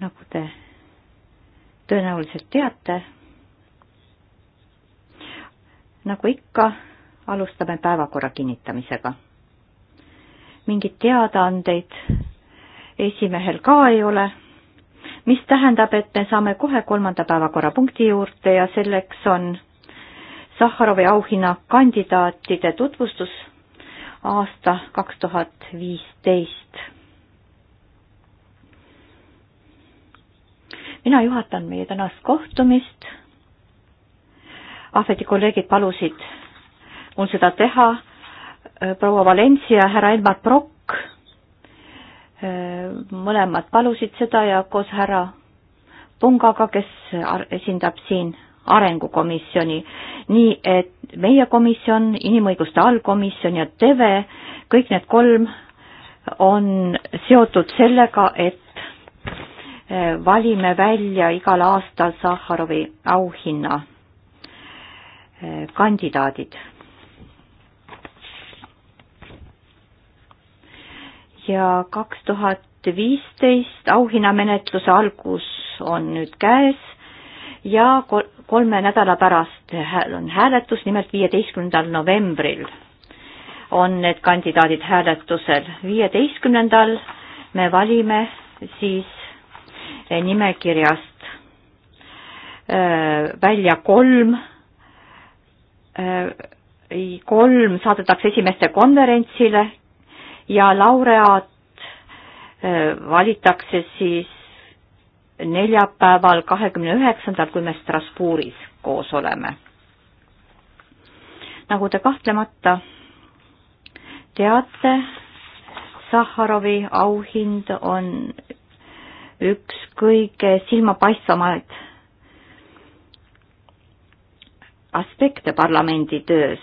nagu te tõenäoliselt teate, nagu ikka, alustame päevakorra kinnitamisega. mingeid teadaandeid esimehel ka ei ole, mis tähendab, et me saame kohe kolmanda päevakorrapunkti juurde ja selleks on Sahharovi auhinna kandidaatide tutvustus aasta kaks tuhat viisteist mina juhatan meie tänast kohtumist. ahveti kolleegid palusid mul seda teha. proua Valencia, härra Elmar Brokk, mõlemad palusid seda ja koos härra Pungaga, kes esindab siin arengukomisjoni, nii et meie komisjon, inimõiguste allkomisjon ja TV, kõik need kolm on seotud sellega, et valime välja igal aastal Sahharovi auhinna eh, kandidaadid. ja kaks tuhat viisteist auhinnamenetluse algus on nüüd käes ja kolme nädala pärast on hääletus, nimelt viieteistkümnendal novembril on need kandidaadid hääletusel. viieteistkümnendal me valime siis Eh, nimekirjast eh, välja kolm, eh, kolm saadetakse esimeste konverentsile ja laureaat valitakse siis neljapäeval, kahekümne üheksandal, kui me Strasbourgis koos oleme. nagu te kahtlemata teate, Sahharovi auhind on üks kõige silmapaistvamaid aspekte parlamendi töös,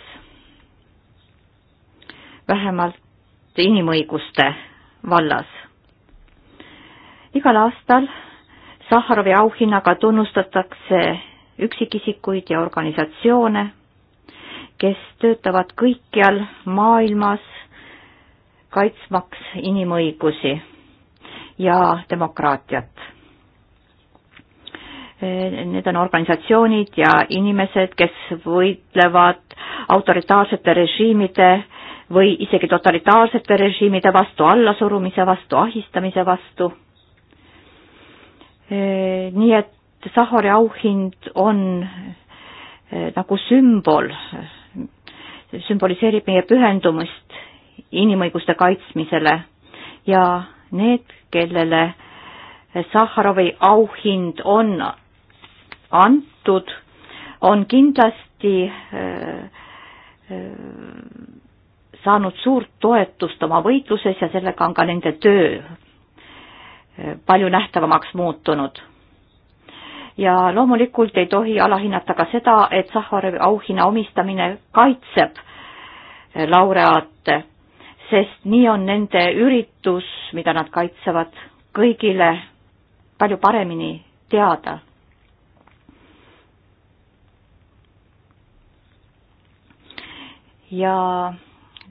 vähemalt inimõiguste vallas. igal aastal Sahharovi auhinnaga tunnustatakse üksikisikuid ja organisatsioone, kes töötavad kõikjal maailmas kaitsmaks inimõigusi ja demokraatiat. Need on organisatsioonid ja inimesed, kes võitlevad autoritaarsete režiimide või isegi totalitaarsete režiimide vastu, allasurumise vastu, ahistamise vastu. nii et Sahori auhind on eh, nagu sümbol, sümboliseerib meie pühendumist inimõiguste kaitsmisele ja Need, kellele Sahharovi auhind on antud, on kindlasti äh, äh, saanud suurt toetust oma võitluses ja sellega on ka nende töö äh, palju nähtavamaks muutunud. ja loomulikult ei tohi alahinnata ka seda, et Sahharovi auhinna omistamine kaitseb laureaate sest nii on nende üritus, mida nad kaitsevad, kõigile palju paremini teada. ja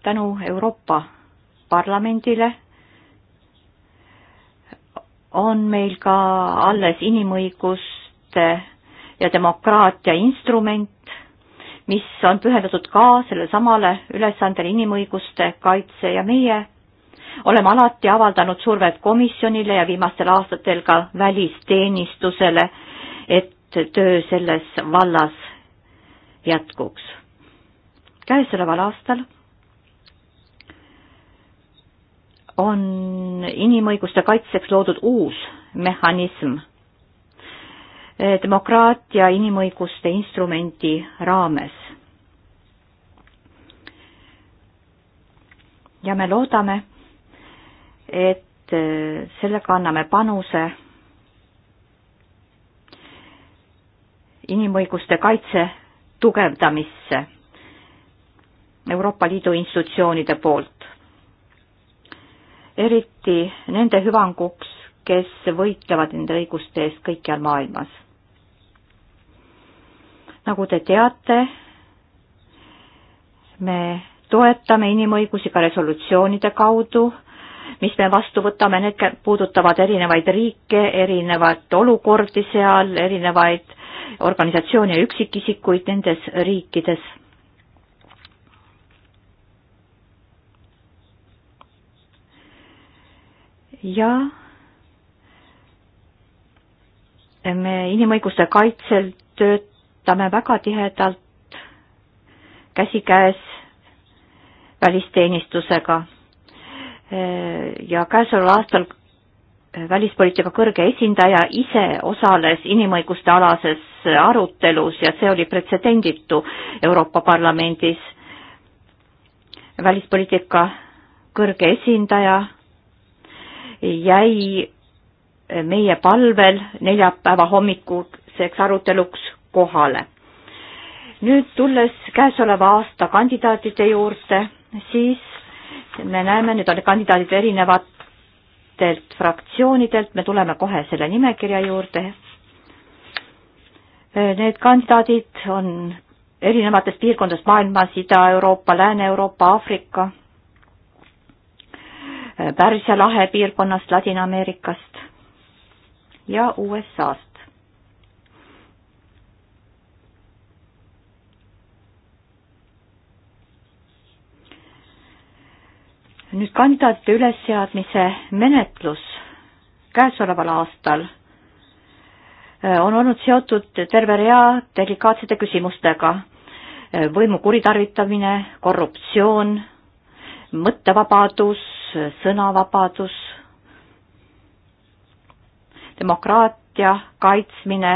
tänu Euroopa Parlamendile on meil ka alles inimõiguste ja demokraatia instrument, mis on pühendatud ka sellele samale ülesandele inimõiguste kaitse ja meie oleme alati avaldanud survet komisjonile ja viimastel aastatel ka välisteenistusele, et töö selles vallas jätkuks. käesoleval aastal on inimõiguste kaitseks loodud uus mehhanism Eh, demokraatia inimõiguste instrumenti raames. ja me loodame, et eh, sellega anname panuse inimõiguste kaitse tugevdamisse Euroopa Liidu institutsioonide poolt. eriti nende hüvanguks, kes võitlevad nende õiguste eest kõikjal maailmas. nagu te teate, me toetame inimõigusi ka resolutsioonide kaudu, mis me vastu võtame, need puudutavad erinevaid riike, erinevaid olukordi seal, erinevaid organisatsioone ja üksikisikuid nendes riikides. ja me inimõiguste kaitsel töötame väga tihedalt käsikäes välisteenistusega. ja käesoleval aastal välispoliitika kõrge esindaja ise osales inimõiguste alases arutelus ja see oli pretsedenditu Euroopa Parlamendis. välispoliitika kõrge esindaja jäi meie palvel neljapäeva hommikuseks aruteluks kohale. nüüd tulles käesoleva aasta kandidaatide juurde, siis me näeme, nüüd on kandidaadid erinevatelt fraktsioonidelt, me tuleme kohe selle nimekirja juurde. Need kandidaadid on erinevatest piirkondadest maailmas, Ida-Euroopa, Lääne-Euroopa, Aafrika, Pärsia lahe piirkonnast, Ladina-Ameerikast ja USA-st. nüüd kandidaatide ülesseadmise menetlus käesoleval aastal eh, on olnud seotud terve rea delikaatsete küsimustega. Eh, võimu kuritarvitamine, korruptsioon, mõttevabadus, sõnavabadus, demokraatia kaitsmine,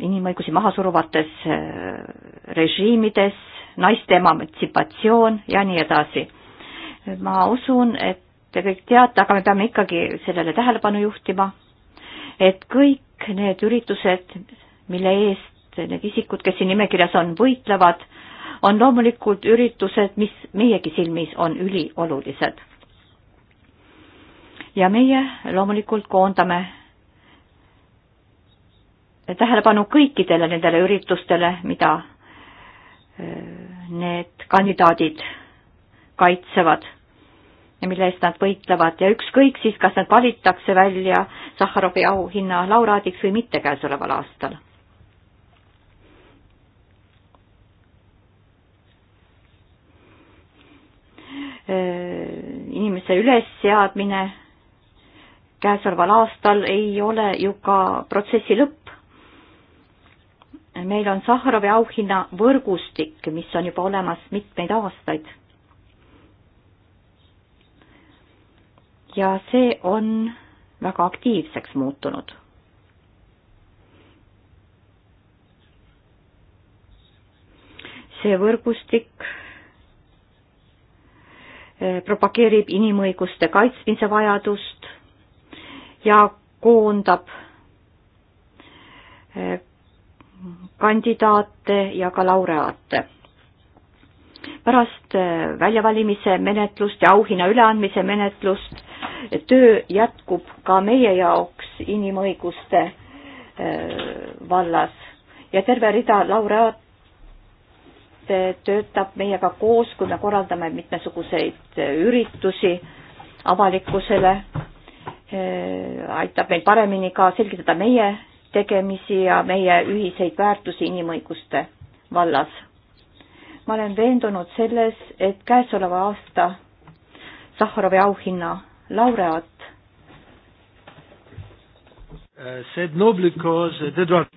inimõigusi maha suruvates eh, režiimides, naiste emantsipatsioon ja nii edasi. ma usun, et te kõik teate, aga me peame ikkagi sellele tähelepanu juhtima, et kõik need üritused, mille eest need isikud, kes siin nimekirjas on, võitlevad, on loomulikult üritused, mis meiegi silmis on üliolulised. ja meie loomulikult koondame tähelepanu kõikidele nendele üritustele, mida äh, need kandidaadid kaitsevad ja mille eest nad võitlevad ja ükskõik siis, kas nad valitakse välja Sahharovi auhinna laureaadiks või mitte käesoleval aastal Äh, inimese ülesseadmine käesoleval aastal ei ole ju ka protsessi lõpp. meil on Sahharovi auhinna võrgustik, mis on juba olemas mitmeid aastaid. ja see on väga aktiivseks muutunud see võrgustik Eh, propageerib inimõiguste kaitsmise vajadust ja koondab eh, kandidaate ja ka laureaate. pärast eh, väljavalimise menetlust ja auhinna üleandmise menetlust töö jätkub ka meie jaoks inimõiguste vallas ja terve rida laureaate töötab meiega koos, kui me korraldame mitmesuguseid üritusi avalikkusele, eh, aitab meil paremini ka selgitada meie tegemisi ja meie ühiseid väärtusi inimõiguste vallas. ma olen veendunud selles, et käesoleva aasta Sahharovi auhinna laureaat eh, said no because they don't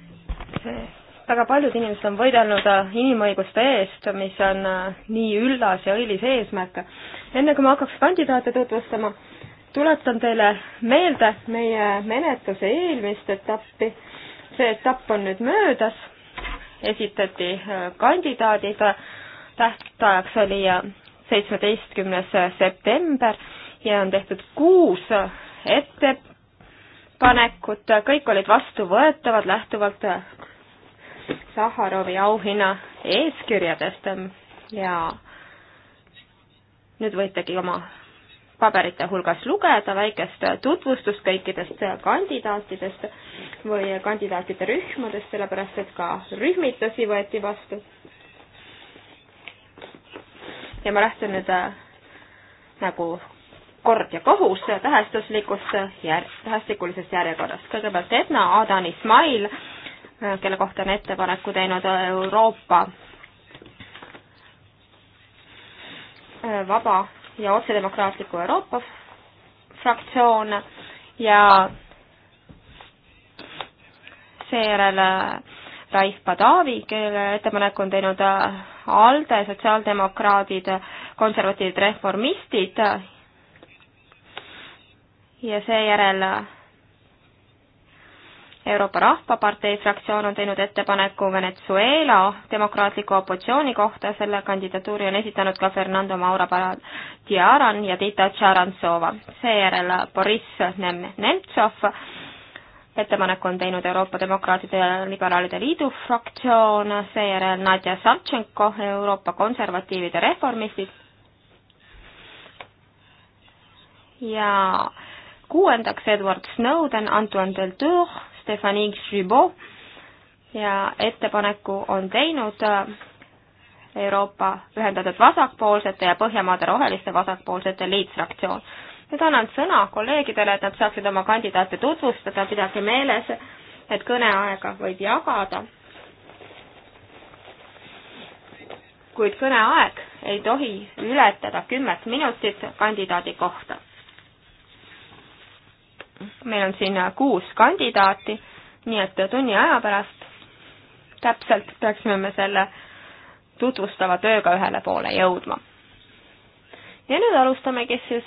väga paljud inimesed on võidelnud äh, inimõiguste eest, mis on äh, nii üllas ja õilis eesmärk. enne kui ma hakkaks kandidaate tutvustama, tuletan teile meelde meie menetluse eelmist etappi. see etapp on nüüd möödas, esitati äh, kandidaadid, tähtajaks oli seitsmeteistkümnes september ja on tehtud kuus ettepanekut, kõik olid vastuvõetavad lähtuvalt Saharovi auhinna eeskirjadest ja nüüd võitegi oma paberite hulgas lugeda väikest tutvustust kõikidest kandidaatidest või kandidaatide rühmadest, sellepärast et ka rühmitusi võeti vastu. ja ma lähtun nüüd äh, nagu kord ja kohus tähestuslikust jär-, tähestikulisest järjekorrast. kõigepealt Edna Adan Ismail, kelle kohta on ettepaneku teinud Euroopa äh, Vaba ja Otsedemokraatliku Euroopa fraktsioon ja seejärel äh, Raif Padavi, kelle ettepaneku on teinud äh, ALDE, sotsiaaldemokraadid, konservatiivid, reformistid ja seejärel Euroopa Rahvapartei fraktsioon on teinud ettepaneku Venezuela demokraatliku opositsiooni kohta, selle kandidatuuri on esitanud ka Fernando Maura Tiaran ja Tita Tšarantsova. seejärel Boriss Nem-, Nemtsov, ettepaneku on teinud Euroopa Demokraatide ja Liberaalide Liidu fraktsioon, seejärel Nadja Savtšenko, Euroopa Konservatiivide Reformistid ja kuuendaks Edward Snowden, Antoine Deltour, Stefanie Xribo ja ettepaneku on teinud äh, Euroopa Ühendatud Vasakpoolsete ja Põhjamaade Roheliste Vasakpoolsete Liitfraktsioon. nüüd annan sõna kolleegidele, et nad saaksid oma kandidaate tutvustada, pidage meeles, et kõneaega võib jagada. kuid kõneaeg ei tohi ületada kümmet minutit kandidaadi kohta meil on siin kuus kandidaati, nii et tunni aja pärast täpselt peaksime me selle tutvustava tööga ühele poole jõudma. ja nüüd alustamegi siis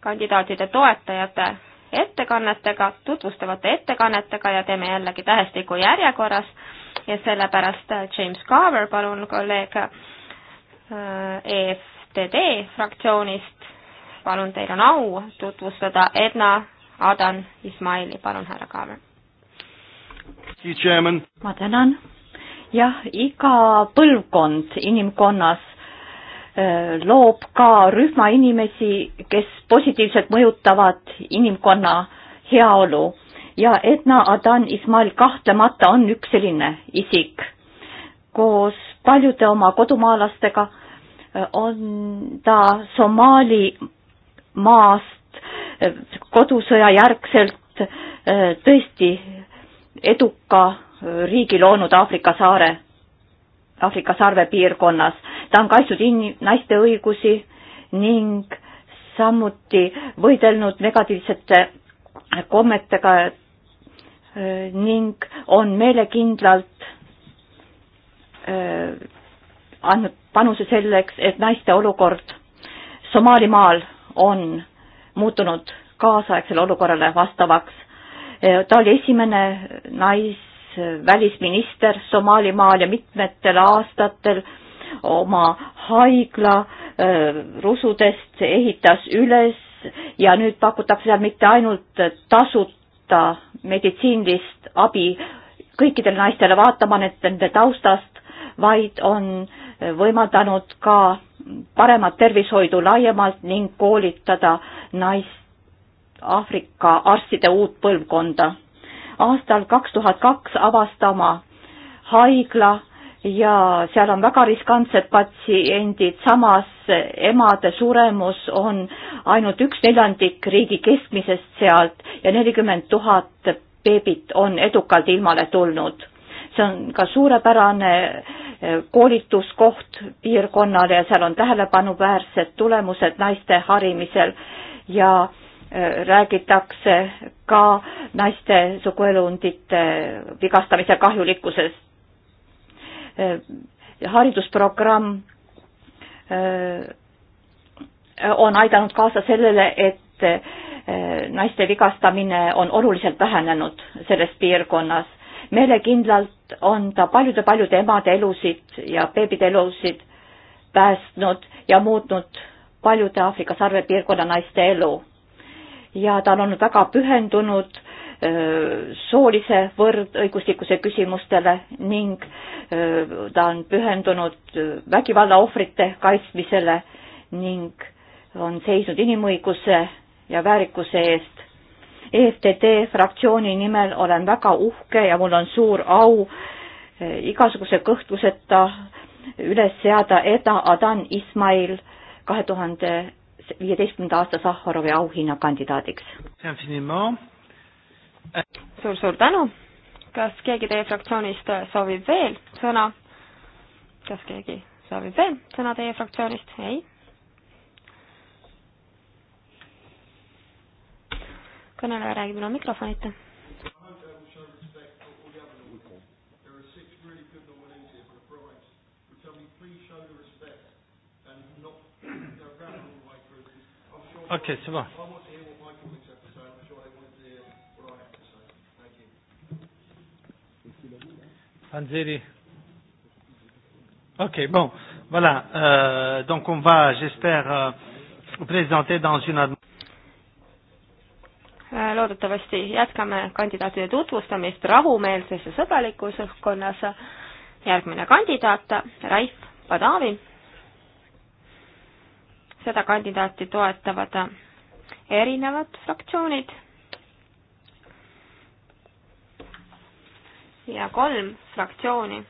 kandidaatide toetajate ettekannetega, tutvustavate ettekannetega ja teeme jällegi tähestiku järjekorras ja sellepärast James Carver, palun kolleeg äh, EFTD fraktsioonist, palun, teil on au tutvustada Edna Adan Ismaili, palun, härra Kaamer. ma tänan. jah, iga põlvkond inimkonnas äh, loob ka rühma inimesi, kes positiivselt mõjutavad inimkonna heaolu ja Edna Adan Ismail kahtlemata on üks selline isik. koos paljude oma kodumaalastega äh, on ta Somaali maast kodusõja järgselt tõesti eduka riigi loonud Aafrika saare, Aafrika sarve piirkonnas. ta on kaitsnud in-, naiste õigusi ning samuti võidelnud negatiivsete kommetega äh, ning on meelekindlalt äh, andnud panuse selleks, et naiste olukord Somaalimaal on muutunud kaasaegsele olukorrale vastavaks. ta oli esimene naisvälisminister Somaalimaal ja mitmetel aastatel oma haigla äh, rusudest ehitas üles ja nüüd pakutakse seal mitte ainult tasuta meditsiinilist abi kõikidele naistele, vaatama nende taustast, vaid on võimaldanud ka paremat tervishoidu laiemalt ning koolitada naist Aafrika arstide uut põlvkonda. aastal kaks tuhat kaks avas ta oma haigla ja seal on väga riskantsed patsiendid, samas emade suremus on ainult üks neljandik riigi keskmisest sealt ja nelikümmend tuhat beebit on edukalt ilmale tulnud. see on ka suurepärane Eh, koolituskoht piirkonnale ja seal on tähelepanuväärsed tulemused naiste harimisel ja eh, räägitakse ka naiste suguelundite vigastamise kahjulikkusest. Eh, haridusprogramm on aidanud kaasa sellele, et naiste vigastamine on oluliselt vähenenud selles piirkonnas. meelekindlalt on ta paljude-paljude emade elusid ja beebide elusid päästnud ja muutnud paljude Aafrika sarvepiirkonna naiste elu. ja ta on olnud väga pühendunud soolise võrdõiguslikkuse küsimustele ning ta on pühendunud vägivalla ohvrite kaitsmisele ning on seisnud inimõiguse ja väärikuse eest EFTD fraktsiooni nimel olen väga uhke ja mul on suur au eh, igasuguse kõhtluseta üles seada Eda Adan Ismail kahe tuhande viieteistkümnenda aasta Sahharovi auhinna kandidaadiks. suur-suur tänu. kas keegi teie fraktsioonist soovib veel sõna? kas keegi soovib veel sõna teie fraktsioonist? ei kõneleja räägib ilma mikrofonita. okei okay,, sõva. Panzeri. Ok, bon, voilà. Euh, donc on va, j'espère, euh, présenter dans une Äh, loodetavasti jätkame kandidaatide tutvustamist rahumeelses ja sõbralikus õhkkonnas. järgmine kandidaat, Raif Padavi. seda kandidaati toetavad erinevad fraktsioonid. ja kolm fraktsiooni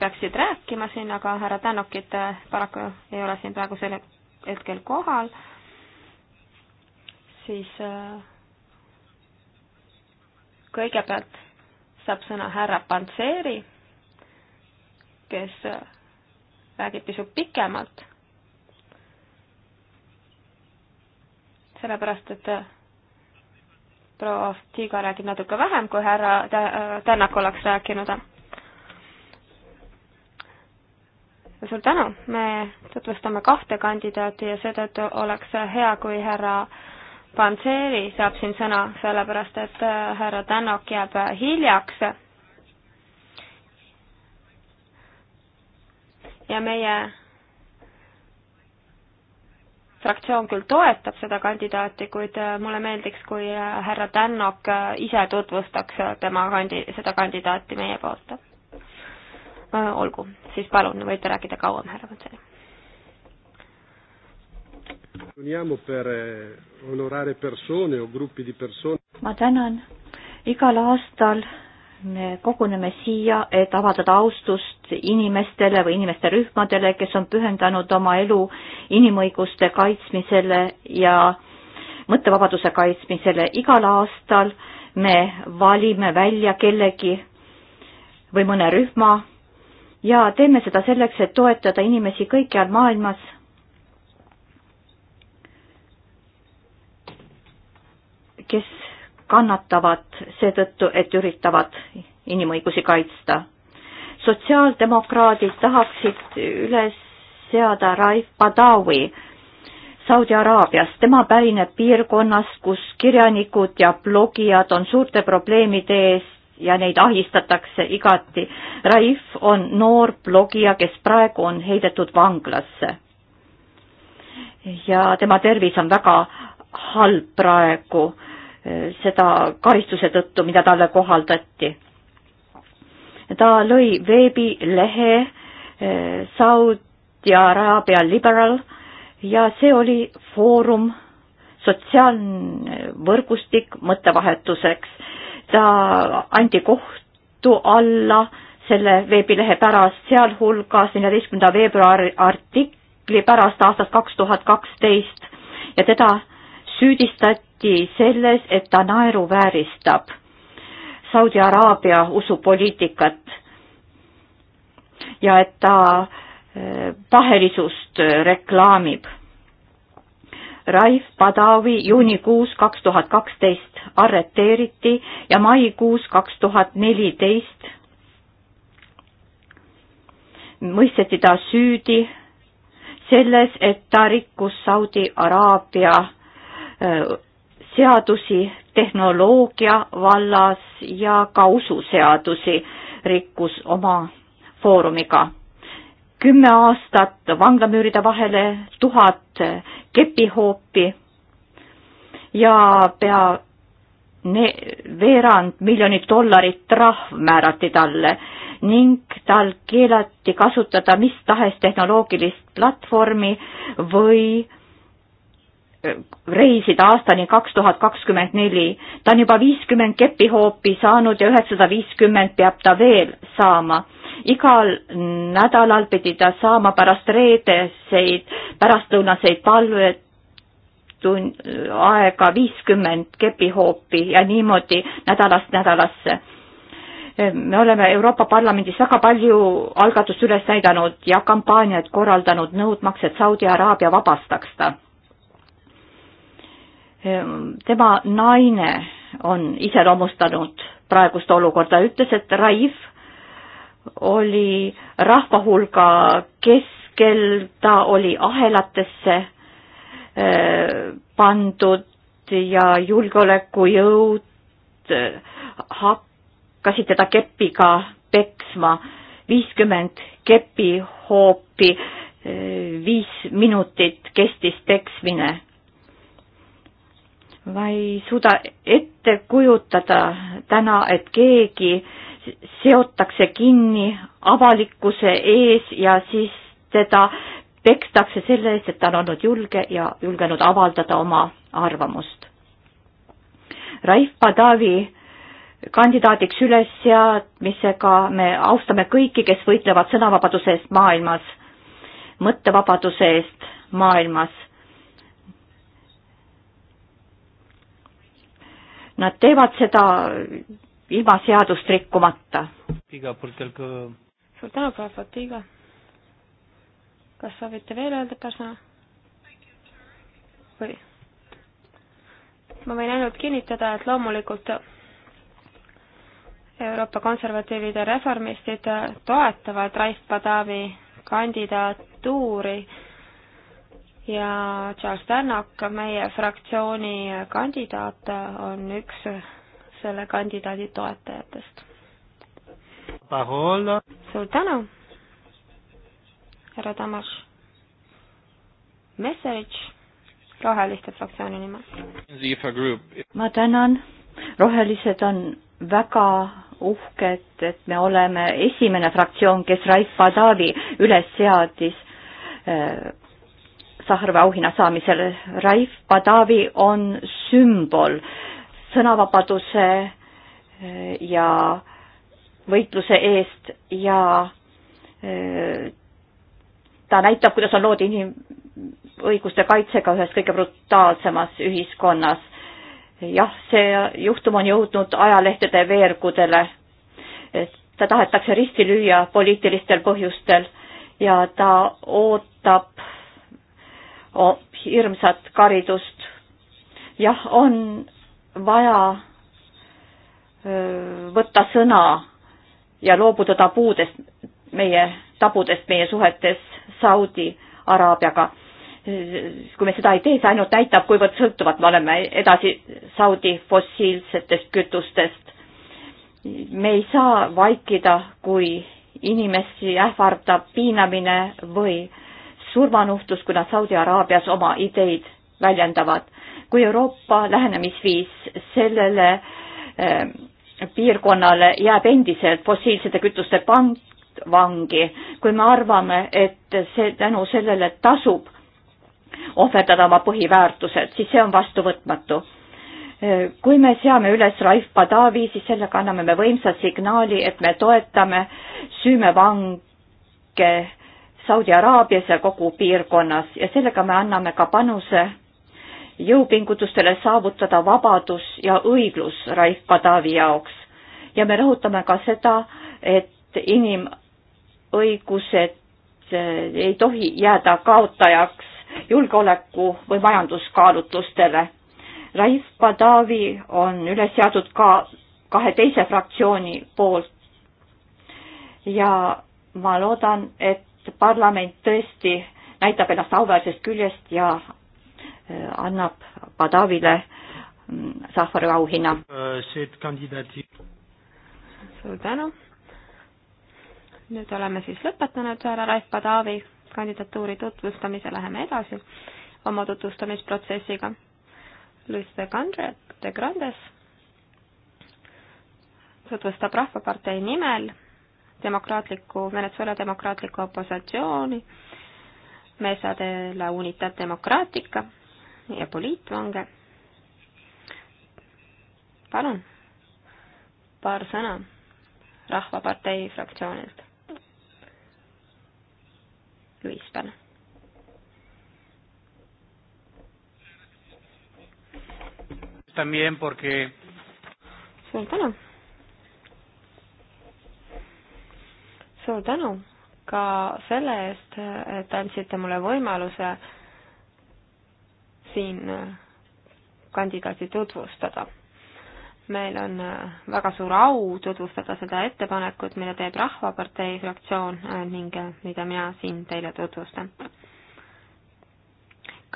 peaksid rääkima siin, aga härra Tänokit paraku ei ole siin praegu sellel hetkel kohal siis äh, kõigepealt saab sõna härra Pantseri, kes äh, räägib pisut pikemalt, sellepärast et äh, proua Tiiga räägib natuke vähem, kui härra Tänak oleks rääkinud. suur tänu, me tutvustame kahte kandidaati ja seetõttu oleks hea, kui härra äh, Panseri saab siin sõna, sellepärast et äh, härra Tänok jääb äh, hiljaks. ja meie fraktsioon küll toetab seda kandidaati, kuid äh, mulle meeldiks, kui härra Tännok ise tutvustaks tema kandi-, seda kandidaati meie poolt. olgu, siis palun, võite rääkida kauem, härra Panseri. Eh, ma tänan, igal aastal me koguneme siia, et avaldada austust inimestele või inimeste rühmadele, kes on pühendanud oma elu inimõiguste kaitsmisele ja mõttevabaduse kaitsmisele. igal aastal me valime välja kellegi või mõne rühma ja teeme seda selleks, et toetada inimesi kõikjal maailmas kes kannatavad seetõttu, et üritavad inimõigusi kaitsta. sotsiaaldemokraadid tahaksid üles seada Raif Badawi Saudi Araabias. tema pärineb piirkonnast, kus kirjanikud ja blogijad on suurte probleemide ees ja neid ahistatakse igati. Raif on noor blogija, kes praegu on heidetud vanglasse. ja tema tervis on väga halb praegu Äh, seda karistuse tõttu, mida talle kohaldati. ta lõi veebilehe äh, Saudi Araabia Liberal ja see oli foorum, sotsiaalne võrgustik mõttevahetuseks. ta anti kohtu alla selle veebilehe pärast, sealhulgas neljateistkümnenda veebruari artikli pärast aastast kaks tuhat kaksteist ja teda süüdistati selles, et ta naeruvääristab Saudi Araabia usupoliitikat ja et ta eh, pahelisust eh, reklaamib. Raif Badawi juunikuus kaks tuhat kaksteist arreteeriti ja maikuus kaks tuhat neliteist mõisteti ta süüdi selles, et ta rikkus Saudi Araabia Äh, seadusi tehnoloogia vallas ja ka ususeadusi rikkus oma foorumiga. kümme aastat vanglamüüride vahele, tuhat kepihoopi ja pea ne-, veerand miljonit dollarit trahv määrati talle ning tal keelati kasutada mis tahes tehnoloogilist platvormi või reisida aastani kaks tuhat kakskümmend neli. ta on juba viiskümmend kepihoopi saanud ja üheksasada viiskümmend peab ta veel saama. igal nädalal pidi ta saama pärast reedeseid, pärastlõunaseid palveid, tund, aega viiskümmend kepihoopi ja niimoodi nädalast nädalasse. me oleme Euroopa Parlamendis väga palju algatust üles näidanud ja kampaaniaid korraldanud, nõudmaks, et Saudi Araabia vabastaks ta Ehm, tema naine on iseloomustanud praegust olukorda, ütles, et Raif oli rahva hulga keskel, ta oli ahelatesse ehm, pandud ja julgeolekujõud eh, hakkasid teda kepiga peksma, viiskümmend kepihoopi, eh, viis minutit kestis peksmine ma ei suuda ette kujutada täna, et keegi seotakse kinni avalikkuse ees ja siis teda pekstakse selle eest, et ta on olnud julge ja julgenud avaldada oma arvamust. Raif Padavi kandidaadiks ülesseadmisega me austame kõiki, kes võitlevad sõnavabaduse eest maailmas, mõttevabaduse eest maailmas nad teevad seda ilma seadust rikkumata. suur tänu, proua Fatiga. kas soovite veel öelda paar sõna? või? ma võin ainult kinnitada, et loomulikult Euroopa konservatiivide reformistid toetavad Raif Padavi kandidatuuri ja Charles Tannock, meie fraktsiooni kandidaat, on üks selle kandidaadi toetajatest. suur tänu, härra Tamas Messerich Roheliste fraktsiooni nimel. ma tänan, Rohelised on väga uhked, et me oleme esimene fraktsioon, kes Raif Badavi üles seadis äh, Sahharova auhinna saamisel. Raif Badavi on sümbol sõnavabaduse eh, ja võitluse eest ja eh, ta näitab, kuidas on lood inimõiguste kaitsega ühes kõige brutaalsemas ühiskonnas. jah, see juhtum on jõudnud ajalehtede veergudele. ta tahetakse risti lüüa poliitilistel põhjustel ja ta ootab hirmsat karidust. jah, on vaja võtta sõna ja loobuda tabuudest, meie tabudest meie suhetes Saudi Araabiaga. kui me seda ei tee, see ainult näitab, kuivõrd sõltuvad me oleme edasi Saudi fossiilsetest kütustest. me ei saa vaikida, kui inimesi ähvardab piinamine või äh, surmanuhtlus, kui nad Saudi Araabias oma ideid väljendavad. kui Euroopa lähenemisviis sellele eh, piirkonnale jääb endiselt fossiilsete kütuste pantvangi, kui me arvame, et see tänu sellele tasub ohverdada oma põhiväärtused, siis see on vastuvõtmatu äh, kui me seame üles Raif Padavi, siis sellega anname me võimsa signaali, et me toetame süümevange Saudi Araabias ja kogu piirkonnas ja sellega me anname ka panuse jõupingutustele saavutada vabadus ja õiglus Raif Badavi jaoks. ja me rõhutame ka seda, et inimõigused eh, ei tohi jääda kaotajaks julgeoleku või majanduskaalutlustele. Raif Badavi on üles seatud ka kahe teise fraktsiooni poolt ja ma loodan, et parlament tõesti näitab ennast auväärsest küljest ja äh, annab Badavile mm, Sahvarovi auhinna. Äh, suur tänu. nüüd oleme siis lõpetanud härra Raif Badavi kandidatuuri tutvustamise, läheme edasi oma tutvustamisprotsessiga. Luis de Grande, de Grandes tutvustab Rahvapartei nimel demokraatlikku, Venezuela demokraatlikku opositsiooni, Mesa de la Unidad Democratica ja poliitvange. palun, paar sõna Rahvapartei fraktsioonilt. Luis, palun. También porque suur tänu suur tänu ka selle eest, et andsite mulle võimaluse siin äh, kandidaati tutvustada. meil on äh, väga suur au tutvustada seda ettepanekut, mille teeb Rahvapartei fraktsioon äh, ning mida mina siin teile tutvustan.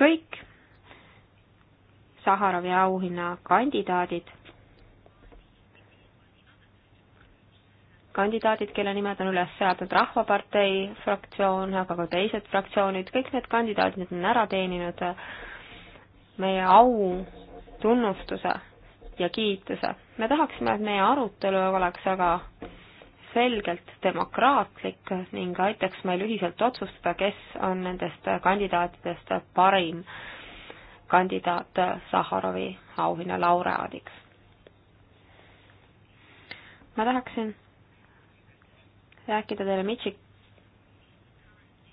kõik Saharovi auhinna kandidaadid kandidaadid, kelle nimed on üles seadnud Rahvapartei fraktsioon, aga ka teised fraktsioonid, kõik need kandidaadid on ära teeninud meie au, tunnustuse ja kiituse. me tahaksime, et meie arutelu oleks aga selgelt demokraatlik ning aitaks meil ühiselt otsustada, kes on nendest kandidaatidest parim kandidaat Saharovi auhinna laureaadiks. ma tahaksin rääkida teile Michi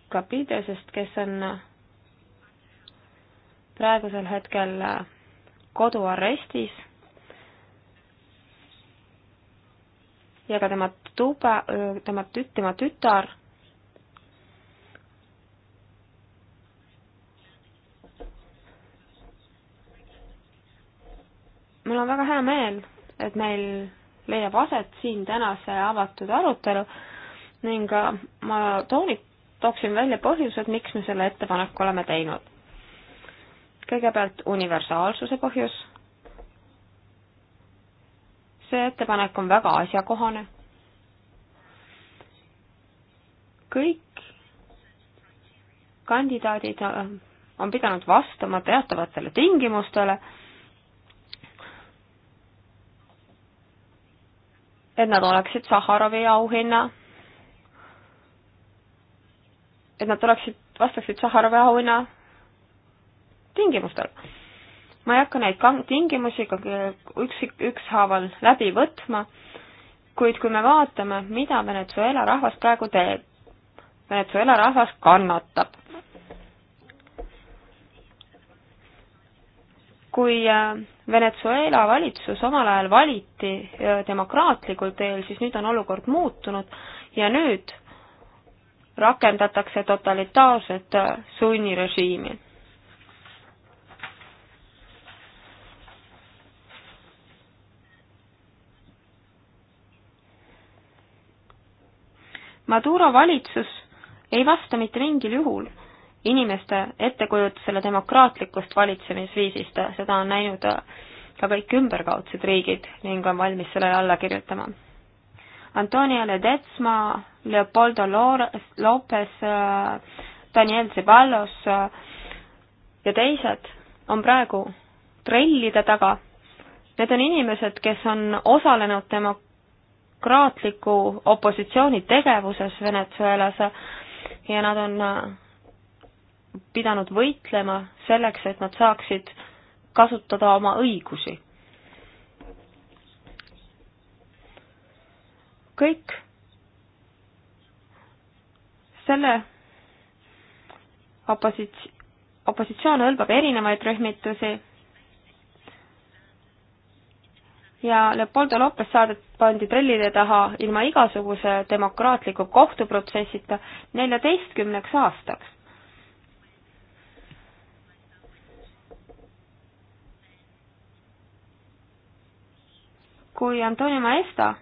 Kapidesest, kes on praegusel hetkel koduarestis ja ka tema tuba, tema tüt-, tema tütar mul on väga hea meel, et meil leiab aset siin tänase avatud arutelu ning äh, ma tooni-, tooksin välja põhjused, miks me selle ettepaneku oleme teinud. kõigepealt universaalsuse põhjus. see ettepanek on väga asjakohane. kõik kandidaadid äh, on pidanud vastama teatavatele tingimustele, et nad oleksid Saharovi auhinna et nad oleksid, vastaksid Saharovi auhinna tingimustele. ma ei hakka neid tingimusi üks, ükshaaval läbi võtma, kuid kui me vaatame, mida Venezuela rahvas praegu teeb, Venezuela rahvas kannatab. kui äh, Venezuela valitsus omal ajal valiti äh, demokraatlikul teel, siis nüüd on olukord muutunud ja nüüd rakendatakse totalitaarset sunnirežiimi. Maduro valitsus ei vasta mitte mingil juhul inimeste ettekujutusele demokraatlikust valitsemisviisist, seda on näinud ka kõik ümberkaudsed riigid ning on valmis sellele alla kirjutama Antonia Ledetsma, Leopoldo Lopes, äh, Daniel Ceballos äh, ja teised on praegu trellide taga. Need on inimesed, kes on osalenud demokraatliku opositsiooni tegevuses Venezuelas ja nad on äh, pidanud võitlema selleks, et nad saaksid kasutada oma õigusi kõik selle oposits-, opositsioon hõlmab erinevaid rühmitusi ja Leopoldo Lopez saadet pandi trellide taha ilma igasuguse demokraatliku kohtuprotsessita neljateistkümneks aastaks. kui Antonio Maesta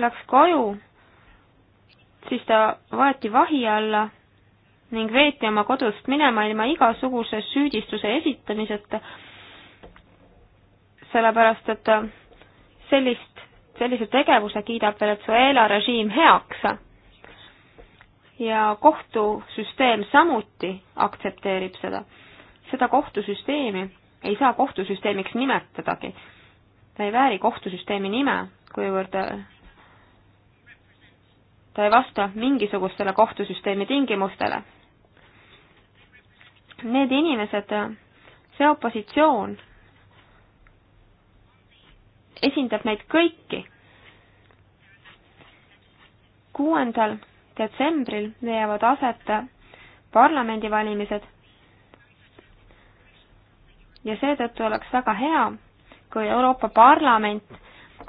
läks koju, siis ta võeti vahi alla ning veeti oma kodust minema ilma igasuguse süüdistuse esitamiseta, sellepärast et sellist, sellise tegevuse kiidab Venezuela režiim heaks ja kohtusüsteem samuti aktsepteerib seda. seda kohtusüsteemi ei saa kohtusüsteemiks nimetadagi. ta ei vääri kohtusüsteemi nime, kuivõrd ta ei vasta mingisugustele kohtusüsteemi tingimustele. Need inimesed, see opositsioon esindab meid kõiki. kuuendal detsembril leiavad aset parlamendivalimised ja seetõttu oleks väga hea, kui Euroopa Parlament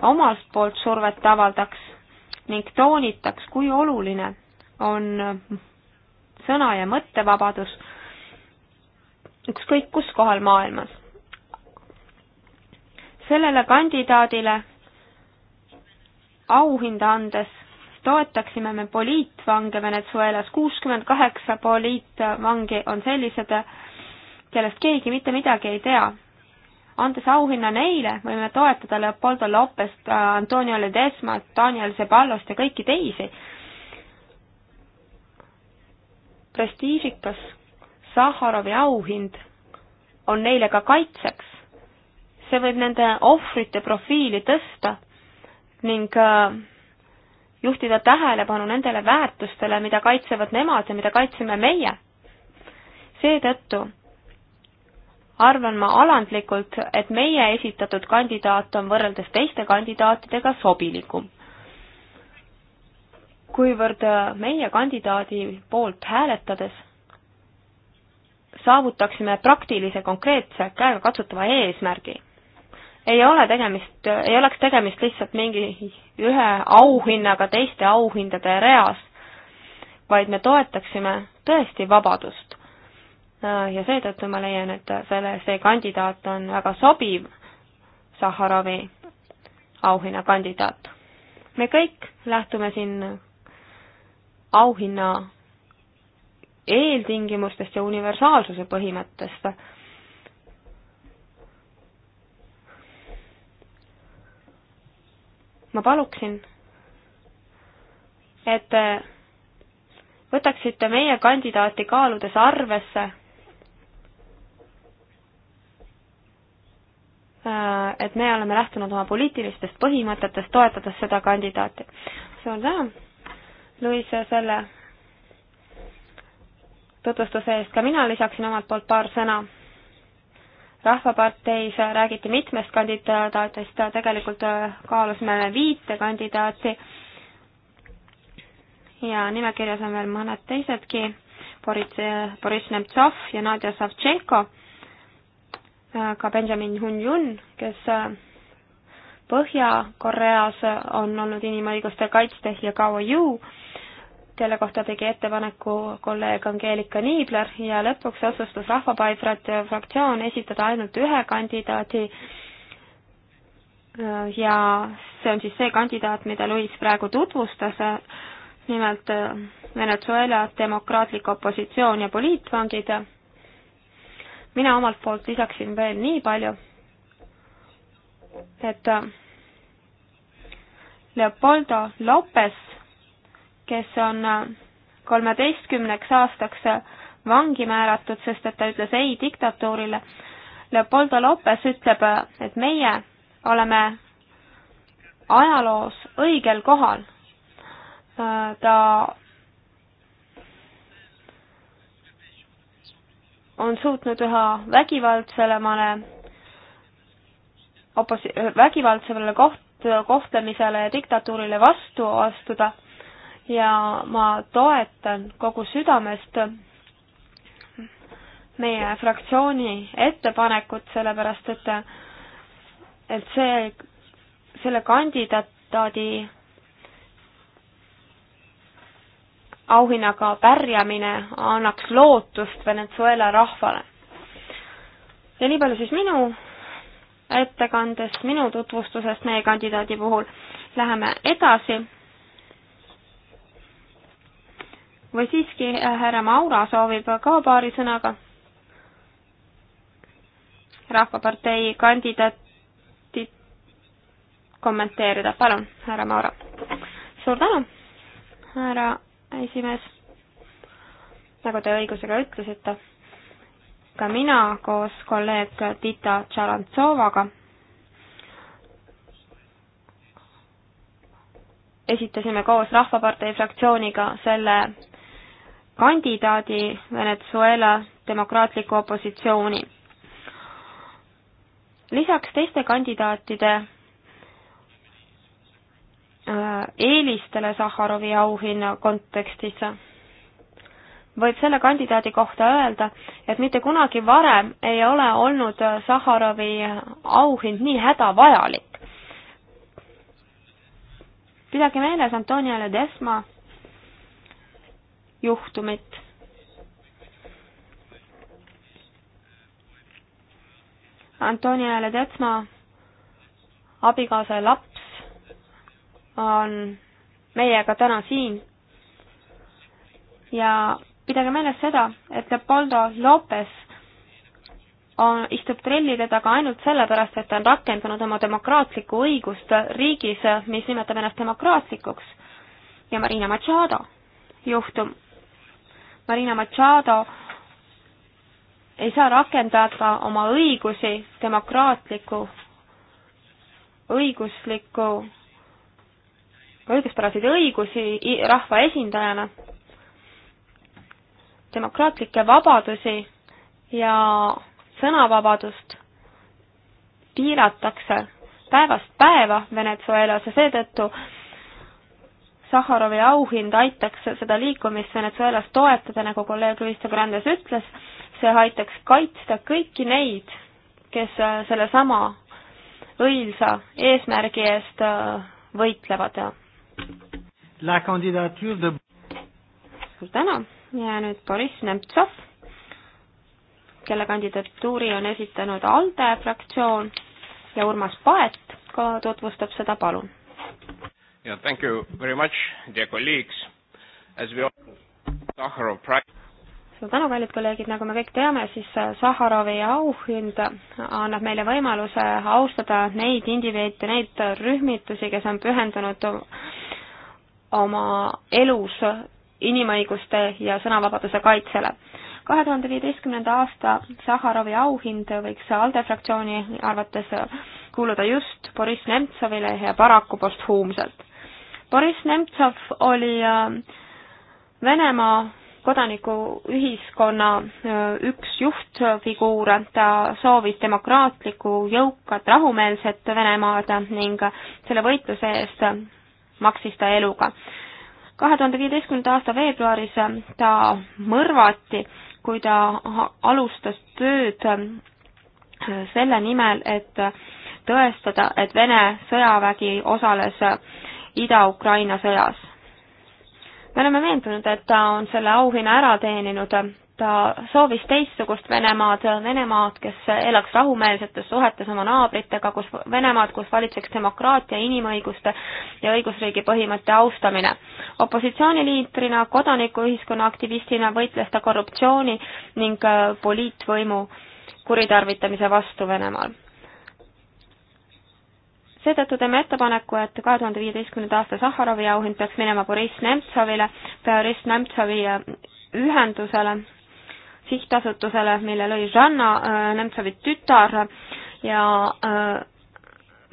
omalt poolt survet avaldaks ning toonitaks, kui oluline on sõna- ja mõttevabadus ükskõik kus kohal maailmas. sellele kandidaadile auhinda andes toetaksime me poliitvange Venezuelas, kuuskümmend kaheksa poliitvangi on sellised, kellest keegi mitte midagi ei tea andes auhinna neile, võime toetada Leopoldo Lopest, Antonio Ledesmat, Daniel Ceballost ja kõiki teisi. prestiižikas Sahharovi auhind on neile ka kaitseks. see võib nende ohvrite profiili tõsta ning äh, juhtida tähelepanu nendele väärtustele, mida kaitsevad nemad ja mida kaitseme meie. seetõttu arvan ma alandlikult, et meie esitatud kandidaat on võrreldes teiste kandidaatidega sobilikum. kuivõrd äh, meie kandidaadi poolt hääletades saavutaksime praktilise, konkreetse, käegakatsutava eesmärgi, ei ole tegemist, ei oleks tegemist lihtsalt mingi ühe auhinnaga teiste auhindade reas, vaid me toetaksime tõesti vabadust ja seetõttu ma leian, et selle, see kandidaat on väga sobiv Sahharovi auhinnakandidaat. me kõik lähtume siin auhinna eeltingimustest ja universaalsuse põhimõttest. ma paluksin, et võtaksite meie kandidaati kaaludes arvesse Äh, et me oleme lähtunud oma poliitilistest põhimõtetest, toetades seda kandidaati. suur tänu, Luis, selle tutvustuse eest, ka mina lisaksin omalt poolt paar sõna. rahvaparteis räägiti mitmest kandidaadist, tegelikult kaalusime viite kandidaati ja nimekirjas on veel mõned teisedki, Boris, Boris Nemtsov ja Nadja Savtšenko ka Benjamin Hun-Jun, kes äh, Põhja-Koreas äh, on olnud inimõiguste kaitste ja Kao Yu, kelle kohta tegi ettepaneku kolleeg Angeelika Niibler ja lõpuks otsustas Rahvapartei fraktsioon esitada ainult ühe kandidaadi äh, ja see on siis see kandidaat, mida Luis praegu tutvustas, nimelt Venezuela demokraatlik opositsioon ja poliitvangid mina omalt poolt lisaksin veel nii palju, et äh, Leopoldo Lopes, kes on äh, kolmeteistkümneks aastaks äh, vangi määratud, sest et ta ütles ei diktatuurile, Leopoldo Lopes ütleb, et meie oleme ajaloos õigel kohal. ta on suutnud üha vägivaldselemale opos-, vägivaldsemale koht-, kohtlemisele ja diktatuurile vastu astuda ja ma toetan kogu südamest meie fraktsiooni ettepanekut, sellepärast et, et see, selle kandidaadi auhinnaga pärjamine annaks lootust Venezuela rahvale. ja nii palju siis minu ettekandest, minu tutvustusest meie kandidaadi puhul. Läheme edasi. või siiski eh, härra Maura soovib ka paari sõnaga Rahvapartei kandidaati kommenteerida. palun, härra Maura. suur tänu, härra esimees. nagu te õigusega ütlesite, ka mina koos kolleeg Tita Tšarantsovaga esitasime koos Rahvapartei fraktsiooniga selle kandidaadi Venezuela demokraatliku opositsiooni. lisaks teiste kandidaatide Äh, eelistele Sahharovi auhinna kontekstis, võib selle kandidaadi kohta öelda, et mitte kunagi varem ei ole olnud Sahharovi auhind nii hädavajalik. pidage meeles Antonia Ledesma juhtumit Antonia Ledetsma abikaasa ja laps on meiega täna siin ja pidage meeles seda, et Leopoldo Lopes on, istub trellide taga ainult sellepärast, et ta on rakendanud oma demokraatlikku õigust riigis, mis nimetab ennast demokraatlikuks. ja Marina Machado juhtum. Marina Machado ei saa rakendada oma õigusi demokraatliku õigusliku õiguspäraseid õigusi rahvaesindajana, demokraatlikke vabadusi ja sõnavabadust piiratakse päevast päeva Venezuelas ja seetõttu Sahharovi auhind aitaks seda liikumist Venezuelas toetada, nagu kolleeg Luis de Grandes ütles, see aitaks kaitsta kõiki neid, kes äh, sellesama õilsa eesmärgi eest äh, võitlevad ja De... suur tänu ja nüüd Boriss Nemtsov, kelle kandidatuuri on esitanud ALDE fraktsioon ja Urmas Paet ka tutvustab seda, palun. Yeah, thank you very much, dear colleagues. As we all Sahharov Prize suur tänu, kallid kolleegid, nagu me kõik teame, siis äh, Saharovi auhind annab meile võimaluse austada neid indiviide, neid rühmitusi, kes on pühendunud oma elus inimõiguste ja sõnavabaduse kaitsele. kahe tuhande viieteistkümnenda aasta Saharovi auhind võiks ALDE fraktsiooni arvates kuuluda just Boriss Nemtsovile ja paraku posthuumselt. Boriss Nemtsov oli äh, Venemaa kodanikuühiskonna äh, üks juhtfiguure, ta soovis demokraatlikku, jõukat, rahumeelset Venemaad ning selle võitluse eest maksis ta eluga. kahe tuhande viieteistkümnenda aasta veebruaris äh, ta mõrvati, kui ta alustas tööd äh, selle nimel, et äh, tõestada, et Vene sõjavägi osales Ida-Ukraina sõjas. me oleme veendunud, et ta on selle auhinna ära teeninud ta soovis teistsugust Venemaad, Venemaad, kes elaks rahumeelsetes suhetes oma naabritega, kus Venemaad, kus valitseks demokraatia, inimõiguste ja õigusriigi põhimõtte austamine. opositsiooniliitrina, kodanikuühiskonna aktivistina võitles ta korruptsiooni ning äh, poliitvõimu kuritarvitamise vastu Venemaal seetõttu teeme ettepaneku, et kahe tuhande viieteistkümnenda aasta Sahharovi auhind peaks minema Boriss Nemtsovile, Boriss Nemtsovi äh, ühendusele sihtasutusele, mille lõi Žanna äh, Nemtsovi tütar ja äh,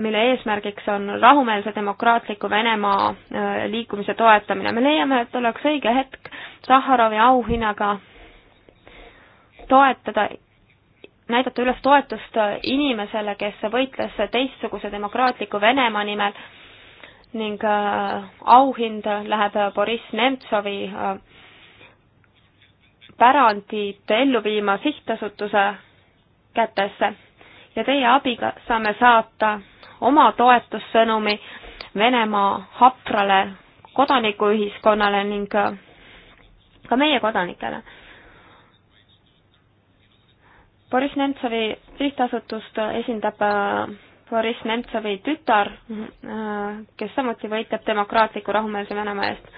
mille eesmärgiks on rahumeelse demokraatliku Venemaa äh, liikumise toetamine. me leiame, et oleks õige hetk Sahharovi auhinnaga toetada, näidata üles toetust inimesele, kes võitles teistsuguse demokraatliku Venemaa nimel ning auhind läheb Boriss Nemtsovi pärandit ellu viima sihtasutuse kätesse ja teie abiga saame saata oma toetussõnumi Venemaa haprale kodanikuühiskonnale ning äh, ka meie kodanikele. Boris Nemtsovi sihtasutust esindab äh, Boris Nemtsovi tütar, äh, kes samuti võitleb demokraatliku rahumeelse Venemaa eest.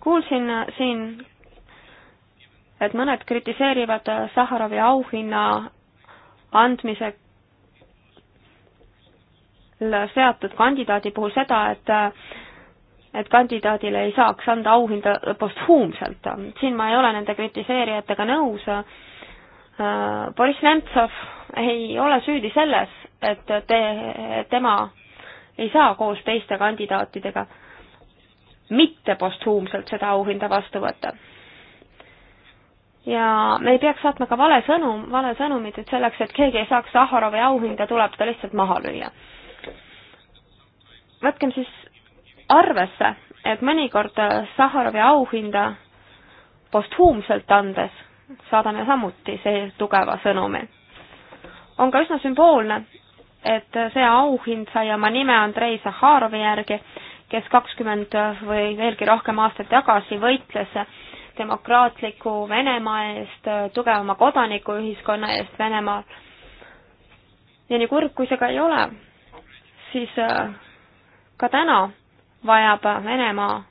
kuulsin siin et mõned kritiseerivad äh, Saharovi auhinna andmise seatud kandidaadi puhul seda, et äh, et kandidaadile ei saaks anda auhinda posthuumselt. siin ma ei ole nende kritiseerijatega nõus. Äh, Boriss Nemtsov ei ole süüdi selles, et te, tema ei saa koos teiste kandidaatidega mitte posthuumselt seda auhinda vastu võtta ja me ei peaks saatma ka vale sõnum, vale sõnumit, et selleks, et keegi ei saaks Sahharovi auhinda, tuleb ta lihtsalt maha lüüa. võtkem siis arvesse, et mõnikord Sahharovi auhinda posthuumselt andes saadame samuti see tugeva sõnumi. on ka üsna sümboolne, et see auhind sai oma nime Andrei Sahharovi järgi, kes kakskümmend või veelgi rohkem aastat tagasi võitles demokraatliku Venemaa eest, tugevama kodanikuühiskonna eest Venemaal. ja nii kurb, kui see ka ei ole, siis äh, ka täna vajab Venemaa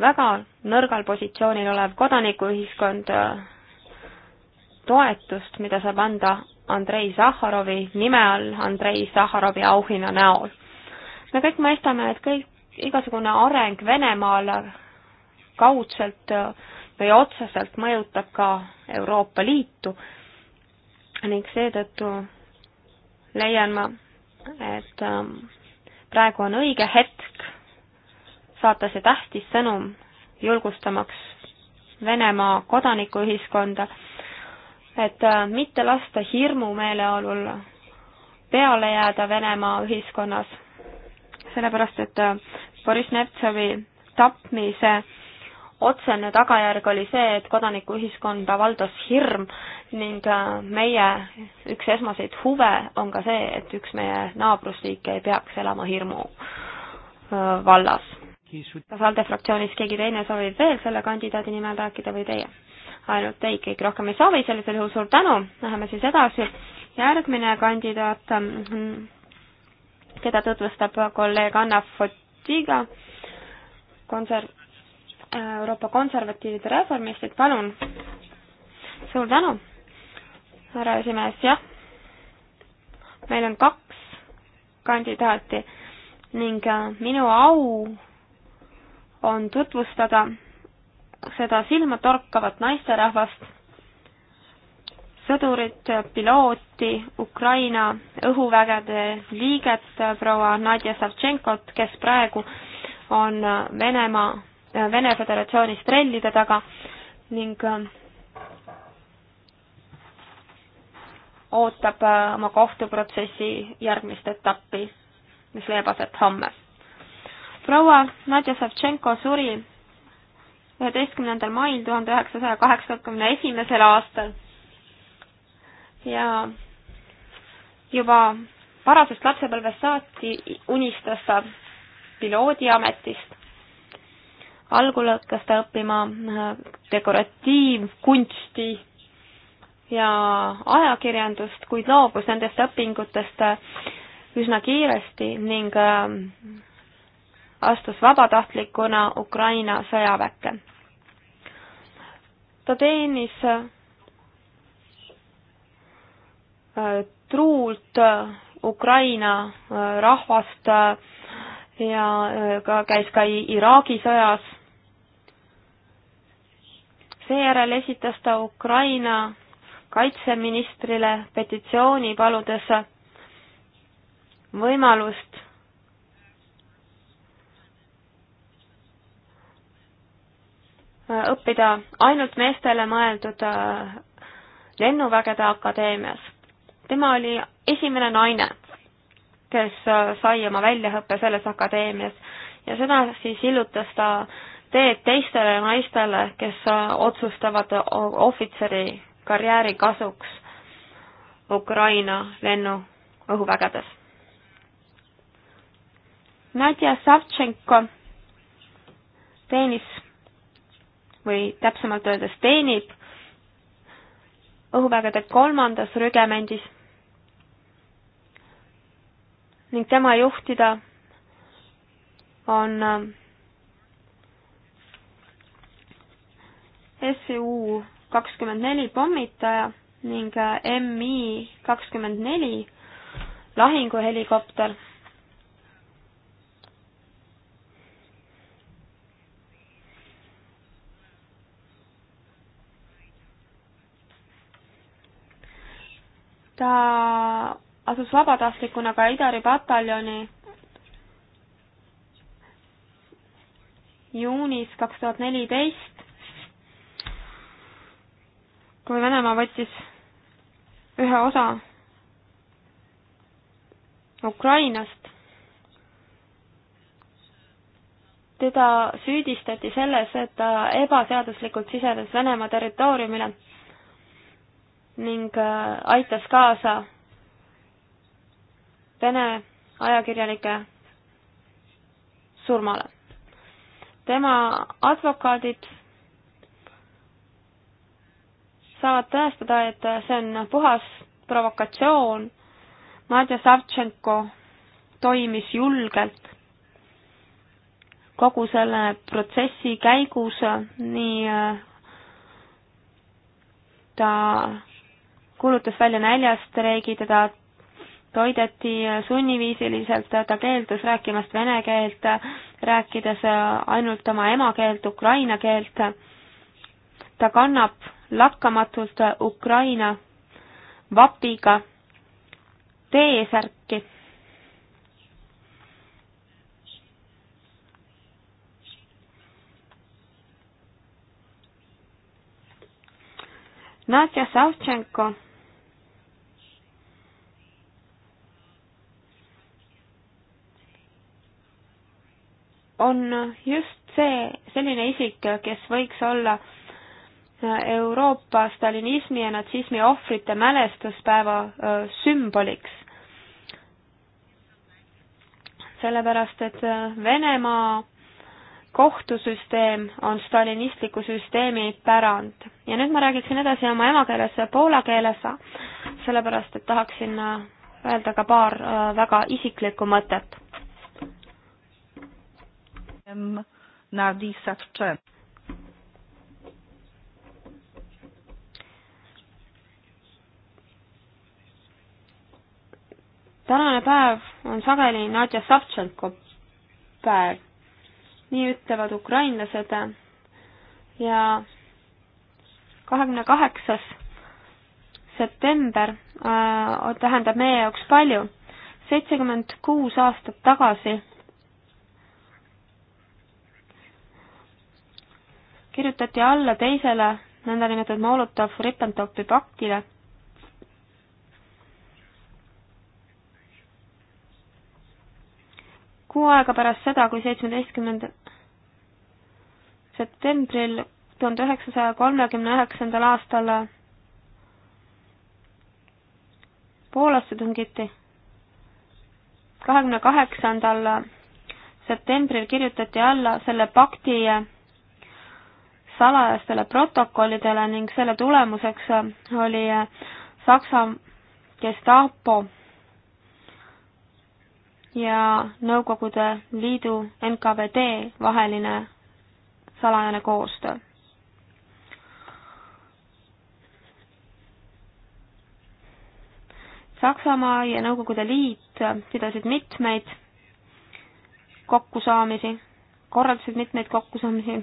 väga nõrgal positsioonil olev kodanikuühiskond äh, toetust, mida saab anda Andrei Sahharovi nime all, Andrei Sahharovi auhinna näol. me kõik mõistame, et kõik, igasugune areng Venemaal kaudselt äh, või otseselt mõjutab ka Euroopa Liitu ning seetõttu leian ma, et ähm, praegu on õige hetk saata see tähtis sõnum, julgustamaks Venemaa kodanikuühiskonda, et äh, mitte lasta hirmu meeleolul peale jääda Venemaa ühiskonnas, sellepärast et äh, Boriss Nemtsovi tapmise otsene tagajärg oli see, et kodanikuühiskonda valdas hirm ning äh, meie üks esmaseid huve on ka see, et üks meie naabrusliike ei peaks elama hirmu äh, vallas. kas ALDE fraktsioonis keegi teine soovib veel selle kandidaadi nimel rääkida või teie? ainult teid keegi rohkem ei soovi, sellisel juhul suur tänu, läheme siis edasi. järgmine kandidaat, ähm, keda tutvustab kolleeg Anna Fotiga, konser-, Euroopa Konservatiivide Reformistid, palun. suur tänu, härra esimees, jah. meil on kaks kandidaati ning äh, minu au on tutvustada seda silmatorkavat naisterahvast, sõdurit, pilooti, Ukraina õhuvägede liiget proua Nadja Savtšenkot, kes praegu on Venemaa Vene Föderatsioonist rellide taga ning äh, ootab äh, oma kohtuprotsessi järgmist etappi, mis leiab aset homme. proua Nadja Savtšenko suri üheteistkümnendal mail tuhande üheksasaja kaheksakümne esimesel aastal ja juba varasest lapsepõlvest saati unistas ta piloodiametist algul hakkas ta õppima äh, dekoratiivkunsti ja ajakirjandust, kuid loobus nendest õpingutest äh, üsna kiiresti ning äh, astus vabatahtlikuna Ukraina sõjaväkke. ta teenis truult Ukraina rahvast ja ka käis ka Iraagi sõjas seejärel esitas ta Ukraina kaitseministrile petitsiooni, paludes võimalust õppida ainult meestele mõeldud äh, lennuvägede akadeemias. tema oli esimene naine, kes äh, sai oma väljaõppe selles akadeemias ja seda siis hiljutas ta teed teistele naistele, kes otsustavad ohvitseri karjääri kasuks Ukraina lennu õhuvägedes. Nadja Savtšenko teenis või täpsemalt öeldes teenib õhuvägede kolmandas rügemendis ning tema juhtida on äh, SU kakskümmend neli pommitaja ning äh, MI kakskümmend neli lahinguhelikopter. ta asus vabatahtlikuna ka Idari pataljoni juunis kaks tuhat neliteist kui Venemaa võttis ühe osa Ukrainast, teda süüdistati selles, et ta ebaseaduslikult sisenes Venemaa territooriumile ning äh, aitas kaasa Vene ajakirjanike surmale. tema advokaadid saavad tõestada, et see on puhas provokatsioon. Nadja Savtšenko toimis julgelt kogu selle protsessi käigus, nii ta kuulutas välja näljastreigi, teda toideti sunniviisiliselt, ta keeldus rääkimast vene keelt, rääkides ainult oma emakeelt, ukraina keelt. ta kannab lakkamatult Ukraina vapiga T-särki. Nadja Savtšenko on just see, selline isik, kes võiks olla äh, Euroopa stalinismi ja natsismi ohvrite mälestuspäeva sümboliks. sellepärast, et Venemaa kohtusüsteem on stalinistliku süsteemi pärand. ja nüüd ma räägiksin edasi oma emakeeles ja poola keeles, sellepärast et tahaksin öelda ka paar väga isiklikku mõtet. Nardi Savtšenko tänane päev on sageli Nadja Savtšenko päev, nii ütlevad ukrainlased ja kahekümne kaheksas september äh, tähendab meie jaoks palju. seitsekümmend kuus aastat tagasi kirjutati alla teisele nõndanimetatud Molotov-Ribbentropi paktile kuu aega pärast seda, kui seitsmeteistkümnenda septembril tuhande üheksasaja kolmekümne üheksandal aastal Poolasse tungiti. kahekümne kaheksandal septembril kirjutati alla selle pakti salajastele protokollidele ning selle tulemuseks oli Saksa Gestapo ja Nõukogude Liidu NKVD vaheline salajane koostöö. Saksamaa ja Nõukogude Liit pidasid mitmeid kokkusaamisi, korraldasid mitmeid kokkusaamisi,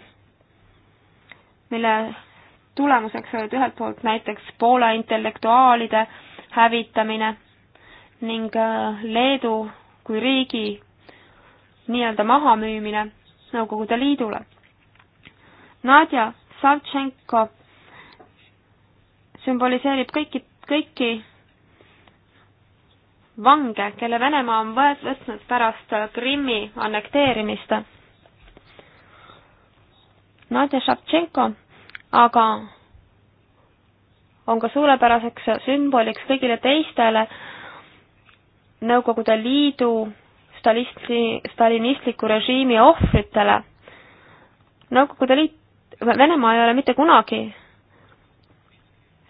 mille tulemuseks olid ühelt poolt näiteks Poola intellektuaalide hävitamine ning äh, Leedu kui riigi nii-öelda mahamüümine Nõukogude Liidule. Nadja Savtšenko sümboliseerib kõiki, kõiki vange, kelle Venemaa on võtnud pärast Krimmi annekteerimist. Nadja Savtšenko aga on ka suurepäraseks sümboliks kõigile teistele Nõukogude Liidu stalisti, stalinistliku režiimi ohvritele. Nõukogude Liit, Venemaa ei ole mitte kunagi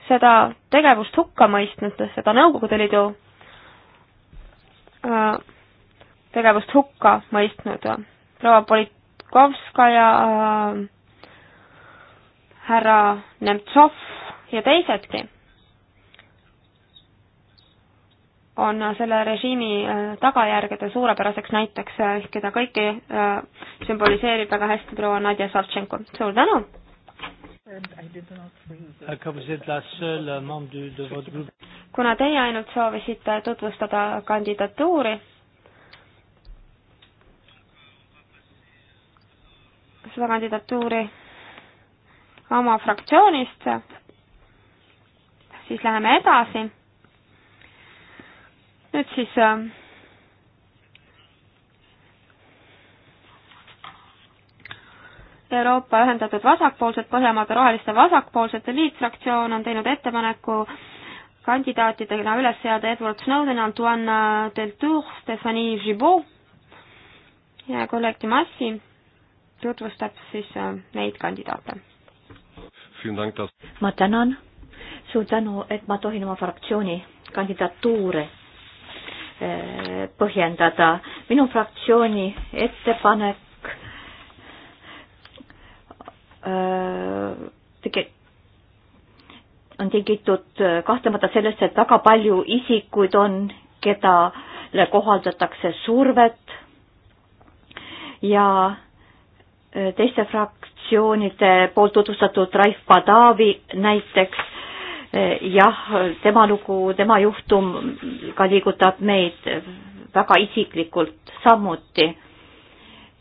seda tegevust hukka mõistnud, seda Nõukogude Liidu äh, tegevust hukka mõistnud. proua Politkovskaja, äh, härra Nemtsov ja teisedki. on selle režiimi äh, tagajärgede suurepäraseks näiteks, äh, keda kõiki äh, sümboliseerib väga hästi proua Nadja Savtšenko. suur tänu! Uh, kuna teie ainult soovisite tutvustada kandidatuuri, seda kandidatuuri oma fraktsioonist, siis läheme edasi nüüd siis äh, Euroopa Ühendatud Vasakpoolsed, Põhjamaade Roheliste Vasakpoolsete Liitfraktsioon on teinud ettepaneku kandidaatidena üles seada Edward Snowden, Antoine Deltour, Stephanie Gibault ja kolleeg Dimassi tutvustab siis äh, neid kandidaate. ma tänan, suur tänu, et ma tohin oma fraktsiooni kandidatuure Eh, põhjendada. minu fraktsiooni ettepanek eh, tege-, on tingitud eh, kahtlemata sellest, et väga palju isikuid on, kedale kohaldatakse survet ja teiste fraktsioonide poolt tutvustatud Raif Padavi näiteks jah, tema lugu, tema juhtum ka liigutab meid väga isiklikult samuti.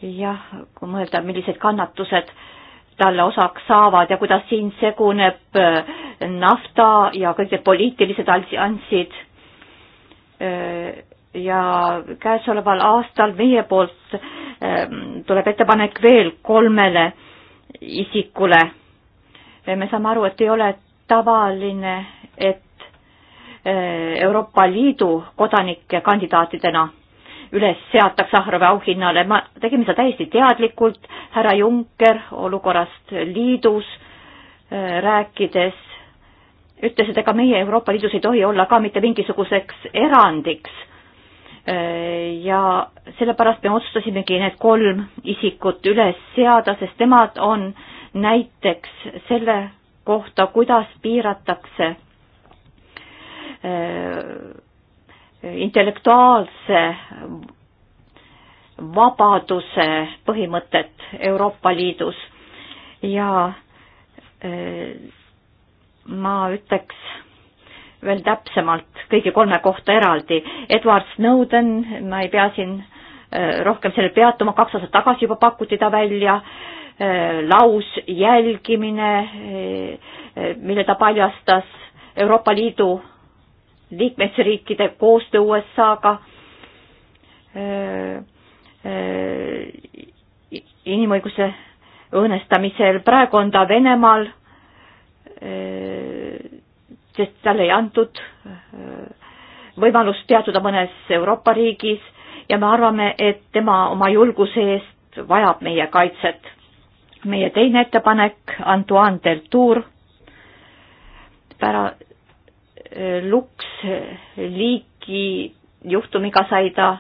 jah, kui mõelda, millised kannatused talle osaks saavad ja kuidas siin seguneb nafta ja kõik need poliitilised alliansid. ja käesoleval aastal meie poolt ehm, tuleb ettepanek veel kolmele isikule. me saame aru, et ei ole tavaline, et eh, Euroopa Liidu kodanike kandidaatidena üles seatakse Ahrovi auhinnale, ma tegin seda täiesti teadlikult, härra Juncker olukorrast liidus eh, rääkides ütles, et ega meie Euroopa Liidus ei tohi olla ka mitte mingisuguseks erandiks. Eh, ja sellepärast me otsustasimegi need kolm isikut üles seada, sest nemad on näiteks selle kohta, kuidas piiratakse äh, intellektuaalse vabaduse põhimõtet Euroopa Liidus ja äh, ma ütleks veel täpsemalt kõigi kolme kohta eraldi. Edward Snowden, ma ei pea siin äh, rohkem sellel peatuma, kaks aastat tagasi juba pakuti ta välja Äh, lausjälgimine, äh, äh, mille ta paljastas Euroopa Liidu liikmesriikide koostöö USA-ga, inimõiguse õõnestamisel, praegu on ta Venemaal, sest talle ei antud võimalust peatuda mõnes Euroopa riigis ja me arvame, et tema oma julguse eest vajab meie kaitset meie teine ettepanek, Antoine Deltour, pära-, äh, Lux liiki juhtumiga sai ta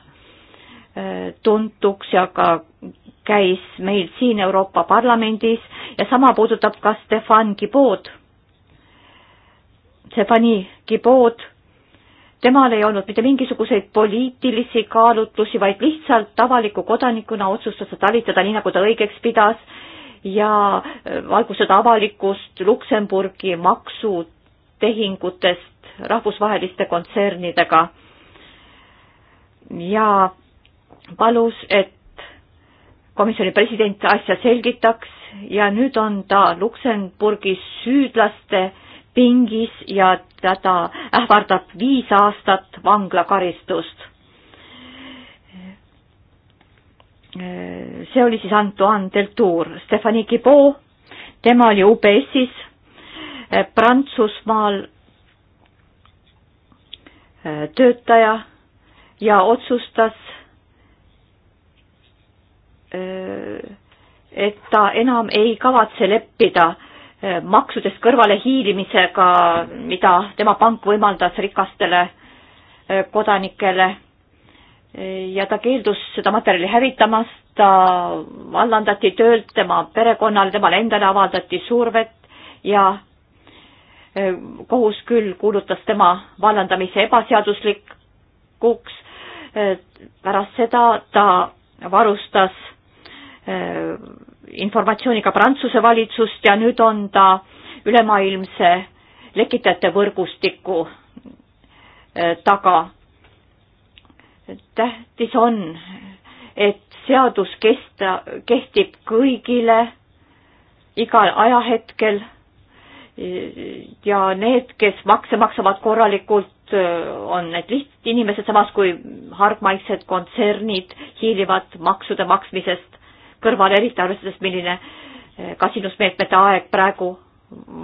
äh, tuntuks ja ka käis meil siin Euroopa Parlamendis ja sama puudutab ka Stefan Gibod. Stefani Gibod, temal ei olnud mitte mingisuguseid poliitilisi kaalutlusi, vaid lihtsalt avaliku kodanikuna otsustas ta talitada nii, nagu ta õigeks pidas ja äh, valgustada avalikkust Luksemburgi maksutehingutest rahvusvaheliste kontsernidega ja palus, et komisjoni president asja selgitaks ja nüüd on ta Luksemburgis süüdlaste pingis ja teda ähvardab viis aastat vanglakaristust Äh, see oli siis Antoine Deltour, Stephanie Gibault, tema oli UBS-is äh, Prantsusmaal äh, töötaja ja otsustas, et ta enam ei kavatse leppida maksudest kõrvalehiilimisega, mida tema pank võimaldas rikastele kodanikele ja ta keeldus seda materjali hävitamast, ta vallandati töölt, tema perekonnale, temale endale avaldati survet ja eh, kohus küll kuulutas tema vallandamise ebaseaduslikuks. Eh, pärast seda ta varustas eh, informatsiooniga Prantsuse valitsust ja nüüd on ta ülemaailmse lekitajate võrgustiku taga tähtis on, et seadus kesta, kehtib kõigile igal ajahetkel ja need, kes makse maksavad korralikult, on need lihtsad inimesed, samas kui hargmaised kontsernid hiilivad maksude maksmisest kõrvale, eriti arvestades, milline eh, kasinusmeetmete aeg praegu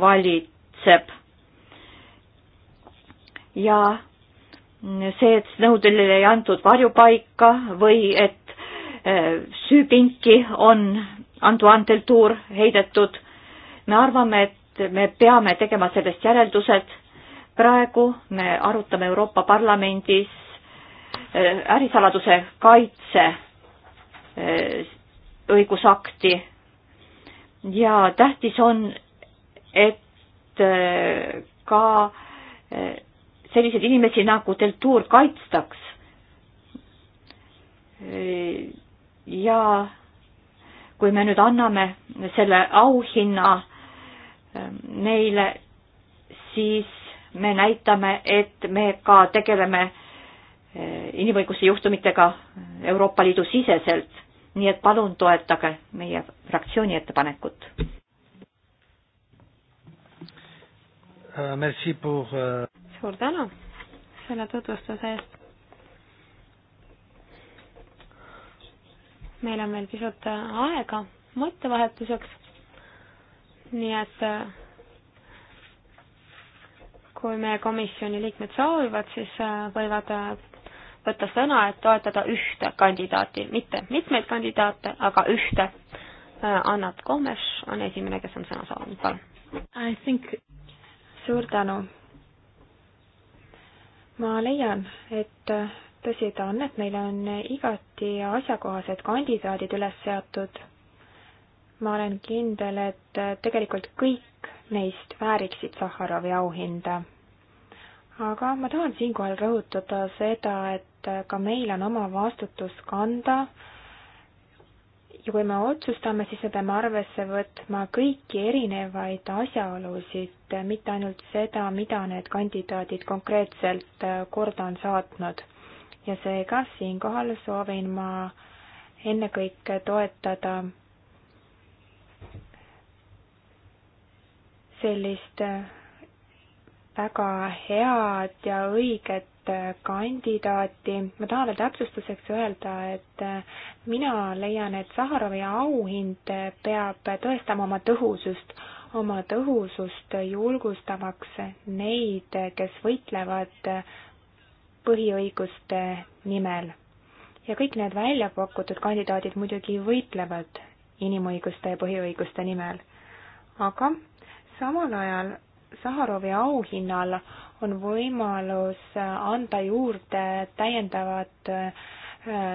valitseb. ja see, et nõudele ei antud varjupaika või et äh, süüpinki on Antoine Deltour heidetud. me arvame, et me peame tegema sellest järeldused. praegu me arutame Euroopa Parlamendis äh, ärisaladuse kaitse äh, õigusakti ja tähtis on, et ka selliseid inimesi nagu Deltour kaitstaks. ja kui me nüüd anname selle auhinna ähm, neile, siis me näitame, et me ka tegeleme äh, inimõiguste juhtumitega Euroopa Liidu siseselt. nii et palun toetage meie fraktsiooni ettepanekut. Euh, merci pour euh, suur tänu selle tutvustuse eest. meil on veel pisut äh, aega mõttevahetuseks. nii et äh, kui meie komisjoni liikmed soovivad, siis äh, võivad võtta sõna, et toetada ühte kandidaati, mitte mitmeid kandidaate, aga ühte. Annat Komes on esimene, kes on sõna saanud, palun. I think suur tänu ma leian, et tõsi ta on, et meil on igati asjakohased kandidaadid üles seatud. ma olen kindel, et tegelikult kõik neist vääriksid Sahharovi auhinda. aga ma tahan siinkohal rõhutada seda, et ka meil on oma vastutus kanda ja kui me otsustame, siis me peame arvesse võtma kõiki erinevaid asjaolusid, mitte ainult seda, mida need kandidaadid konkreetselt äh, korda on saatnud. ja seega siinkohal soovin ma ennekõike toetada sellist äh, väga head ja õiget Äh, kandidaati. ma tahan veel täpsustuseks öelda, et äh, mina leian, et Saharovi auhind peab tõestama oma tõhusust, oma tõhusust julgustamaks neid, kes võitlevad äh, põhiõiguste nimel. ja kõik need välja pakutud kandidaadid muidugi võitlevad inimõiguste ja põhiõiguste nimel. aga samal ajal Saharovi auhinnal on võimalus anda juurde täiendavat äh,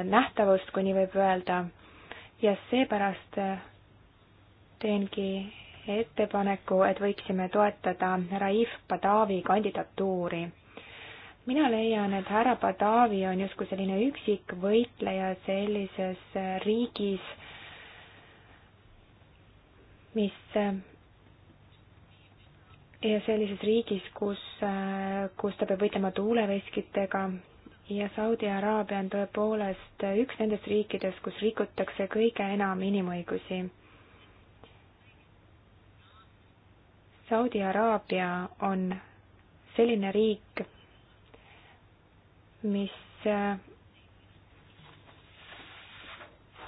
nähtavust, kui nii võib öelda. ja seepärast äh, teengi ettepaneku, et võiksime toetada Raif Padavi kandidatuuri. mina leian, et härra Padavi on justkui selline üksik võitleja sellises äh, riigis, mis ja sellises riigis, kus, äh, kus ta peab võitlema tuuleveskitega ja Saudi Araabia on tõepoolest üks nendest riikidest, kus rikutakse kõige enam inimõigusi. Saudi Araabia on selline riik, mis äh,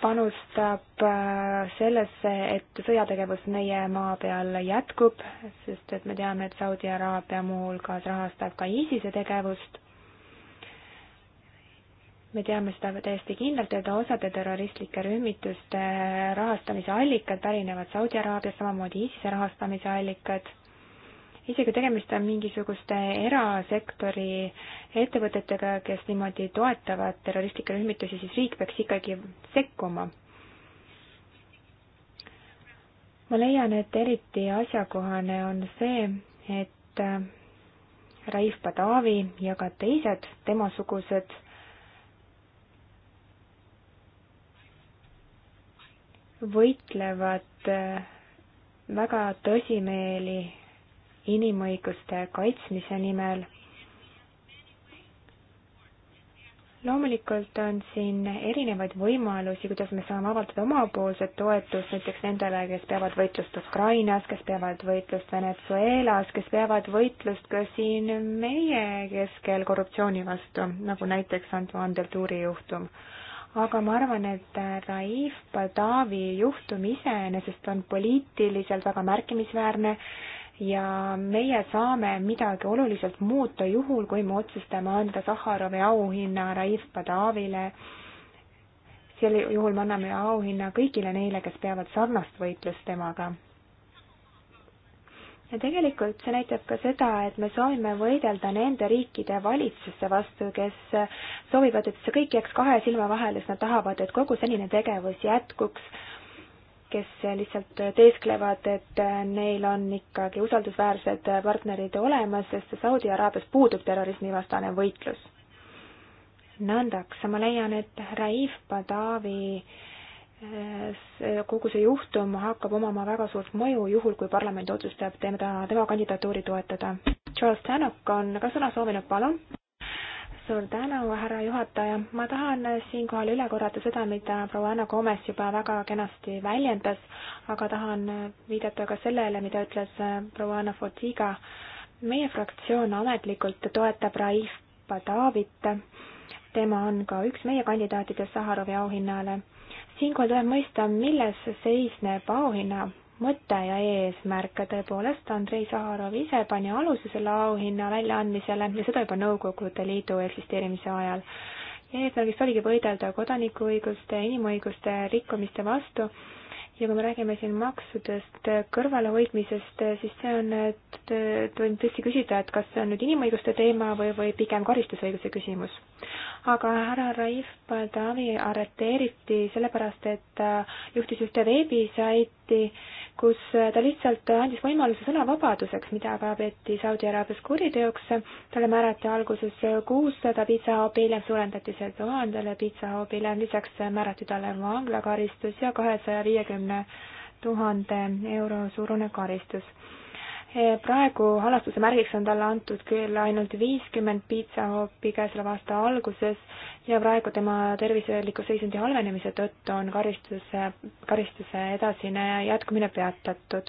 panustab äh, sellesse, et sõjategevus meie maa peal jätkub, sest et me teame, et Saudi Araabia muuhulgas rahastab ka ISISe tegevust. me teame seda täiesti kindlalt, et osade terroristlike rühmituste rahastamise allikad pärinevad Saudi Araabiast, samamoodi ISISe rahastamise allikad isegi tegemist on mingisuguste erasektori ettevõtetega, kes niimoodi toetavad terroristlikke rühmitusi, siis riik peaks ikkagi sekkuma. ma leian, et eriti asjakohane on see, et Raif Badavi ja ka teised temasugused võitlevad väga tõsimeeli inimõiguste kaitsmise nimel. loomulikult on siin erinevaid võimalusi, kuidas me saame avaldada omapoolset toetust näiteks nendele, kes peavad võitlust Ukrainas, kes peavad võitlust Venezuelas, kes peavad võitlust ka siin meie keskel korruptsiooni vastu, nagu näiteks Antoine Deltouri juhtum aga ma arvan, et Raif Badavi juhtum iseenesest on poliitiliselt väga märkimisväärne ja meie saame midagi oluliselt muuta juhul, kui me otsustame anda Sahharovi auhinna Raif Badavile. sel juhul me anname auhinna kõigile neile, kes peavad sarnast võitlust temaga. ja tegelikult see näitab ka seda, et me soovime võidelda nende riikide valitsuste vastu, kes soovivad, et see kõik jääks kahe silma vahele, sest nad tahavad, et kogu senine tegevus jätkuks kes lihtsalt teesklevad, et neil on ikkagi usaldusväärsed partnerid olemas, sest Saudi Araabias puudub terrorismivastane võitlus. nõndaks, ma leian, et Raif Badavi eh, kogu see juhtum hakkab omama väga suurt mõju, juhul kui parlament otsustab teda, tema kandidatuuri toetada. Charles Tannock on ka sõna soovinud, palun suur tänu, härra juhataja. ma tahan siinkohal üle korrata seda, mida proua Anna Koomes juba väga kenasti väljendas, aga tahan viidata ka sellele, mida ütles äh, proua Anna Fotiga. meie fraktsioon ametlikult toetab Raif Badavit. tema on ka üks meie kandidaatidest Saharovi auhinnale. siinkohal tuleb mõista, milles seisneb auhinna mõte ja eesmärk. tõepoolest, Andrei Saharov ise pani aluse selle auhinna väljaandmisele ja seda juba Nõukogude Liidu eksisteerimise ajal. eesmärgist oligi võidelda kodanikuõiguste, inimõiguste rikkumiste vastu ja kui me räägime siin maksudest kõrvalehoidmisest, siis see on, et võib tõesti küsida, et kas see on nüüd inimõiguste teema või, või pigem karistusõiguse küsimus aga härra Raif Badavi arreteeriti sellepärast, et ta juhtis ühte veebisaiti, kus ta lihtsalt andis võimaluse sõnavabaduseks, mida aga peeti Saudi Araabias kuriteoks. talle määrati alguses kuussada piitsahobi, hiljem suurendati see tuhandele piitsahobile, lisaks määrati talle vanglakaristus ja kahesaja viiekümne tuhande euro suurune karistus praegu halastuse märgiks on talle antud küll ainult viiskümmend piitsahoopi käesoleva aasta alguses ja praegu tema terviseliku seisundi halvenemise tõttu on karistuse, karistuse edasine jätkumine peatatud.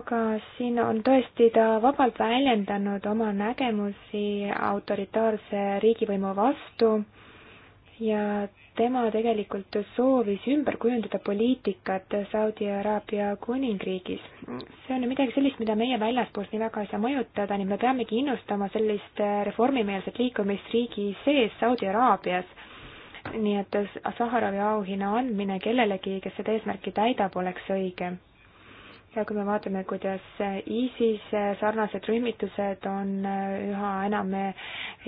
aga siin on tõesti ta vabalt väljendanud oma nägemusi autoritaarse riigivõimu vastu ja tema tegelikult soovis ümber kujundada poliitikat Saudi Araabia kuningriigis. see on ju midagi sellist, mida meie väljaspoolt nii väga ei saa mõjutada, nii et me peamegi innustama sellist reformimeelset liikumist riigi sees Saudi Araabias. nii et Saharovi auhinna andmine kellelegi, kes seda eesmärki täidab, oleks õige ja kui me vaatame, kuidas ISIS eh, sarnased rühmitused on eh, üha enam eh,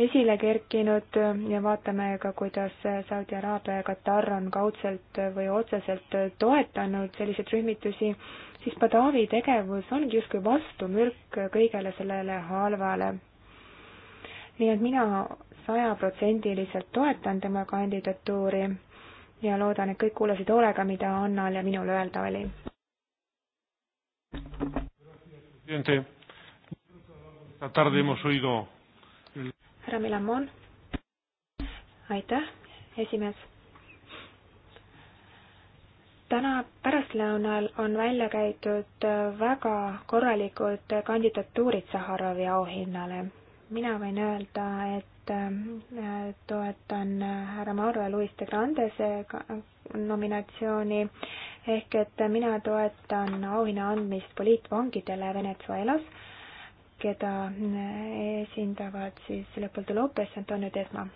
esile kerkinud ja vaatame ka, kuidas Saudi Araabia ja Katar on kaudselt või otseselt toetanud selliseid rühmitusi, siis Badavi tegevus ongi justkui vastumürk kõigele sellele halvale. nii et mina sajaprotsendiliselt toetan tema kandidatuuri ja loodan, et kõik kuulasid hoolega, mida Annal ja minul öelda oli härra Milamon. aitäh, esimees. täna pärastlõunal on välja käidud väga korralikud kandidatuurid Saharovi auhinnale. mina võin öelda, et et äh, toetan härra Mauro ja Luis de Grandese nominatsiooni ehk et mina toetan auhinna andmist poliitvangidele Venezuelas, keda äh, esindavad siis Leopoldo Lopez, Antonio Desma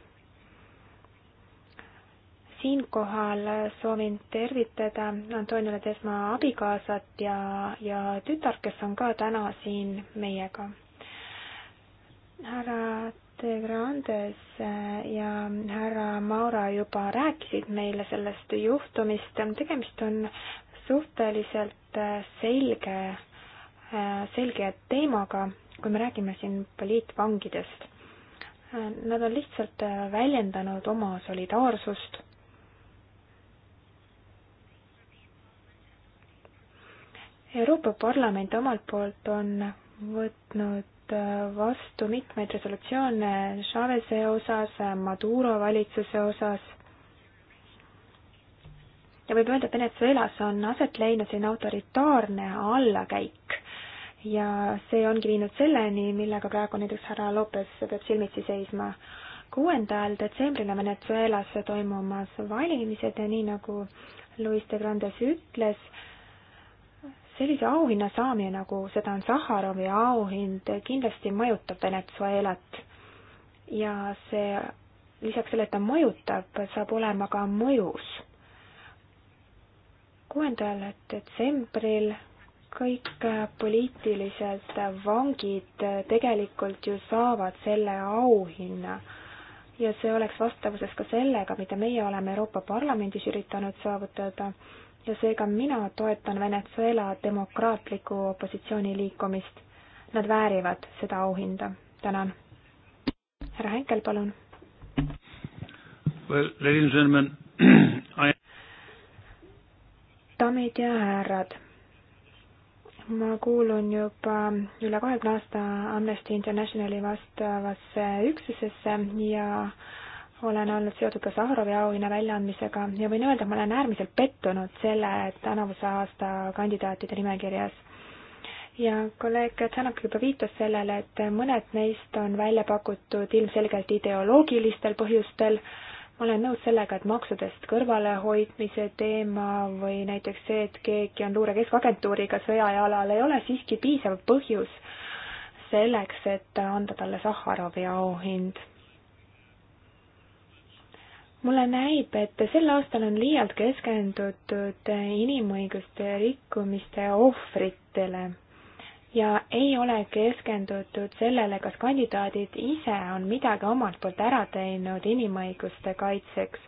siinkohal soovin tervitada Antonio Ledesma abikaasat ja, ja tütart, kes on ka täna siin meiega. härra De Grandes äh, ja härra Maura juba rääkisid meile sellest juhtumist, tegemist on suhteliselt äh, selge, äh, selge teemaga, kui me räägime siin poliitvangidest. Nad on lihtsalt väljendanud oma solidaarsust Euroopa Parlament omalt poolt on võtnud Äh, vastu mitmeid resolutsioone Chavez'e osas, äh, Maduro valitsuse osas. ja võib öelda, et Venezuelas on aset leidnud selline autoritaarne allakäik ja see ongi viinud selleni, millega praegu näiteks härra Lopez peab silmitsi seisma. kuuendal detsembril on Venezuelas toimumas valimised ja nii nagu Luis de Grandes ütles, sellise auhinna saamine, nagu seda on Sahharovi auhind, kindlasti mõjutab Venezuelat ja see, lisaks sellele, et ta mõjutab, saab olema ka mõjus. kuuendal detsembril kõik poliitilised vangid tegelikult ju saavad selle auhinna ja see oleks vastavuses ka sellega, mida meie oleme Euroopa Parlamendis üritanud saavutada ja seega mina toetan Venezuela demokraatliku opositsiooni liikumist. Nad väärivad seda auhinda. tänan. härra Henkel, palun. daamid ja härrad, ma kuulun juba üle kahekümne aasta Amnesty Internationali vastavasse üksusesse ja olen olnud seotud ka Sahharovi auhinna väljaandmisega ja võin öelda, et ma olen äärmiselt pettunud selle tänavuse aasta kandidaatide nimekirjas. ja kolleeg Tšanak juba viitas sellele, et mõned neist on välja pakutud ilmselgelt ideoloogilistel põhjustel, ma olen nõus sellega, et maksudest kõrvalehoidmise teema või näiteks see, et keegi on luure keskagentuuriga sõjajalal, ei ole siiski piisav põhjus selleks, et anda talle Sahharovi auhind mulle näib, et sel aastal on liialt keskendutud inimõiguste rikkumiste ohvritele ja ei ole keskendutud sellele, kas kandidaadid ise on midagi omalt poolt ära teinud inimõiguste kaitseks.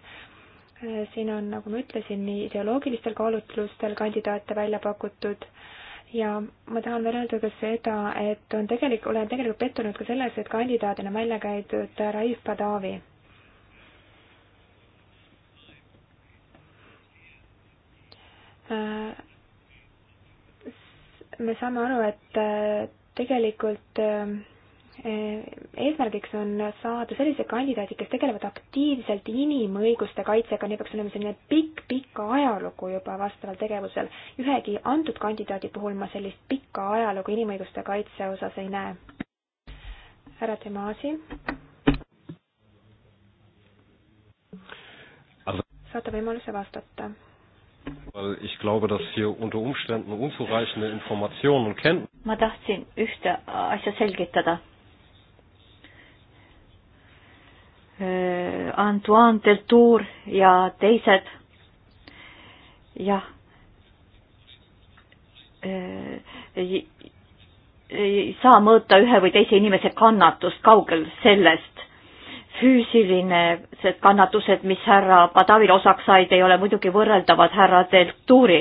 siin on, nagu ma ütlesin, nii ideoloogilistel kaalutlustel kandidaate välja pakutud ja ma tahan veel öelda ka seda, et on tegelik, olen tegelikult pettunud ka selles, et kandidaadina välja käidud Raif Padavi Äh, me saame aru, et äh, tegelikult äh, eesmärgiks on saada sellised kandidaadid, kes tegelevad aktiivselt inimõiguste kaitsega, neil peaks olema selline pikk, pikk ajalugu juba vastaval tegevusel. ühegi antud kandidaadi puhul ma sellist pikka ajalugu inimõiguste kaitse osas ei näe. härra Demasi. saate võimaluse vastata ma tahtsin ühte asja selgitada. Äh, Antoine Deltour ja teised, jah, äh, ei saa mõõta ühe või teise inimese kannatust kaugel sellest füüsiline, see kannatused, mis härra Padavile osaks said, ei ole muidugi võrreldavad härra Deltuuri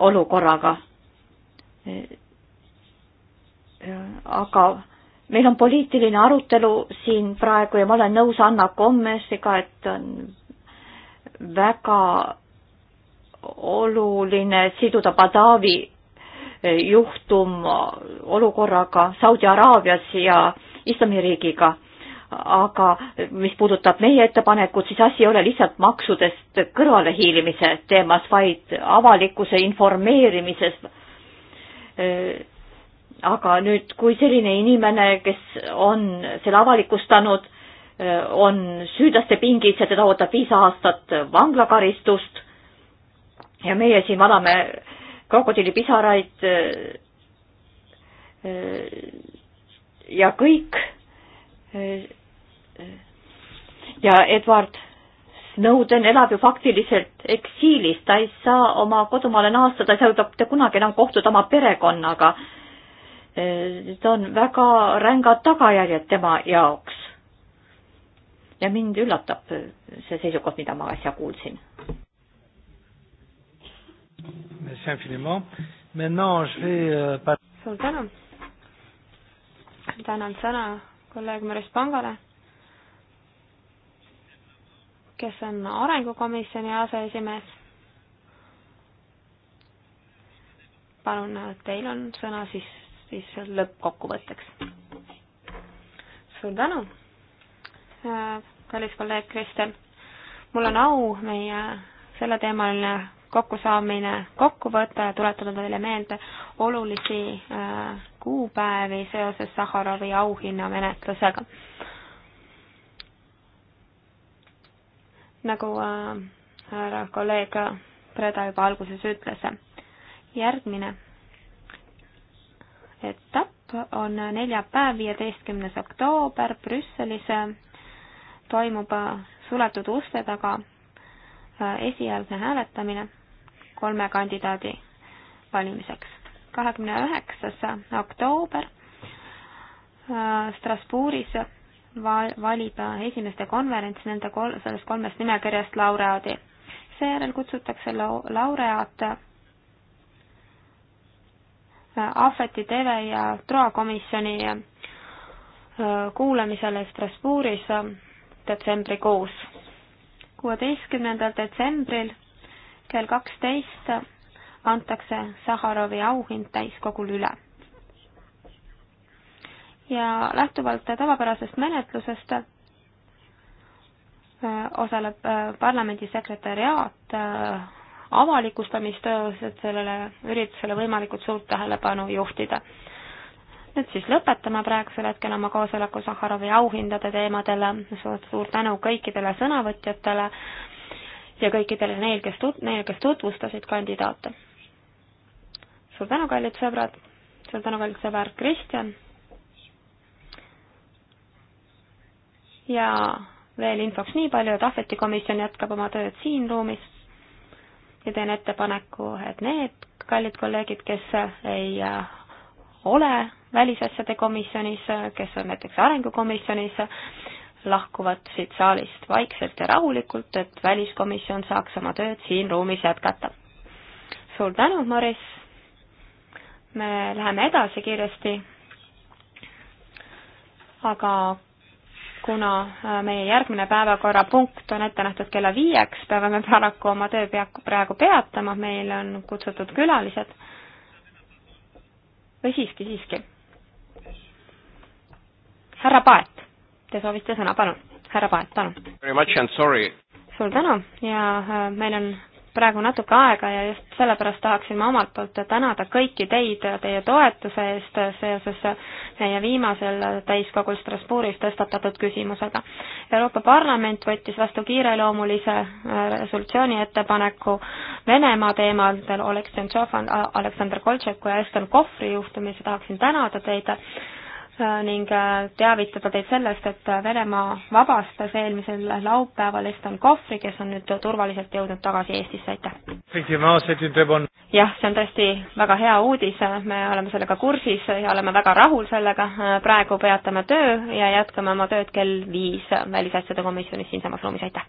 olukorraga. aga meil on poliitiline arutelu siin praegu ja ma olen nõus Anna Kommesiga, et on väga oluline siduda Padavi juhtum olukorraga Saudi Araabias ja Islamiriigiga aga mis puudutab meie ettepanekut, siis asi ei ole lihtsalt maksudest kõrvalehiilimise teemas, vaid avalikkuse informeerimises. aga nüüd, kui selline inimene, kes on selle avalikustanud, on süüdlaste pingis ja teda ootab viis aastat vanglakaristust ja meie siin valame krokodillipisaraid ja kõik ja Edward Snowden elab ju faktiliselt eksiilis, ta ei saa oma kodumaale naasta, ta ei saa ju mitte kunagi enam kohtuda oma perekonnaga. Need eh, on väga rängad tagajärjed tema jaoks. ja mind üllatab eh, see seisukoht, mida ma äsja kuulsin. Euh, suur tänu. tänan sõna kolleeg Maris Pangale kes on Arengukomisjoni aseesimees. palun, teil on sõna siis, siis lõppkokkuvõtteks. suur tänu, kallis kolleeg Kristel. mul on au meie selleteemaline kokkusaamine kokku võtta ja tuletada teile meelde olulisi äh, kuupäevi seoses Saharovi auhinnamenetlusega nagu äh, härra kolleeg Preda juba alguses ütles. järgmine etapp on neljapäev, viieteistkümnes oktoober Brüsselis toimub äh, suletud uste taga äh, esialgne hääletamine kolme kandidaadi valimiseks. kahekümne üheksas oktoober Strasbourgis val-, valib äh, esimeste konverents nende kol-, sellest kolmest nimekirjast laureaadi. seejärel kutsutakse lau-, laureaat äh, Ahveti TV ja Troa komisjoni äh, kuulamisele Strasbourgis detsembrikuus. kuueteistkümnendal detsembril kell kaksteist antakse Saharovi auhind täiskogul üle ja lähtuvalt tavapärasest menetlusest äh, osaleb äh, parlamendi sekretäriaat äh, avalikustamistöös, et sellele üritusele võimalikult suurt tähelepanu juhtida. nüüd siis lõpetame praegusel hetkel oma koosoleku Sahharovi auhindade teemadel, suur tänu kõikidele sõnavõtjatele ja kõikidele neil, kes tut-, neil, kes tutvustasid kandidaate. suur tänu, kallid sõbrad, suur tänu, kallid sõber Kristjan ja veel infoks nii palju, et Ahveti komisjon jätkab oma tööd siin ruumis ja teen ettepaneku, et need kallid kolleegid, kes ei äh, ole välisasjade komisjonis, äh, kes on näiteks arengukomisjonis, äh, lahkuvad siit saalist vaikselt ja rahulikult, et väliskomisjon saaks oma tööd siin ruumis jätkata. suur tänu, Maris! me läheme edasi kiiresti, aga kuna äh, meie järgmine päevakorrapunkt on ette nähtud kella viieks, peame me paraku oma töö pea, praegu peatama, meil on kutsutud külalised. või siiski, siiski? härra Paet, te soovite sõna, palun. härra Paet, palun. suur tänu ja äh, meil on praegu natuke aega ja just sellepärast tahaksime omalt poolt tänada kõiki teid teie toetuse eest seoses meie viimasel täiskogul Strasbourgis tõstatatud küsimusega. Euroopa Parlament võttis vastu kiireloomulise äh, resolutsiooni ettepaneku Venemaa teemadel Oleg Tšentšov, Aleksandr Koltšeku ja Eston Kohvri juhtumisi, tahaksin tänada teid Äh, ning äh, teavitada teid sellest, et äh, Venemaa vabastas eelmisel laupäeval Eston Kohvri, kes on nüüd turvaliselt jõudnud tagasi Eestisse, aitäh! jah, see on tõesti väga hea uudis, me oleme sellega kursis ja oleme väga rahul sellega, praegu peatame töö ja jätkame oma tööd kell viis Välisasjade komisjonis siinsamas ruumis, aitäh!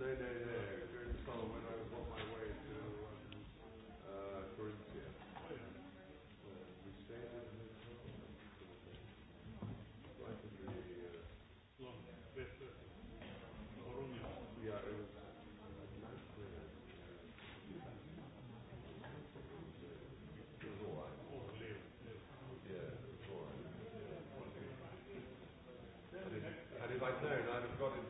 They, they, they. So when I was on my way to uh, uh Corinthia, oh, yeah. uh, we stayed in the right in the uh, long uh, Oronia. Yeah, it was uh, nice there. It was alright. Yeah, it was alright. Had it I known, I'd have got it.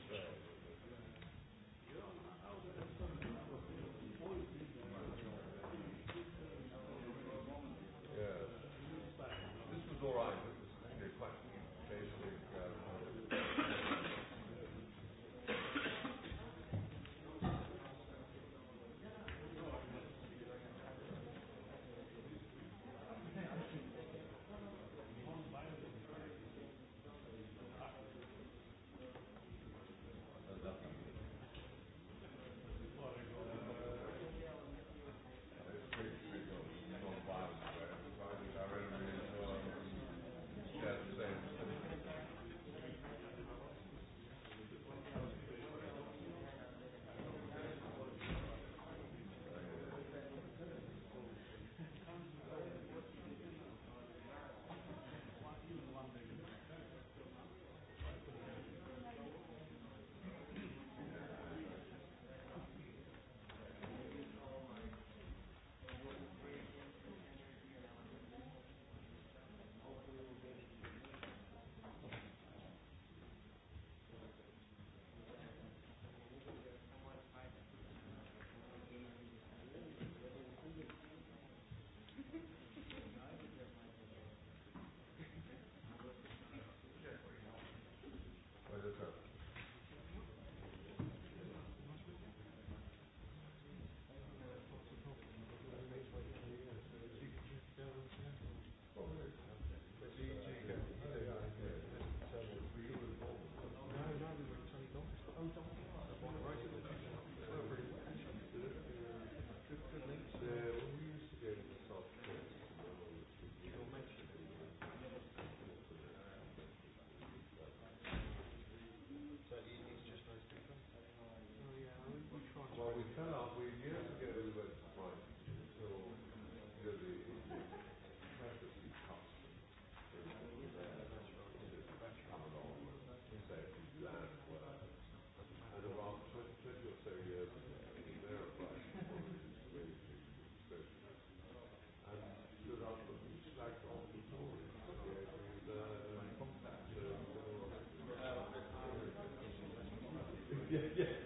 we fell out, we years ago we were surprised until really incredibly custom in there to come along and say if you land where and about 20, 20 or so years ago in their advice was way too expensive and stood up with each flag on the door and uh, compact uh, yeah, yeah.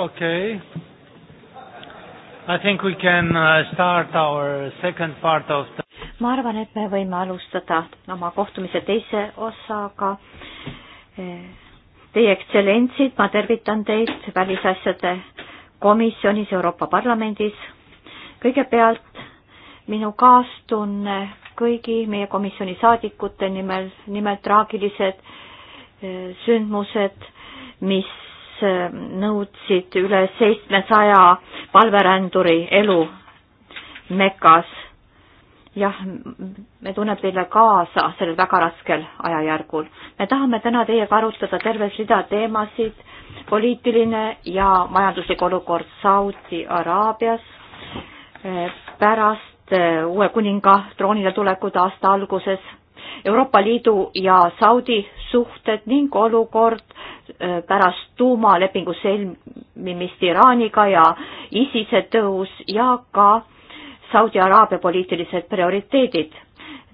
Okay. I think we can uh, start our second part of the ma arvan, et me võime alustada oma kohtumise teise osaga. Eh, Teie ekstsellentsid, ma tervitan teid välisasjade komisjonis Euroopa Parlamendis. kõigepealt minu kaastunne kõigi meie komisjoni saadikute nimel, nimelt traagilised eh, sündmused, mis nõudsid üle seitsmesaja palveränduri elu Mekas. jah, me tunneme teile kaasa sellel väga raskel ajajärgul. me tahame täna teiega arutada terves rida teemasid, poliitiline ja majanduslik olukord Saudi Araabias pärast eh, uue kuninga troonile tulekut aasta alguses Euroopa Liidu ja Saudi suhted ning olukord Äh, pärast tuumalepingu sõlmimist Iraaniga ja ISISe tõus ja ka Saudi Araabia poliitilised prioriteedid.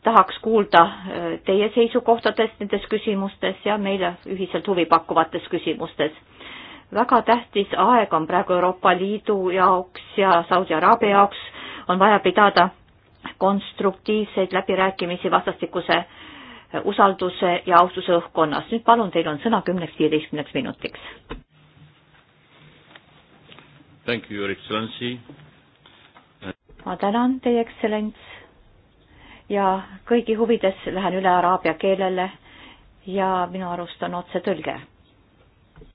tahaks kuulda äh, teie seisukohtadest nendes küsimustes ja meile ühiselt huvi pakkuvates küsimustes. väga tähtis aeg on praegu Euroopa Liidu jaoks ja Saudi Araabia jaoks on vaja pidada konstruktiivseid läbirääkimisi vastastikuse usalduse ja austuse õhkkonnas. nüüd palun, teil on sõna kümneks, viieteistkümneks minutiks. Thank you, your excellency. ma tänan, teie ekstsellents ja kõigi huvides lähen üle araabia keelele ja minu arust on otsetõlge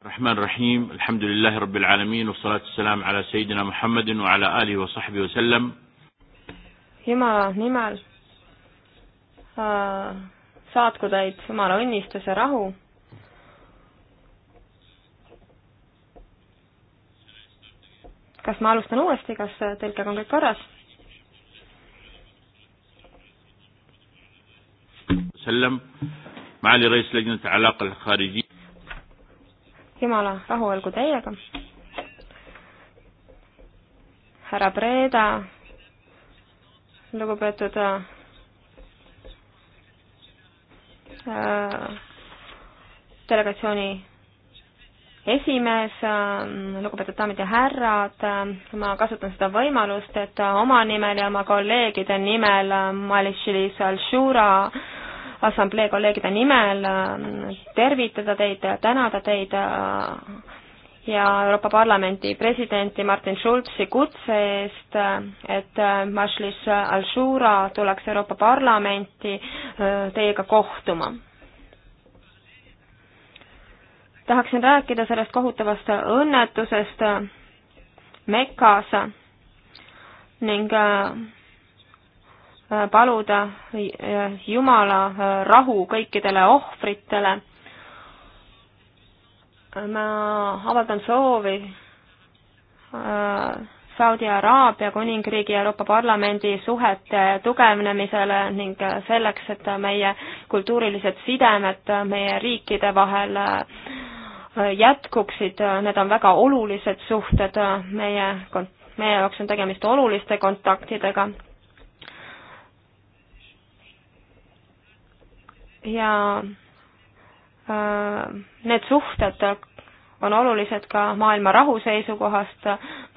الرحمن الرحيم الحمد لله رب العالمين والصلاة والسلام على سيدنا محمد وعلى آله وصحبه وسلم Jumala nimel äh, saatku teid Jumala õnnistus ja rahu. kas ma alustan uuesti, kas tõlkega on kõik korras? jumala rahu olgu teiega. härra Breda, lugupeetud äh, Äh, delegatsiooni esimees, äh, lugupeetud daamid ja härrad, äh, ma kasutan seda võimalust, et oma nimel ja oma kolleegide nimel, Malishilis Al-Shura assamblee kolleegide nimel tervitada teid, tänada teid ja Euroopa Parlamendi presidenti Martin Schulzi kutse eest, et äh, Mašlis Al-Shura tuleks Euroopa Parlamenti äh, teiega kohtuma. tahaksin rääkida sellest kohutavast õnnetusest äh, Mekas ning paluda Jumala rahu kõikidele ohvritele ma avaldan soovi äh, Saudi Araabia kuningriigi Euroopa Parlamendi suhete tugevnemisele ning äh, selleks, et meie kultuurilised sidemed meie riikide vahel äh, jätkuksid, need on väga olulised suhted meie, meie jaoks on tegemist oluliste kontaktidega. ja Äh, need suhted on olulised ka maailma rahu seisukohast.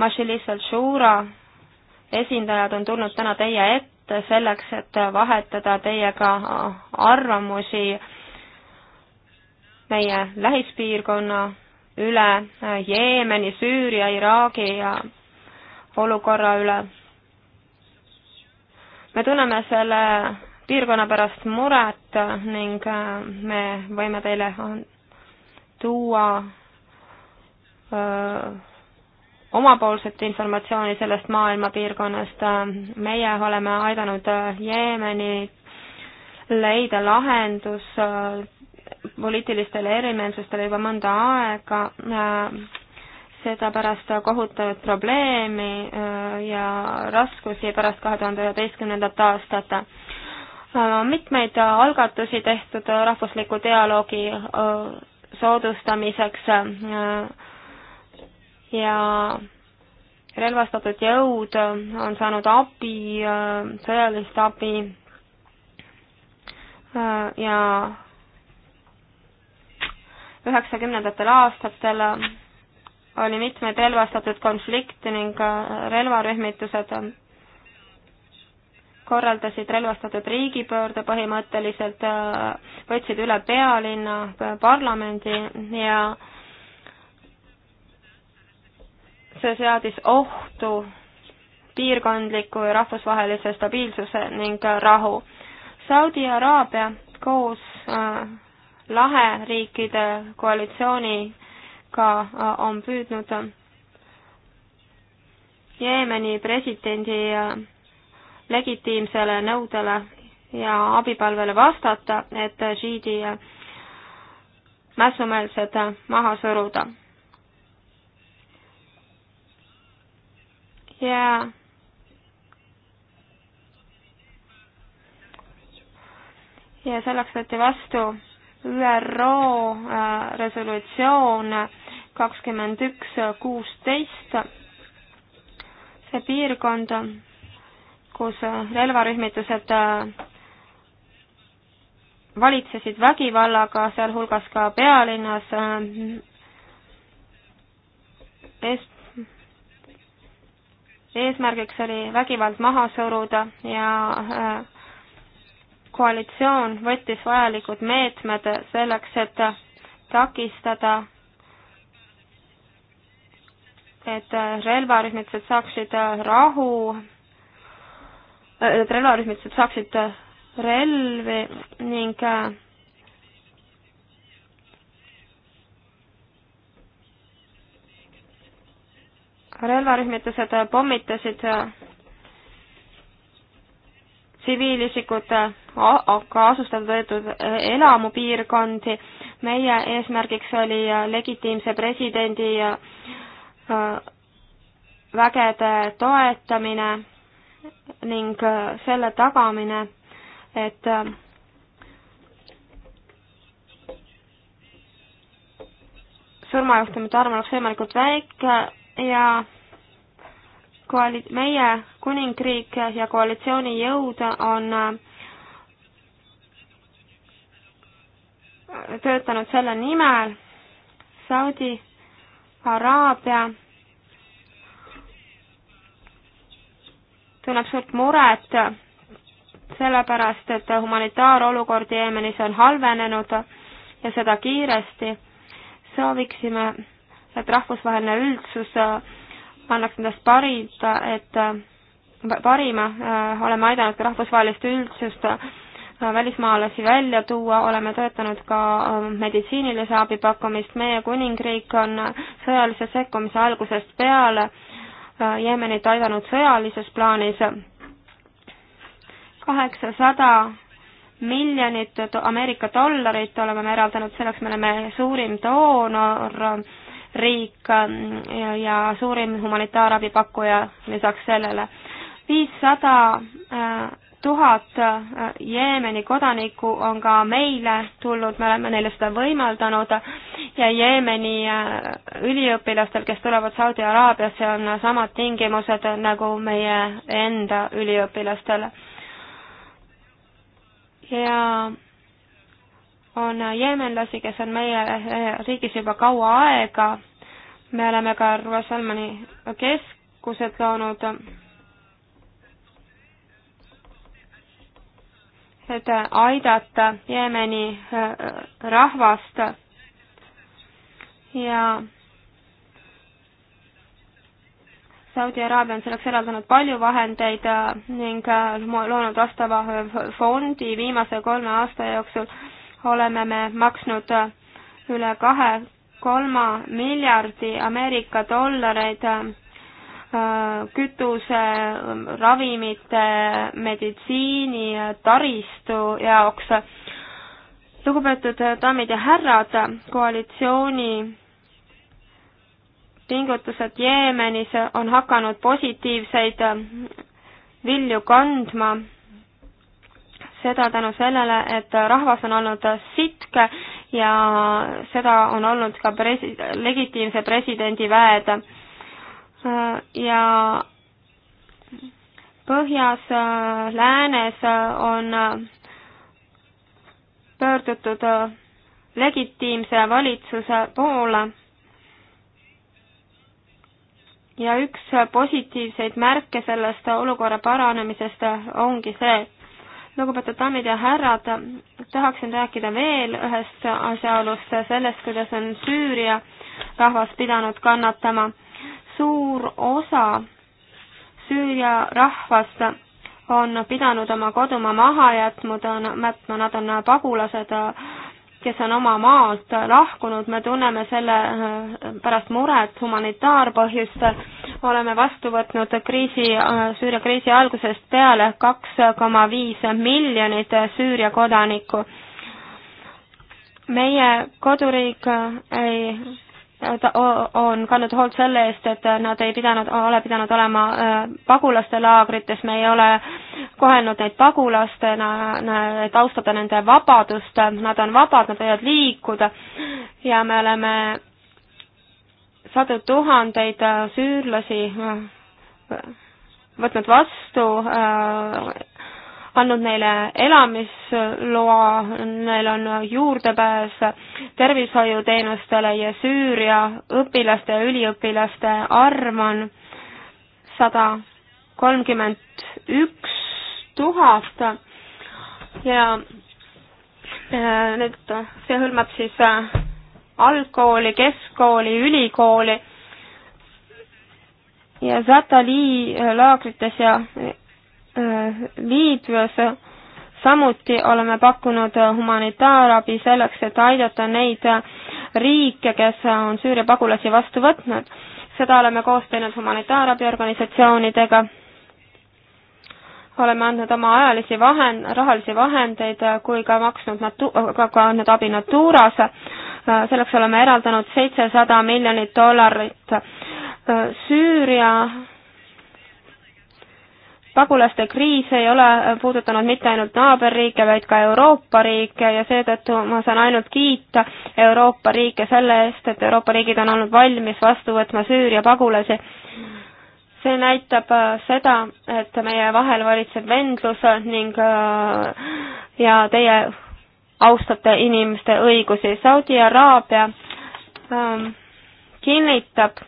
Mašilis Al-Shura esindajad on tulnud täna teie ette selleks, et vahetada teiega arvamusi meie lähispiirkonna üle, Jeemeni, Süüria, Iraagi ja olukorra üle. me tunneme selle piirkonna pärast muret ning äh, me võime teile tuua öö, äh, omapoolset informatsiooni sellest maailma piirkonnast. meie oleme aidanud äh, Jeemeni leida lahendus poliitilistele erimeelsustele juba mõnda aega, seda pärast kohutavat probleemi ja raskusi pärast kahe tuhande üheteistkümnendat aastat Äh, mitmeid algatusi tehtud rahvusliku dialoogi äh, soodustamiseks äh, ja relvastatud jõud on saanud abi, sõjalist abi ja üheksakümnendatel aastatel oli mitmeid relvastatud konflikte ning relvarühmitused korraldasid relvastatud riigipöörde põhimõtteliselt, võtsid üle pealinna, parlamendi ja see seadis ohtu piirkondliku ja rahvusvahelise stabiilsuse ning rahu. Saudi Araabia koos äh, laheriikide koalitsiooniga äh, on püüdnud äh, Jeemeni presidendi legitiimsele nõudele ja abipalvele vastata, et žiidi mässumeelsed maha suruda. ja ja selleks võeti vastu ÜRO äh, resolutsioon kakskümmend üks kuusteist. see piirkond kus äh, relvarühmitused äh, valitsesid vägivallaga, sealhulgas ka pealinnas Eest-, äh, eesmärgiks oli vägivald maha suruda ja koalitsioon võttis vajalikud meetmed selleks, et takistada, et relvarühmitused saaksid rahu Äh, et relvarühmitused saaksid äh, relvi ning äh, relvarühmitused pommitasid tsiviilisikute aga asustatud elamupiirkondi. meie eesmärgiks oli legitiimse presidendi vägede toetamine ning äh, selle tagamine, et äh, surmajuhtumite arv oleks võimalikult väike ja koali-, meie kuningriik ja koalitsiooni jõud on äh, töötanud selle nimel Saudi Araabia tunneb suurt muret sellepärast, et humanitaarolukord Jeemenis on halvenenud ja seda kiiresti. sooviksime, et rahvusvaheline üldsus äh, annaks endast parid, et äh, parima, äh, oleme aidanud ka rahvusvahelist üldsust välismaalasi välja tuua, oleme toetanud ka meditsiinilise abi pakkumist, meie kuningriik on sõjalise sekkumise algusest peale Äh, Jeemenit aidanud sõjalises plaanis. kaheksasada miljonit Ameerika dollarit oleme me eraldanud, selleks me oleme suurim doonor riik äh, ja suurim humanitaarabi pakkuja lisaks sellele. viissada äh, tuhat äh, Jeemeni kodanikku on ka meile tulnud, me oleme neile seda võimaldanud ja Jeemeni äh, üliõpilastel, kes tulevad Saudi Araabiasse, on samad tingimused nagu meie enda üliõpilastel. ja on jeemenlasi, kes on meie äh, riigis juba kaua aega, me oleme ka Salmani keskused loonud et aidata Jeemeni äh, rahvast ja Saudi Araabia on selleks eraldanud palju vahendeid äh, ning äh, loonud vastava fondi. viimase kolme aasta jooksul oleme me maksnud üle kahe kolma miljardi Ameerika dollareid Äh, kütuse, ähm, ravimite, meditsiini, äh, taristu jaoks. lugupeetud äh, daamid ja härrad, koalitsiooni pingutused Jeemenis on hakanud positiivseid vilju kandma, seda tänu sellele, et rahvas on olnud sitke ja seda on olnud ka presi-, legitiimse presidendi väed Äh, ja põhjas, äh, läänes äh, on pöördutud legitiimse valitsuse poole. ja üks positiivseid märke sellest olukorra paranemisest ongi see, lugupeetud daamid ja härrad, tahaksin rääkida veel ühest asjaolust, sellest, kuidas on Süüria rahvas pidanud kannatama suur osa Süüria rahvast on pidanud oma kodumaa maha jätnud, mätma, nad on pagulased, kes on oma maalt lahkunud, me tunneme selle äh, pärast muret humanitaarpõhjustel, oleme vastu võtnud kriisi, äh, Süüria kriisi algusest peale kaks koma viis miljonit Süüria kodanikku. meie koduriik äh, ei on kandnud hoolt selle eest, et nad ei pidanud, ole pidanud olema äh, pagulaste laagrites, me ei ole kohelnud neid pagulastena, et austada nende vabadust, nad on vabad, nad võivad liikuda ja me oleme sadu tuhandeid äh, süürlasi äh, võtnud vastu andnud neile elamisloa, neil on juurdepääs tervishoiuteenustele ja Süüria õpilaste ja üliõpilaste arv on sada kolmkümmend üks tuhat ja äh, nüüd see hõlmab siis äh, algkooli, keskkooli, ülikooli ja Zatali äh, laagrites ja Äh, Liibüas. samuti oleme pakkunud humanitaarabi selleks, et aidata neid riike, kes on Süüria pagulasi vastu võtnud. seda oleme koos teinud humanitaarabiorganisatsioonidega. oleme andnud oma ajalisi vahend, rahalisi vahendeid äh, kui ka maksnud natu-, ka, ka andnud abi Naturas. Äh, selleks oleme eraldanud seitsesada miljonit dollarit Süüria pagulaste kriis ei ole puudutanud mitte ainult naaberriike, vaid ka Euroopa riike ja seetõttu ma saan ainult kiita Euroopa riike selle eest, et Euroopa riigid on olnud valmis vastu võtma Süüria pagulasi. see näitab äh, seda, et meie vahel valitseb vendlus äh, ning äh, ja teie austate inimeste õigusi. Saudi Araabia ähm, kinnitab,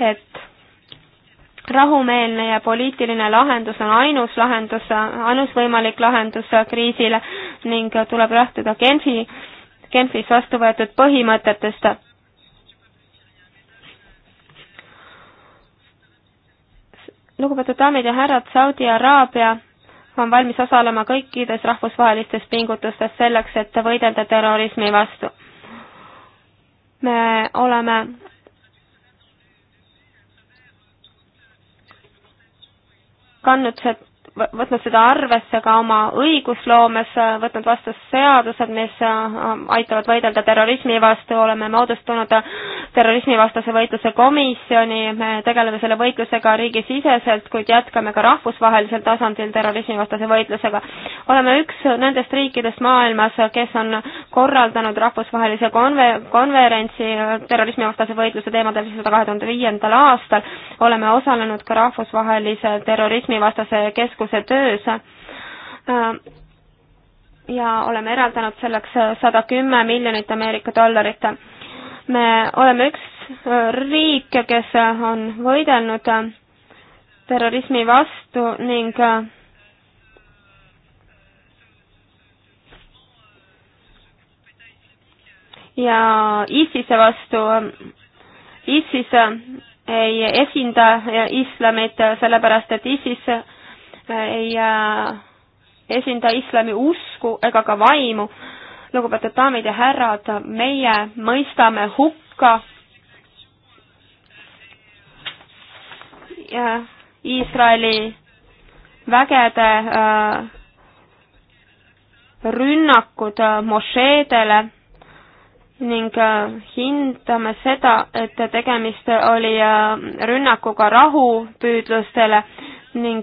et rahumeelne ja poliitiline lahendus on ainus lahendus, ainus võimalik lahendus kriisile ning tuleb lähtuda Genfi, Genfis vastu võetud põhimõtetest. lugupeetud daamid ja härrad, Saudi Araabia on valmis osalema kõikides rahvusvahelistes pingutustes selleks, et võidelda terrorismi vastu. me oleme kandnud see võtnud seda arvesse ka oma õigusloomes, võtnud vastu seadused, mis äh, aitavad võidelda terrorismi vastu, oleme moodustanud terrorismivastase võitluse komisjoni, me tegeleme selle võitlusega riigisiseselt, kuid jätkame ka rahvusvahelisel tasandil terrorismivastase võitlusega. oleme üks nendest riikidest maailmas, kes on korraldanud rahvusvahelise konve-, konverentsi terrorismivastase võitluse teemadel seda kahe tuhande viiendal aastal, oleme osalenud ka rahvusvahelise terrorismivastase keskkonna keskuse töös äh, ja oleme eraldanud selleks sada kümme miljonit Ameerika dollarit. me oleme üks äh, riik, kes on võidelnud äh, terrorismi vastu ning ja ISISe vastu, ISIS ei esinda islamit, sellepärast et ISIS ei äh, esinda islami usku ega ka vaimu. lugupeetud daamid ja härrad, meie mõistame hukka Iisraeli vägede äh, rünnakud äh, mošeedele ning hindame seda, et tegemist oli rünnakuga rahupüüdlustele ning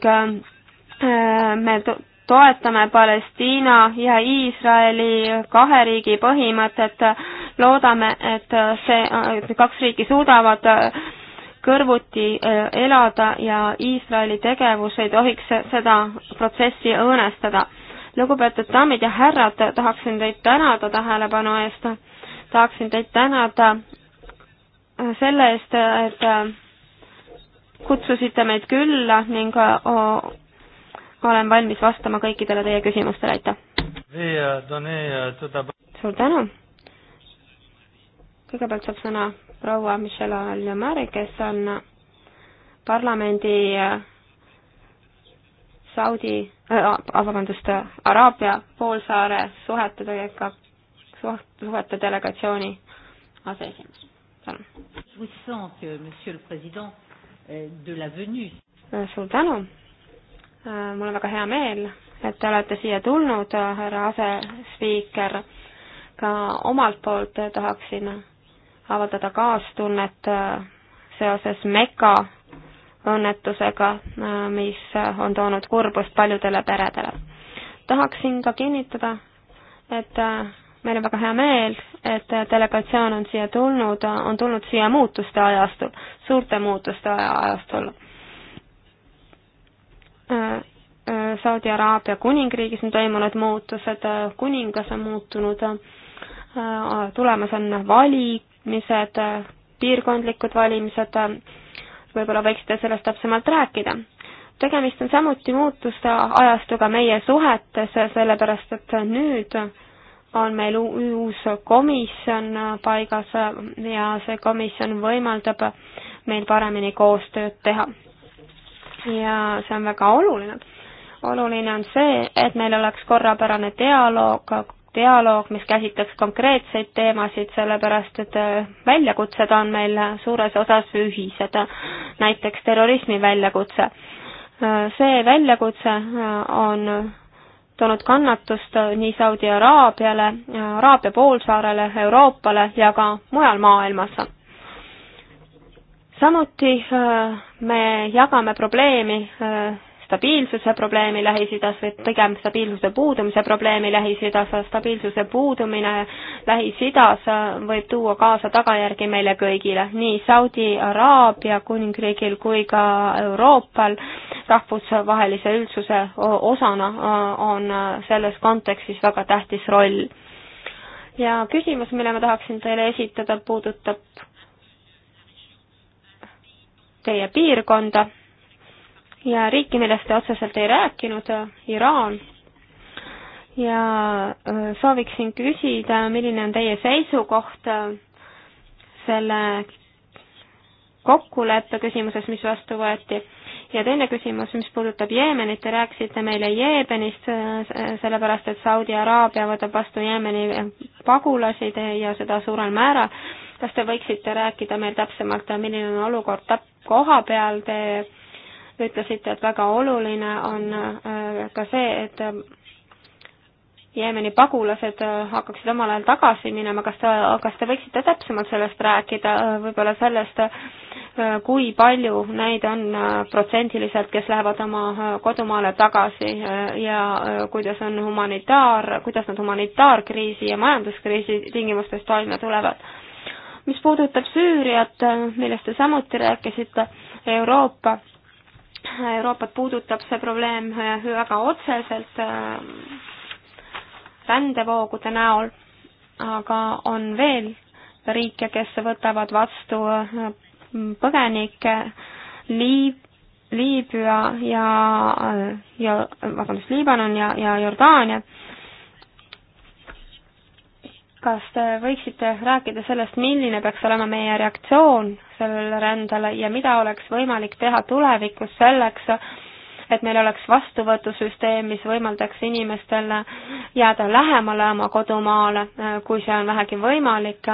Äh, me toetame Palestiina ja Iisraeli kahe riigi põhimõtet, loodame, et see, et need kaks riiki suudavad äh, kõrvuti äh, elada ja Iisraeli tegevus ei tohiks seda protsessi õõnestada. lugupeetud daamid ja härrad, tahaksin teid tänada tähelepanu eest, tahaksin teid tänada selle eest, et kutsusite meid külla ning olen valmis vastama kõikidele teie küsimustele, aitäh! Äh, äh, suur tänu! kõigepealt saab sõna proua Michelle Aljamari, kes on parlamendi äh, Saudi äh,, vabandust, Araabia poolsaare suhete tegeka, suhete delegatsiooni aseesimees. palun. Euh, euh, suur tänu mul on väga hea meel, et te olete siia tulnud, härra asespiiker. ka omalt poolt tahaksin avaldada kaastunnet äh, seoses Meka õnnetusega, äh, mis on toonud kurbust paljudele peredele. tahaksin ka kinnitada, et äh, meil on väga hea meel, et delegatsioon on siia tulnud, on tulnud siia muutuste ajastul, suurte muutuste ajastul Äh, äh, Saudi Araabia kuningriigis on toimunud muutused, äh, kuningas on muutunud, tulemas on valimised, piirkondlikud valimised, võib-olla võiksite sellest täpsemalt rääkida. tegemist on samuti muutuste ajastuga meie suhetes, sellepärast et nüüd on meil uus komisjon paigas ja see komisjon võimaldab meil paremini koostööd teha ja see on väga oluline. oluline on see, et meil oleks korrapärane dialoog, dialoog, mis käsitleks konkreetseid teemasid, sellepärast et äh, väljakutsed on meil suures osas ühised, näiteks terrorismi väljakutse. Äh, see väljakutse äh, on toonud kannatust nii Saudi Araabiale, Araabia poolsaarele, Euroopale ja ka mujal maailmas samuti äh, me jagame probleemi äh, stabiilsuse probleemi Lähis-Idas või pigem stabiilsuse puudumise probleemi Lähis-Idas. stabiilsuse puudumine Lähis-Idas äh, võib tuua kaasa tagajärgi meile kõigile, nii Saudi Araabia kuningriigil kui ka Euroopal. rahvusvahelise üldsuse osana on selles kontekstis väga tähtis roll. ja küsimus, mille ma tahaksin teile esitada, puudutab teie piirkonda ja riiki, millest te otseselt ei rääkinud, Iraan. ja sooviksin küsida, milline on teie seisukoht selle kokkuleppe küsimuses, mis vastu võeti ja teine küsimus, mis puudutab Jeemenit, te rääkisite meile Jeemenist, sellepärast et Saudi Araabia võtab vastu Jeemeni pagulasi ja seda suurel määral kas te võiksite rääkida meil täpsemalt, milline on olukord koha peal, te ütlesite, et väga oluline on äh, ka see, et äh, Jeemeni pagulased äh, hakkaksid omal ajal tagasi minema, kas te, kas te võiksite täpsemalt sellest rääkida, võib-olla sellest, kui palju neid on protsendiliselt, kes lähevad oma kodumaale tagasi ja kuidas on humanitaar, kuidas nad humanitaarkriisi ja majanduskriisi tingimustes toime tulevad? mis puudutab Süüriat, millest te samuti rääkisite, Euroopa, Euroopat puudutab see probleem äh, väga otseselt äh, rändevoogude näol, aga on veel riike, kes võtavad vastu äh, põgenikke, Liib-, Liibüa ja, ja vabandust, Liibanon ja, ja Jordaania kas te võiksite rääkida sellest, milline peaks olema meie reaktsioon sellele rändele ja mida oleks võimalik teha tulevikus selleks, et meil oleks vastuvõtusüsteem, mis võimaldaks inimestel jääda lähemale oma kodumaale, kui see on vähegi võimalik,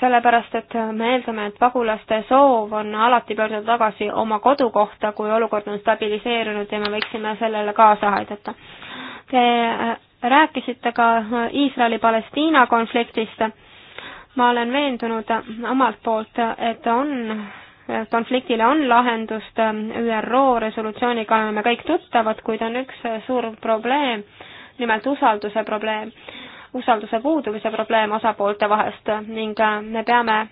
sellepärast, et me eeldame, et pagulaste soov on alati pöörduda tagasi oma kodukohta, kui olukord on stabiliseerunud ja me võiksime sellele kaasa aidata. Te äh, rääkisite ka Iisraeli-Palestiina konfliktist. ma olen veendunud omalt poolt, et on, konfliktile on lahendust, ÜRO resolutsiooniga oleme me kõik tuttavad, kuid on üks suur probleem, nimelt usalduse probleem usalduse puudumise probleem osapoolte vahest ning äh, me peame äh,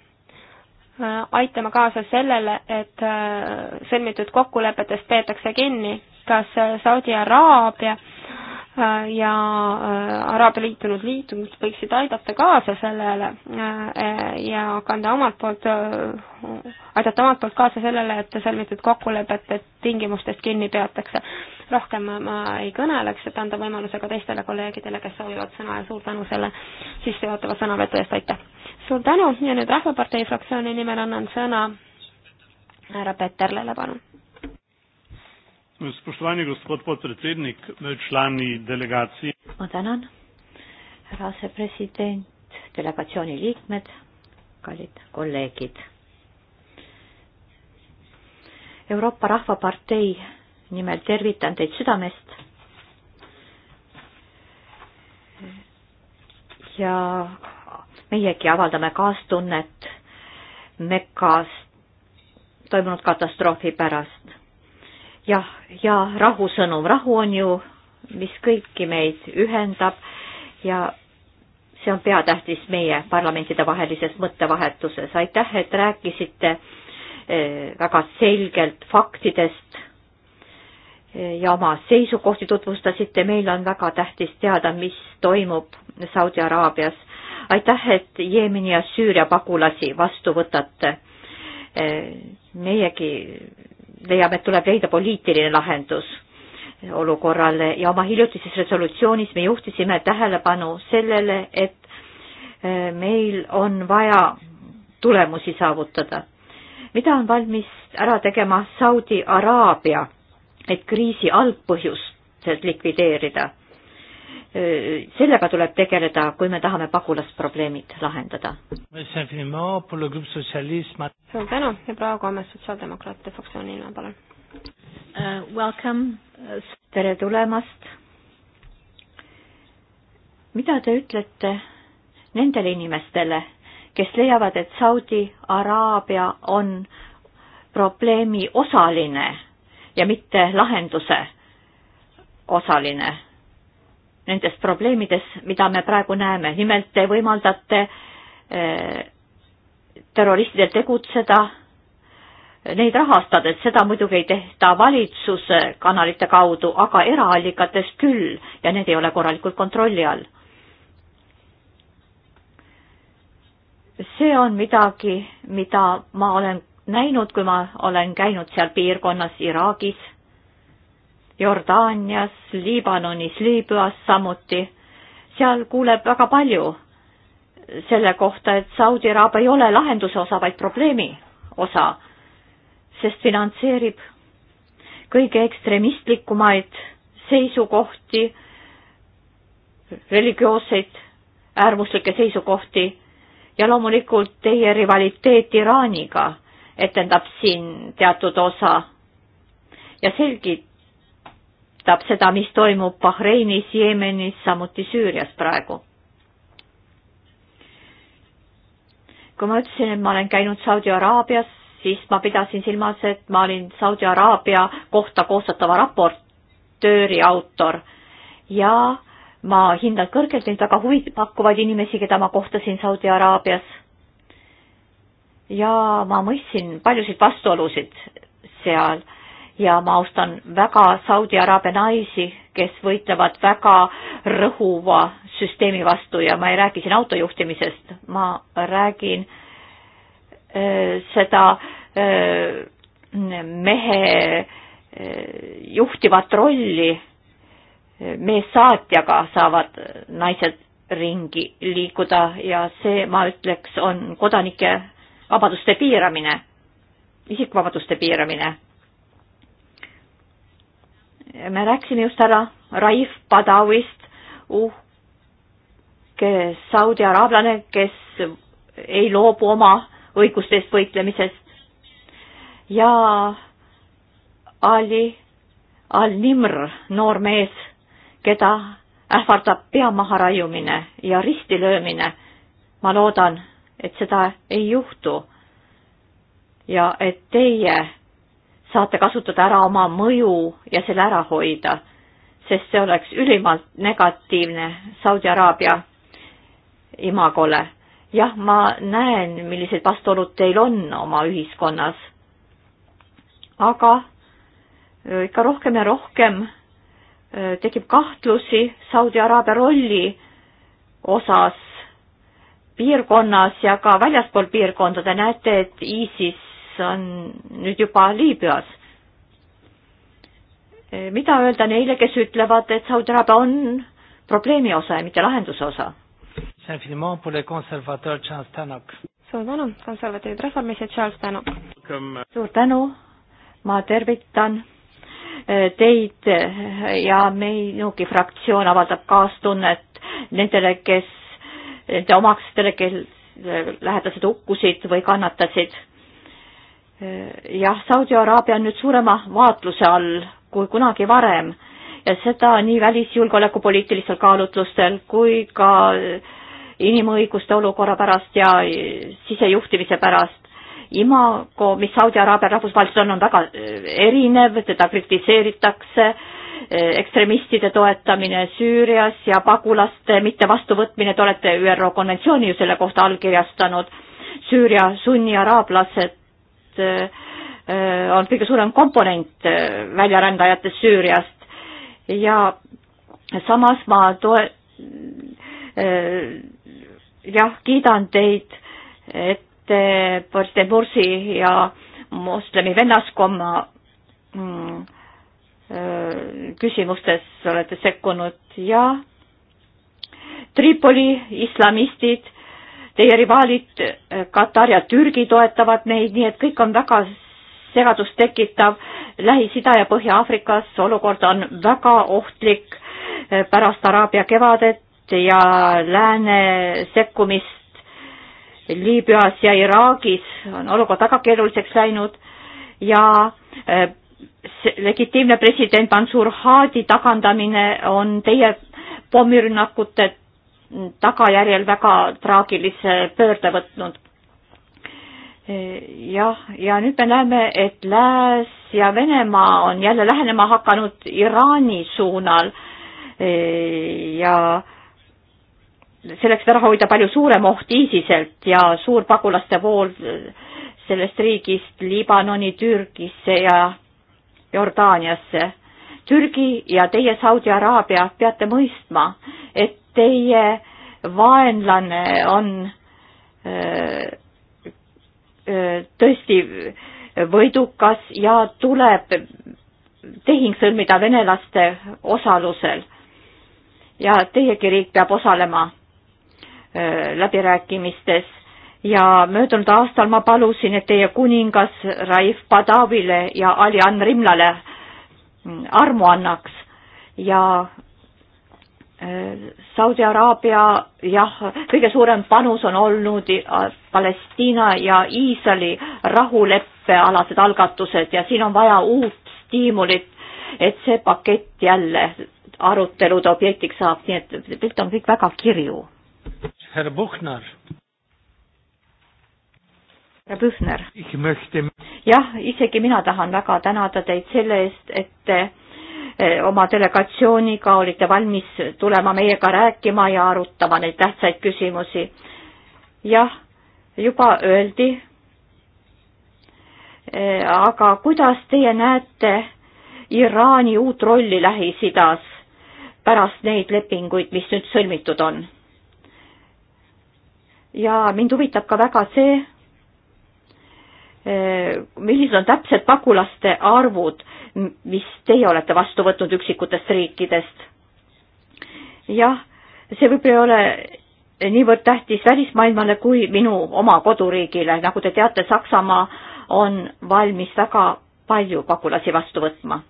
aitama kaasa sellele, et äh, sõlmitud kokkulepetest peetakse kinni, kas Saudi Araabia Äh, ja äh, Araabia liitunud liitumist võiksid aidata kaasa sellele äh, ja kanda omalt poolt, aidata omalt poolt kaasa sellele, et sõlmitud kokkulepete tingimustest kinni peatakse. rohkem ma ei kõneleks, et anda võimaluse ka teistele kolleegidele, kes soovivad sõna ja suur tänu selle sissejuhatava sõnavõtu eest, aitäh! suur tänu ja nüüd Rahvapartei fraktsiooni nimel annan sõna härra Peterlele, palun! Spoštovani gospod podpredsednik, člani delegacije. ma tänan, härra asepresident, delegatsiooni liikmed, kallid kolleegid. Euroopa Rahvapartei nimel tervitan teid südamest ja meiegi avaldame kaastunnet Mekas toimunud katastroofi pärast jah, ja rahusõnum, rahu on ju, mis kõiki meid ühendab ja see on peatähtis meie parlamentide vahelises mõttevahetuses. aitäh, et rääkisite eh, väga selgelt faktidest eh, ja oma seisukohti tutvustasite. meil on väga tähtis teada, mis toimub Saudi Araabias. aitäh, et Jeemeni ja Süüria pagulasi vastu võtate. Eh, meiegi leiame, et tuleb leida poliitiline lahendus olukorrale ja oma hiljutises resolutsioonis me juhtisime tähelepanu sellele, et eh, meil on vaja tulemusi saavutada. mida on valmis ära tegema Saudi Araabia, et kriisi algpõhjused likvideerida? Äh, sellega tuleb tegeleda, kui me tahame pagulasprobleemid lahendada. suur tänu ja praegu on meil Sotsiaaldemokraatide fraktsiooni nimel, palun uh,. Welcome, tere tulemast. mida te ütlete nendele inimestele, kes leiavad, et Saudi Araabia on probleemi osaline ja mitte lahenduse osaline? nendes probleemides, mida me praegu näeme. nimelt te võimaldate eh, terroristidel tegutseda neid rahastades, seda muidugi ei tehta valitsuse kanalite kaudu, aga eraallikatest küll ja need ei ole korralikult kontrolli all. see on midagi, mida ma olen näinud, kui ma olen käinud seal piirkonnas Iraagis Jordaanias, Liibanonis, Liibüas samuti. seal kuuleb väga palju selle kohta, et Saudi Araabia ei ole lahenduse osa, vaid probleemi osa, sest finantseerib kõige ekstremistlikumaid seisukohti, religioosseid äärmuslikke seisukohti ja loomulikult teie rivaliteet Iraaniga etendab siin teatud osa. ja selgid mõjutab seda, mis toimub Bahreinis, Jeemenis, samuti Süürias praegu. kui ma ütlesin, et ma olen käinud Saudi Araabias, siis ma pidasin silmas, et ma olin Saudi Araabia kohta koostatava raportööri autor ja ma hindan kõrgelt neid väga huvipakkuvaid inimesi, keda ma kohtasin Saudi Araabias. ja ma mõistsin paljusid vastuolusid seal ja ma austan väga Saudi Araabia naisi, kes võitlevad väga rõhuva süsteemi vastu ja ma ei räägi siin autojuhtimisest, ma räägin äh, seda äh, mehe äh, juhtivat rolli, meessaatjaga saavad naised ringi liikuda ja see, ma ütleks, on kodanike vabaduste piiramine, isikvabaduste piiramine me rääkisime just härra Raif Badawist, uhke Saudi araablane, kes ei loobu oma õiguste eest võitlemisest ja Ali Al-Nimr, noor mees, keda ähvardab pea maharaiumine ja ristilöömine. ma loodan, et seda ei juhtu ja et teie saate kasutada ära oma mõju ja selle ära hoida, sest see oleks ülimalt negatiivne Saudi Araabia imagole. jah, ma näen, millised vastuolud teil on oma ühiskonnas. aga ikka rohkem ja rohkem tekib kahtlusi Saudi Araabia rolli osas piirkonnas ja ka väljaspool piirkonda. Te näete, et ISIS on nüüd juba Liibüas. mida öelda neile, kes ütlevad, et Saudi Araabia on probleemi osa ja mitte lahenduse osa? suur tänu, konservatiivid reformist, Charles Tänu. Uh, suur tänu, ma tervitan eh, teid eh, ja meinugi fraktsioon avaldab kaastunnet nendele, kes, nende omaksetele, kes eh, lähedased hukkusid või kannatasid jah, Saudi Araabia on nüüd suurema vaatluse all kui kunagi varem ja seda nii välisjulgeolekupoliitilistel kaalutlustel kui ka inimõiguste olukorra pärast ja sisejuhtimise pärast. imago, mis Saudi Araabia rahvusvaheliselt on, on väga eh, erinev, teda kritiseeritakse, eh, ekstremistide toetamine Süürias ja pagulaste mittevastuvõtmine, te olete ÜRO konventsiooni ju selle kohta allkirjastanud, Süüria sunniaraablased Eh, on kõige suurem komponent eh, väljarändajatest Süüriast ja samas ma toe-, eh, jah, kiidan teid, et te president Mursi ja moslemi vennaskonna mm, küsimustes olete sekkunud ja Tripoli islamistid teie rivaalid eh, Katar ja Türgi toetavad neid, nii et kõik on väga segadust tekitav. Lähis-Ida ja Põhja-Aafrikas olukord on väga ohtlik eh, pärast Araabia kevadet ja lääne sekkumist Liibüas ja Iraagis on olukord väga keeruliseks läinud ja eh, legitiimne president Mansur Haadi tagandamine on teie pommirünnakute tagajärjel väga traagilise pöörde võtnud. jah, ja nüüd me näeme, et Lääs ja Venemaa on jälle lähenema hakanud Iraani suunal ja selleks ära hoida palju suurem oht ISISelt ja suur pagulaste vool sellest riigist Liibanoni, Türgisse ja Jordaaniasse. Türgi ja teie Saudi Araabia peate mõistma, et teie vaenlane on äh, äh, tõesti võidukas ja tuleb tehing sõlmida venelaste osalusel. ja teiegi riik peab osalema äh, läbirääkimistes ja möödunud aastal ma palusin, et teie kuningas Raif Badavile ja Ali Anrimlale mm, armu annaks ja Äh, Saudi Araabia jah, kõige suurem panus on olnud Palestiina ja Iisraeli rahuleppealased algatused ja siin on vaja uut stiimulit, et see pakett jälle arutelude objektiks saab, nii et pilt on kõik väga kirju. härra Puhnar. härra Puhnar. jah, isegi mina tahan väga tänada teid selle eest, et te Eh, oma delegatsiooniga olite valmis tulema meiega rääkima ja arutama neid tähtsaid küsimusi. jah, juba öeldi. Eh, aga kuidas teie näete Iraani uut rolli Lähis-Idas pärast neid lepinguid, mis nüüd sõlmitud on? ja mind huvitab ka väga see, Eh, millised on täpsed pagulaste arvud, mis teie olete vastu võtnud üksikutest riikidest? jah, see võib-olla ei ole niivõrd tähtis välismaailmale kui minu oma koduriigile, nagu te teate, Saksamaa on valmis väga palju pagulasi vastu võtma.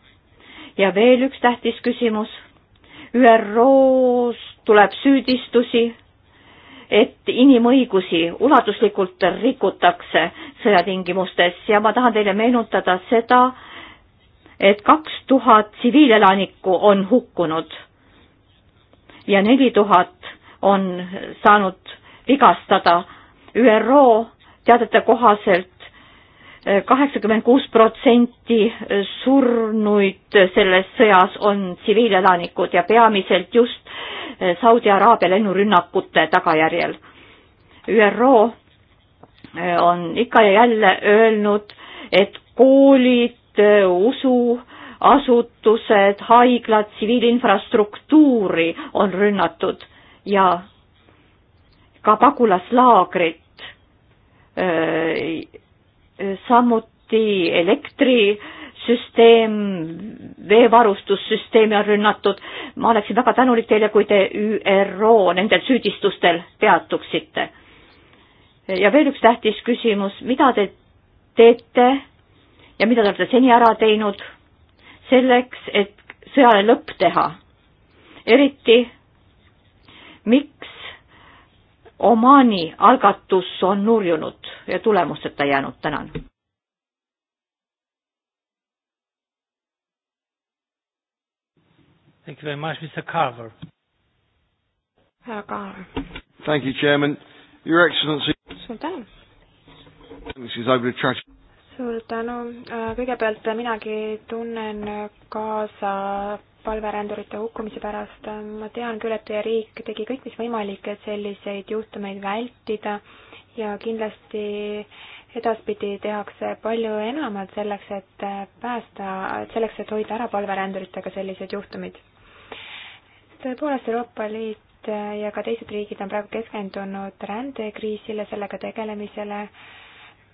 ja veel üks tähtis küsimus. ÜRO-s tuleb süüdistusi et inimõigusi ulatuslikult rikutakse sõjatingimustes ja ma tahan teile meenutada seda, et kaks tuhat tsiviilelanikku on hukkunud ja neli tuhat on saanud vigastada. ÜRO teadete kohaselt kaheksakümmend kuus protsenti surnuid selles sõjas on tsiviilelanikud ja peamiselt just eh, Saudi Araabia lennurünnakute tagajärjel. ÜRO eh, on ikka ja jälle öelnud, et koolid, eh, usuasutused, haiglad, tsiviilinfrastruktuuri on rünnatud ja ka pagulaslaagrit samuti elektrisüsteem, veevarustussüsteemi on rünnatud. ma oleksin väga tänulik teile, kui te ÜRO nendel süüdistustel peatuksite. ja veel üks tähtis küsimus, mida te teete ja mida te olete seni ära teinud selleks, et sõjale lõpp teha? eriti, miks Omaani algatus on nurjunud ja tulemusteta jäänud, tänan. Thank you very much, Mr Carver. härra Carver. Thank you, chairman. Your excellency. suur tänu. suur tänu, äh, kõigepealt minagi tunnen kaasa palverändurite hukkumise pärast. ma tean küll, et teie riik tegi kõik, mis võimalik, et selliseid juhtumeid vältida ja kindlasti edaspidi tehakse palju enamalt selleks, et päästa, selleks, et hoida ära palveränduritega sellised juhtumid. tõepoolest, Euroopa Liit ja ka teised riigid on praegu keskendunud rändekriisile, sellega tegelemisele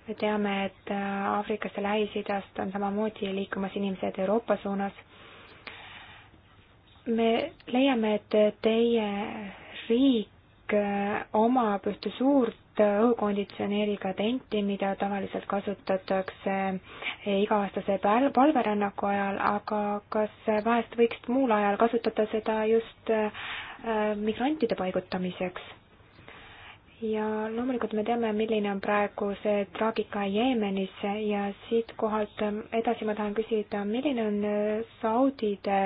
me teame, et Aafrikast ja Lähis-Idast on samamoodi liikumas inimesed Euroopa suunas me leiame, et teie riik äh, omab ühte suurt õhukonditsioneeriga tenti, mida tavaliselt kasutatakse äh, iga-aastase palverännaku ajal, aga kas vahest võiks muul ajal kasutada seda just äh, migrantide paigutamiseks? ja loomulikult me teame, milline on praegu see traagika Jeemenis ja siitkohalt ähm, edasi ma tahan küsida, milline on äh, Saudide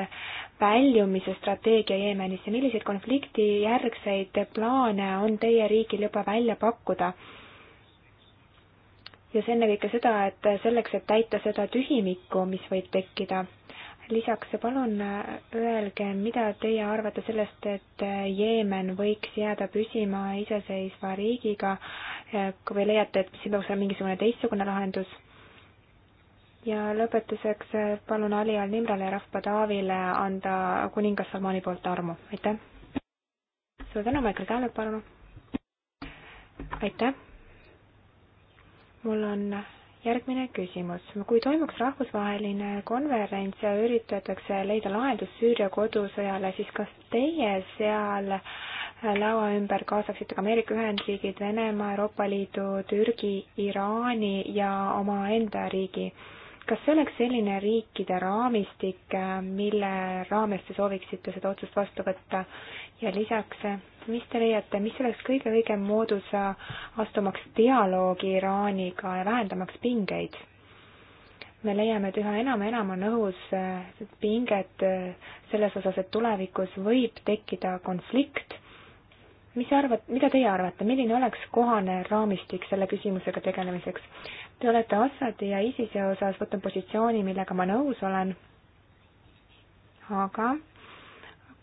väljumise strateegia Jeemenis ja milliseid konfliktijärgseid plaane on teie riigil juba välja pakkuda? ja see ennekõike seda, et äh, selleks, et täita seda tühimikku, mis võib tekkida lisaks palun äh, öelge, mida teie arvate sellest, et äh, Jeemen võiks jääda püsima iseseisva riigiga äh, või leiate, et siin peaks olema mingisugune teistsugune lahendus? ja lõpetuseks palun Ali Al-Nimrale ja Rahva Taavile anda kuningas Salmani poolt armu, aitäh! suur tänu, Maicel Tänak, palun! aitäh! mul on järgmine küsimus. kui toimuks rahvusvaheline konverents ja üritatakse leida lahendus Süüria kodusõjale, siis kas teie seal laua ümber kaasaksite ka Ameerika Ühendriigid, Venemaa, Euroopa Liidu, Türgi, Iraani ja omaenda riigi? kas see oleks selline riikide raamistik, äh, mille raames te sooviksite seda otsust vastu võtta ja lisaks, äh, mis te leiate, mis oleks kõige õigem moodus äh, astumaks dialoogi Iraaniga ja vähendamaks pingeid? me leiame, et üha enam ja enam on õhus pinged selles osas, et tulevikus võib tekkida konflikt mis arvad, mida teie arvate, milline oleks kohane raamistik selle küsimusega tegelemiseks? Te olete Assadi ja ISISe osas võtnud positsiooni, millega ma nõus olen, aga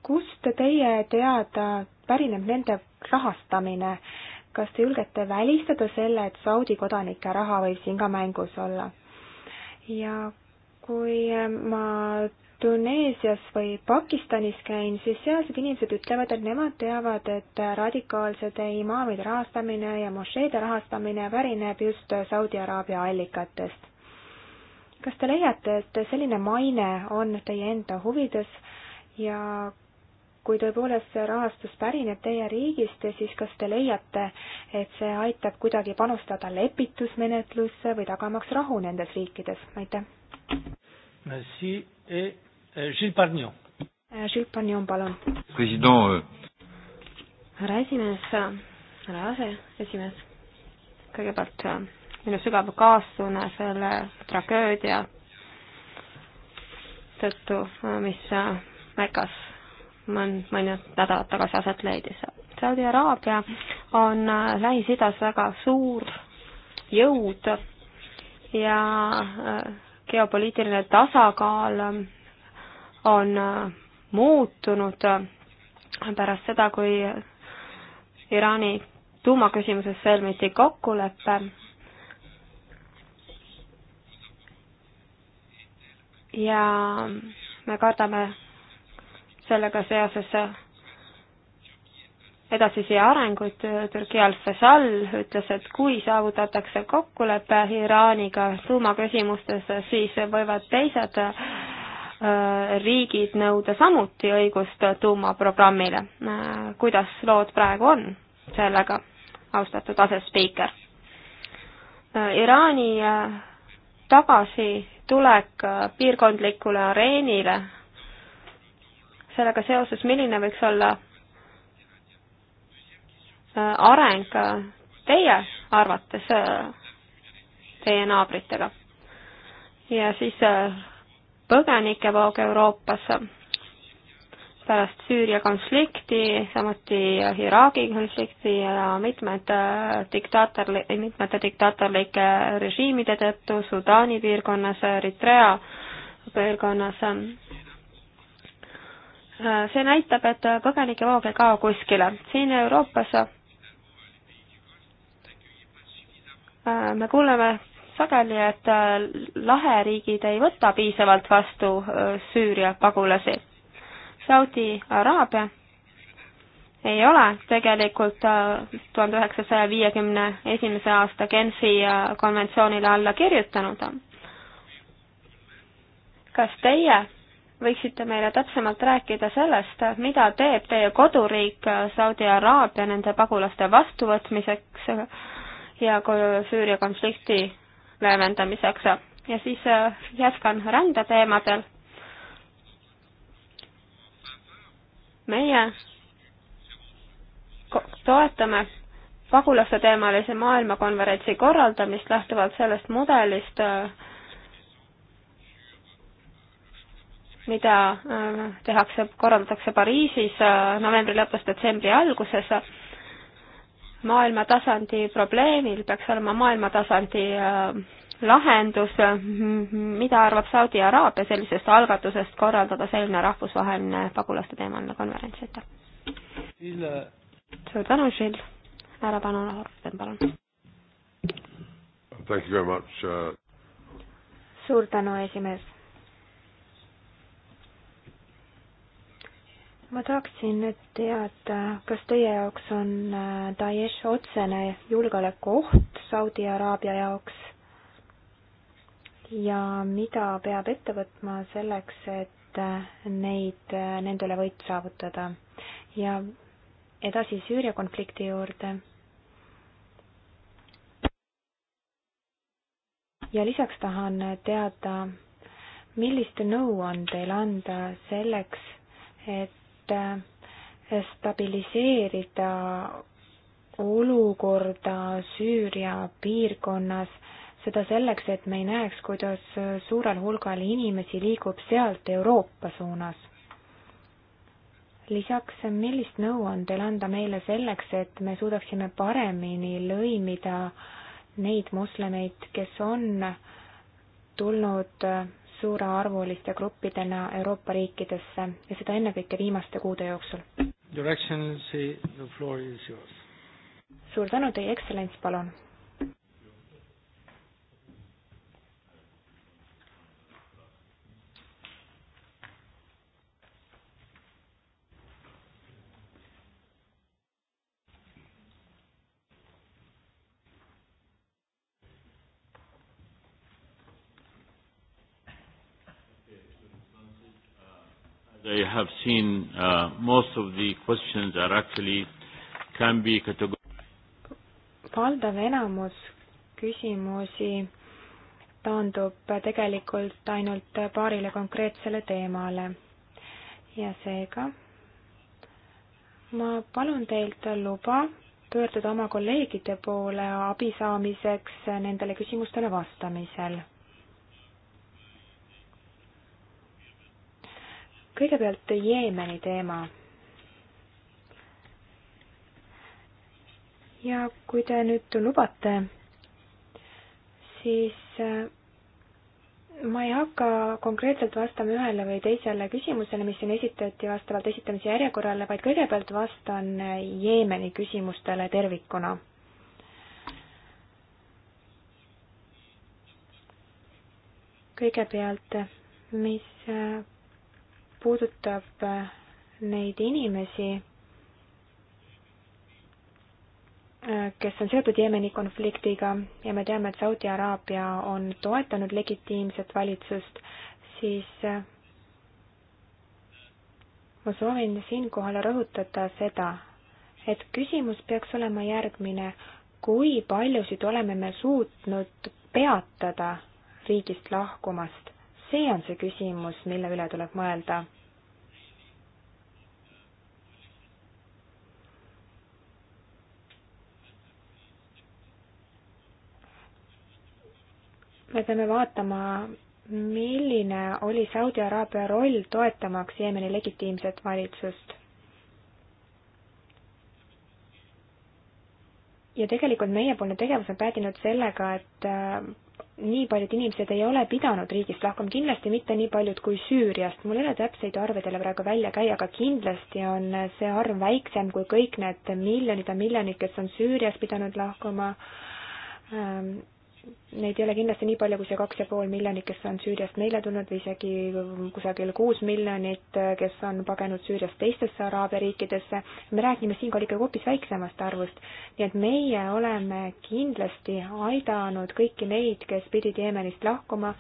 kust teie teada pärineb nende rahastamine? kas te julgete välistada selle, et Saudi kodanike raha võib siin ka mängus olla? ja kui ma Tuneesias või Pakistanis käin, siis sealsed inimesed ütlevad, et nemad teavad, et radikaalsete imaamide rahastamine ja mošeede rahastamine pärineb just Saudi Araabia allikatest. kas te leiate, et selline maine on teie enda huvides ja kui tõepoolest see rahastus pärineb teie riigist, siis kas te leiate, et see aitab kuidagi panustada lepitusmenetlusse või tagamaks rahu nendes riikides? aitäh! Merci et Euh, Gilles Pagnon. Euh, Gilles Pagnon, palun. president. Euh, härra esimees, härra aseesimees, kõigepealt äh, minu sügav kaastunne selle tragöödia tõttu, äh, mis äh, Mekas mõnd-, mõned nädalad tagasi aset leidis. Saudi Araabia on Lähis-Idas väga suur jõud ja geopoliitiline tasakaal on äh, muutunud äh, pärast seda, kui Iraani tuumaküsimuses sõlmiti kokkulepe ja me kardame sellega seoses äh, edasisi arenguid. Türgi Al-Fasal ütles, et kui saavutatakse kokkulepe Iraaniga tuumaküsimustes, siis võivad teised Äh, riigid nõuda samuti õigust tuumaprogrammile. Äh, kuidas lood praegu on sellega, austatud asespiiker? Äh, Iraani tagasitulek piirkondlikule areenile, sellega seoses, milline võiks olla areng teie arvates teie naabritega? ja siis põgenikevoog Euroopasse pärast Süüria konflikti, samuti Iraagi konflikti ja mitmed äh, diktaator, mitmete diktaatorlike režiimide tõttu Sudaani piirkonnas, Eritrea piirkonnas. Äh, see näitab, et põgenikevoog ei kao kuskile. siin Euroopas äh, me kuuleme sageli, et äh, laheriigid ei võta piisavalt vastu äh, Süüria pagulasi. Saudi Araabia ei ole tegelikult äh, tuhande üheksasaja viiekümne esimese aasta Genfi konventsioonile alla kirjutanud. kas teie võiksite meile täpsemalt rääkida sellest, mida teeb teie koduriik Saudi Araabia nende pagulaste vastuvõtmiseks ja Süüria konflikti leevendamiseks ja siis äh, jätkan rändeteemadel. meie toetame pagulaste teemalise maailmakonverentsi korraldamist lähtuvalt sellest mudelist, äh, mida äh, tehakse, korraldatakse Pariisis novembri lõpus, detsembri alguses maailmatasandi probleemil peaks olema maailmatasandi äh, lahendus, mida arvab Saudi Araabia sellisest algatusest korraldada selline rahvusvaheline pagulaste teemaline konverents, aitäh! suur tänu, Žil, ära pane ära, palun! Thank you very much uh.... suur tänu, esimees ma tahaksin nüüd teada, kas teie jaoks on äh, Daesh otsene julgeolekuoht Saudi Araabia jaoks ja mida peab ette võtma selleks, et äh, neid, äh, nendele võit saavutada ja edasi Süüria konflikti juurde. ja lisaks tahan teada, millist nõu on teil anda selleks, et et eh, stabiliseerida olukorda Süüria piirkonnas, seda selleks, et me ei näeks, kuidas suurel hulgal inimesi liigub sealt Euroopa suunas. lisaks, millist nõu on teil anda meile selleks, et me suudaksime paremini lõimida neid moslemeid, kes on tulnud eh, suurearvuliste gruppidena Euroopa riikidesse ja seda ennekõike viimaste kuude jooksul. Your Excellency, the floor is yours. suur tänu, Teie Excellence, palun I have seen uh, most of the questions are actually can be categorized. valdav enamus küsimusi taandub tegelikult ainult paarile konkreetsele teemale ja seega ma palun teilt luba pöörduda oma kolleegide poole abi saamiseks nendele küsimustele vastamisel kõigepealt Jeemeni teema. ja kui te nüüd lubate, siis äh, ma ei hakka konkreetselt vastama ühele või teisele küsimusele, mis siin esitati vastavalt esitamise järjekorrale, vaid kõigepealt vastan Jeemeni küsimustele tervikuna kõigepealt, mis äh, puudutab äh, neid inimesi, äh, kes on seotud Jeemeni konfliktiga ja me teame, et Saudi Araabia on toetanud legitiimset valitsust, siis äh, ma soovin siinkohal rõhutada seda, et küsimus peaks olema järgmine, kui paljusid oleme me suutnud peatada riigist lahkumast see on see küsimus, mille üle tuleb mõelda. me peame vaatama, milline oli Saudi Araabia roll toetamaks Jeemeni legitiimset valitsust. ja tegelikult meiepoolne tegevus on päädinud sellega, et äh, nii paljud inimesed ei ole pidanud riigist lahkuma, kindlasti mitte nii paljud kui Süüriast. mul ei ole täpseid arve teile praegu välja käia, aga kindlasti on see arv väiksem kui kõik need miljonid ja miljonid, kes on Süüriast pidanud lahkuma ehm, neid ei ole kindlasti nii palju kui see kaks ja pool miljonit, kes on Süüriast meile tulnud või isegi kusagil kuus miljonit, kes on pagenud Süüriast teistesse araabia riikidesse. me räägime siinkohal ikkagi hoopis väiksemast arvust. nii et meie oleme kindlasti aidanud kõiki neid, kes pidid Jeemenist lahkuma,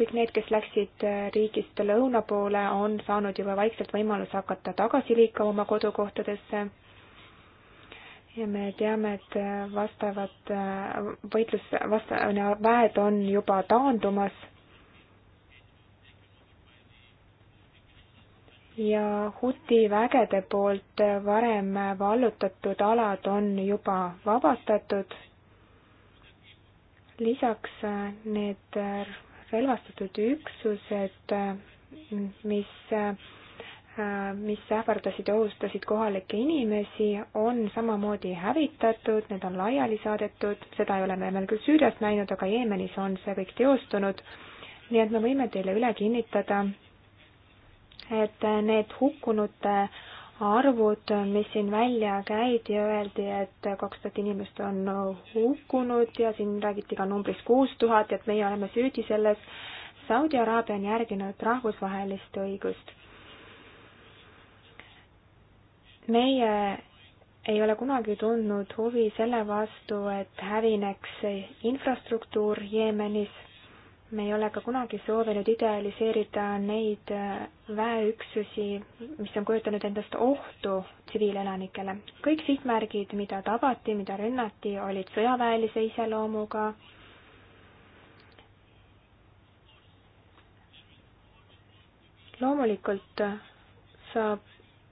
kõik need, kes läksid riigist lõuna poole, on saanud juba vaikselt võimaluse hakata tagasi liikuma oma kodukohtadesse ja me teame, et äh, vastavad äh, võitlus, vastane väed on juba taandumas. ja Huti vägede poolt äh, varem vallutatud alad on juba vabastatud. lisaks need relvastatud üksused, mis mis ähvardasid ja ohustasid kohalikke inimesi, on samamoodi hävitatud, need on laiali saadetud, seda ei ole me veel küll Süürias näinud, aga Jeemenis on see kõik teostunud. nii et me võime teile üle kinnitada, et need hukkunute arvud, mis siin välja käidi, öeldi, et kaks tuhat inimest on hukkunud ja siin räägiti ka numbrist kuus tuhat, et meie oleme süüdi selles. Saudi Araabia on järginud rahvusvahelist õigust meie ei ole kunagi tundnud huvi selle vastu, et hävineks infrastruktuur Jeemenis. me ei ole ka kunagi soovinud idealiseerida neid väeüksusi, mis on kujutanud endast ohtu tsiviilelanikele. kõik sihtmärgid, mida tabati, mida rünnati, olid sõjaväelise iseloomuga loomulikult saab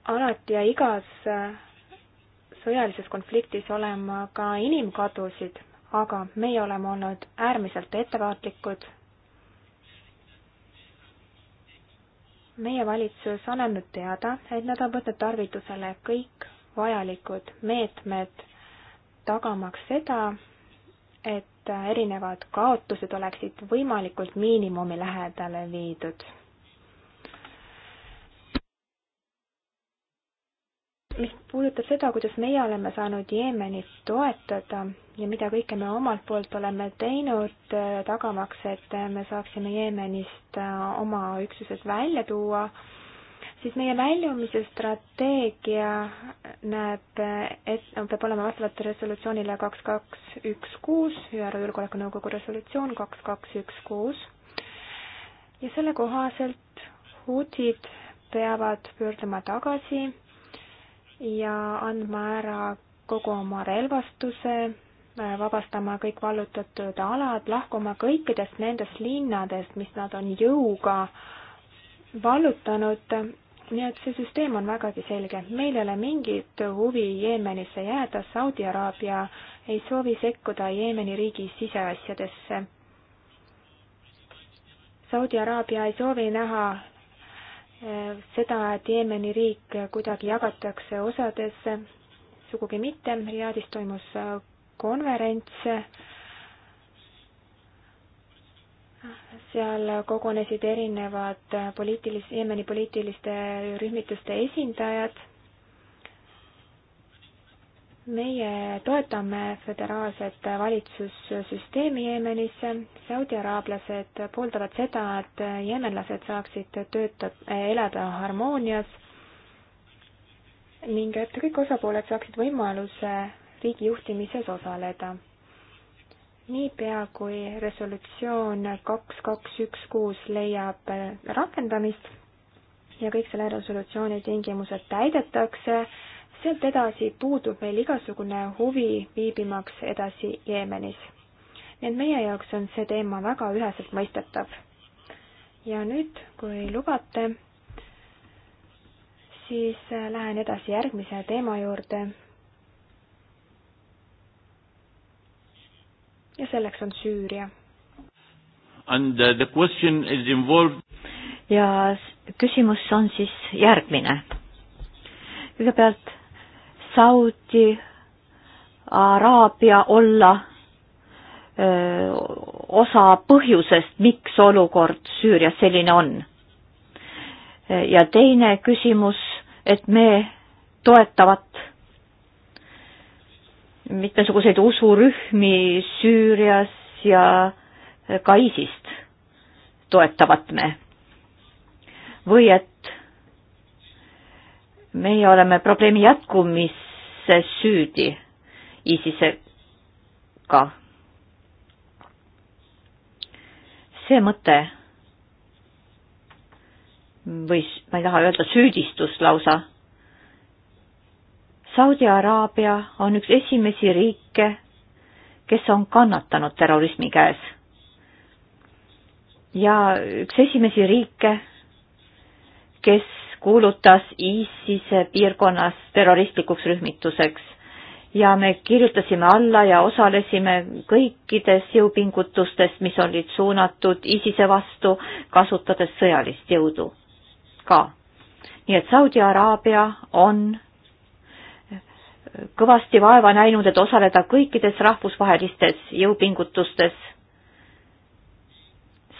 alati ja igas äh, sõjalises konfliktis olema ka inimkadusid, aga meie oleme olnud äärmiselt ettevaatlikud. meie valitsus on andnud teada, et nad on võtnud tarvitusele kõik vajalikud meetmed, tagamaks seda, et erinevad kaotused oleksid võimalikult miinimumi lähedale viidud mis puudutab seda, kuidas meie oleme saanud Jeemenit toetada ja mida kõike me omalt poolt oleme teinud, äh, tagamaks, et me saaksime Jeemenist äh, oma üksused välja tuua, siis meie väljumise strateegia näeb, äh, et peab olema vastavalt resolutsioonile kaks, kaks, üks, kuus, ÜRO Julgeolekunõukogu resolutsioon kaks, kaks, üks, kuus. ja selle kohaselt huutid peavad pöörduma tagasi ja andma ära kogu oma relvastuse, vabastama kõik vallutatud alad, lahkuma kõikidest nendest linnadest, mis nad on jõuga vallutanud. nii et see süsteem on vägagi selge. meil ei ole mingit huvi Jeemenisse jääda, Saudi Araabia ei soovi sekkuda Jeemeni riigi siseasjadesse. Saudi Araabia ei soovi näha seda, et Jeemeni riik kuidagi jagatakse osadesse, sugugi mitte, Riadis toimus konverents, seal kogunesid erinevad poliitilis-, Jeemeni poliitiliste rühmituste esindajad meie toetame föderaalset valitsussüsteemi Jeemenisse, saudiaraablased pooldavad seda, et jeemenlased saaksid tööta, elada harmoonias ning et kõik osapooled saaksid võimaluse riigi juhtimises osaleda. niipea, kui resolutsioon kaks, kaks, üks, kuus leiab rakendamist ja kõik selle resolutsiooni tingimused täidetakse, sealt edasi puudub meil igasugune huvi viibimaks edasi Jeemenis. nii et meie jaoks on see teema väga üheselt mõistetav. ja nüüd, kui lubate, siis äh, lähen edasi järgmise teema juurde. ja selleks on Süüria. And uh, the question is involved ja küsimus on siis järgmine. kõigepealt Saudi Araabia olla öö, osa põhjusest, miks olukord Süürias selline on. ja teine küsimus, et me toetavat mitmesuguseid usurühmi Süürias ja ka ISIS-t toetavat me. või et meie oleme probleemi jätkumis üldse süüdi ISISega. see mõte või ma ei taha öelda süüdistus lausa. Saudi Araabia on üks esimesi riike, kes on kannatanud terrorismi käes. ja üks esimesi riike, kes kuulutas ISISe piirkonnas terroristlikuks rühmituseks ja me kirjutasime alla ja osalesime kõikides jõupingutustes, mis olid suunatud ISISe vastu, kasutades sõjalist jõudu ka. nii et Saudi Araabia on kõvasti vaeva näinud, et osaleda kõikides rahvusvahelistes jõupingutustes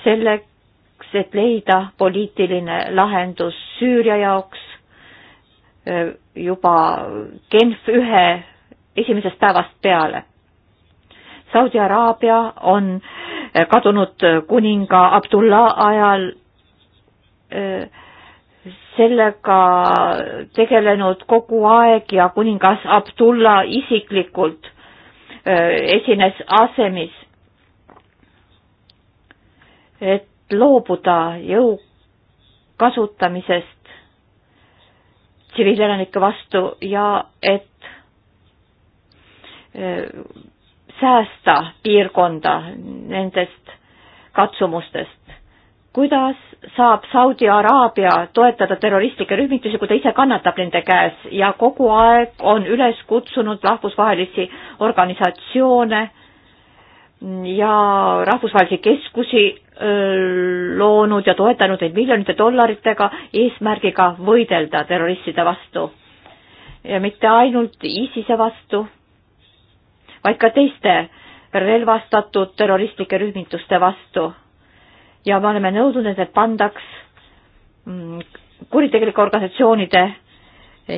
selleks, selleks, et leida poliitiline lahendus Süüria jaoks juba Genf ühe esimesest päevast peale. Saudi Araabia on kadunud kuninga Abdullah ajal sellega tegelenud kogu aeg ja kuningas Abdullah isiklikult esines asemis et loobuda jõu kasutamisest tsiviilelanike vastu ja et säästa piirkonda nendest katsumustest. kuidas saab Saudi Araabia toetada terroristlikke rühmitusi, kui ta ise kannatab nende käes ja kogu aeg on üles kutsunud rahvusvahelisi organisatsioone ja rahvusvahelisi keskusi loonud ja toetanud neid miljonite dollaritega eesmärgiga võidelda terroristide vastu. ja mitte ainult ISISe vastu, vaid ka teiste relvastatud terroristlike rühmituste vastu. ja me oleme nõudnud, et need pandaks mm, kuritegelike organisatsioonide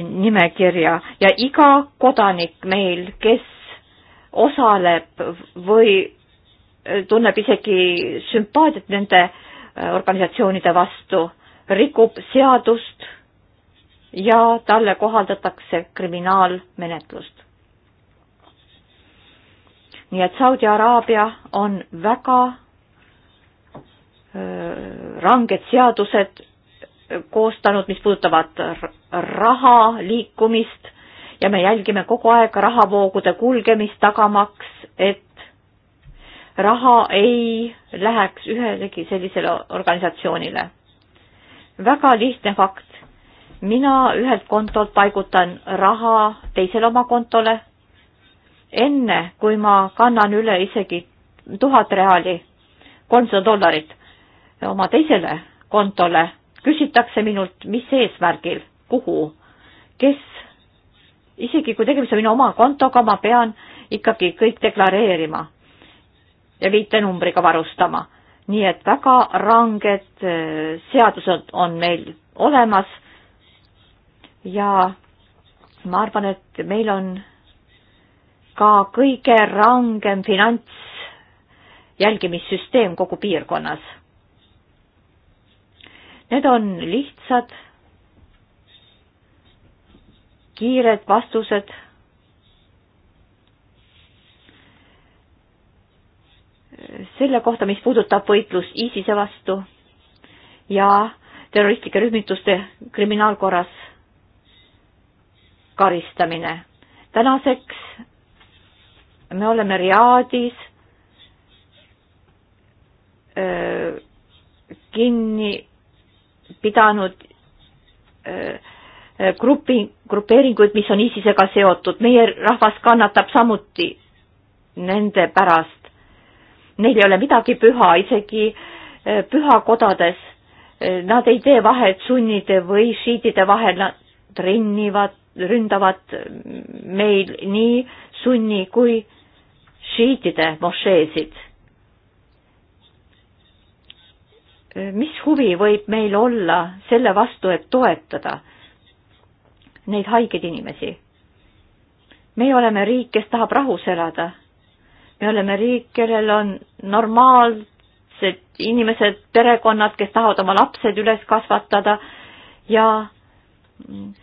nimekirja ja iga kodanik meil, kes osaleb või tunneb isegi sümpaatiat nende äh, organisatsioonide vastu, rikub seadust ja talle kohaldatakse kriminaalmenetlust. nii et Saudi Araabia on väga äh, ranged seadused äh, koostanud, mis puudutavad raha liikumist ja me jälgime kogu aeg rahavoogude kulgemist, tagamaks, et raha ei läheks ühelegi sellisele organisatsioonile. väga lihtne fakt. mina ühelt kontolt paigutan raha teisele oma kontole. enne, kui ma kannan üle isegi tuhat reaali, kolmsada dollarit oma teisele kontole, küsitakse minult, mis eesmärgil, kuhu, kes, isegi kui tegemist on minu oma kontoga, ma pean ikkagi kõik deklareerima ja viitenumbriga varustama. nii et väga ranged äh, seadused on meil olemas ja ma arvan, et meil on ka kõige rangem finantsjälgimissüsteem kogu piirkonnas. Need on lihtsad, kiired vastused selle kohta, mis puudutab võitlust ISISe vastu ja terroristlike rühmituste kriminaalkorras karistamine. tänaseks me oleme Riadis öö, kinni pidanud öö, grupi, grupeeringuid, mis on ISISega seotud, meie rahvas kannatab samuti nende pärast neil ei ole midagi püha, isegi eh, pühakodades. Eh, nad ei tee vahet sunnide või šiitide vahel, nad rünnivad, ründavad meil nii sunni kui šiitide mošeesid. Eh, mis huvi võib meil olla selle vastu, et toetada neid haigeid inimesi? meie oleme riik, kes tahab rahus elada me oleme riik, kellel on normaalsed inimesed, perekonnad, kes tahavad oma lapsed üles kasvatada ja mm,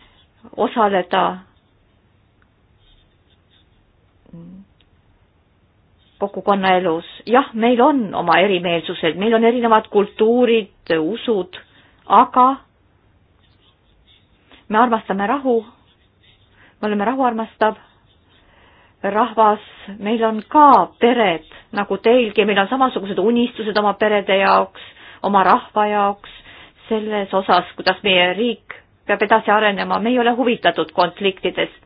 osaleda mm, kogukonnaelus. jah, meil on oma erimeelsused, meil on erinevad kultuurid, usud, aga me armastame rahu, me oleme rahuarmastav rahvas, meil on ka pered nagu teilgi, meil on samasugused unistused oma perede jaoks, oma rahva jaoks, selles osas, kuidas meie riik peab edasi arenema, me ei ole huvitatud konfliktidest.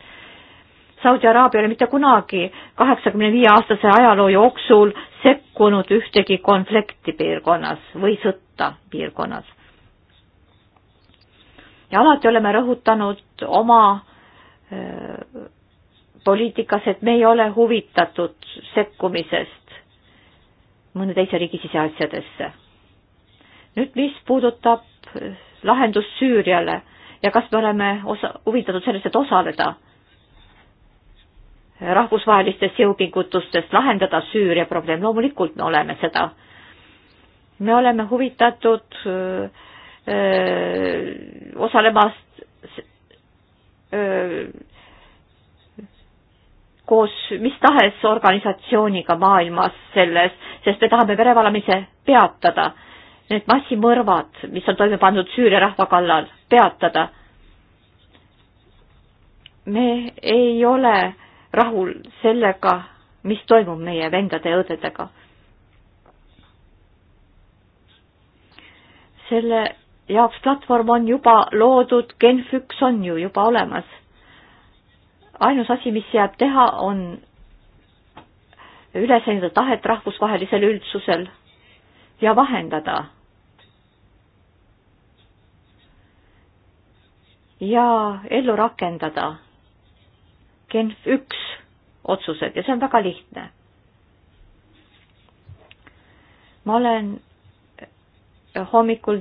Saudi Araabia ei ole mitte kunagi kaheksakümne viie aastase ajaloo jooksul sekkunud ühtegi konflikti piirkonnas või sõtta piirkonnas. ja alati oleme rõhutanud oma öö, äh, poliitikas, et me ei ole huvitatud sekkumisest mõne teise riigi siseasjadesse. nüüd, mis puudutab lahendust Süüriale ja kas me oleme osa, huvitatud sellest, et osaleda rahvusvahelistes jõupingutustes lahendada Süüria probleem, loomulikult me oleme seda. me oleme huvitatud öö, öö, osalemast öö, koos mis tahes organisatsiooniga maailmas selles, sest me tahame verevalamise peatada. Need massimõrvad, mis on toime pandud Süüria rahva kallal, peatada. me ei ole rahul sellega, mis toimub meie vendade ja õdedega. selle jaoks platvorm on juba loodud, Genf üks on ju juba olemas ainus asi, mis jääb teha, on üles enda tahet rahvusvahelisel üldsusel ja vahendada. ja ellu rakendada Genf üks otsused ja see on väga lihtne. ma olen hommikul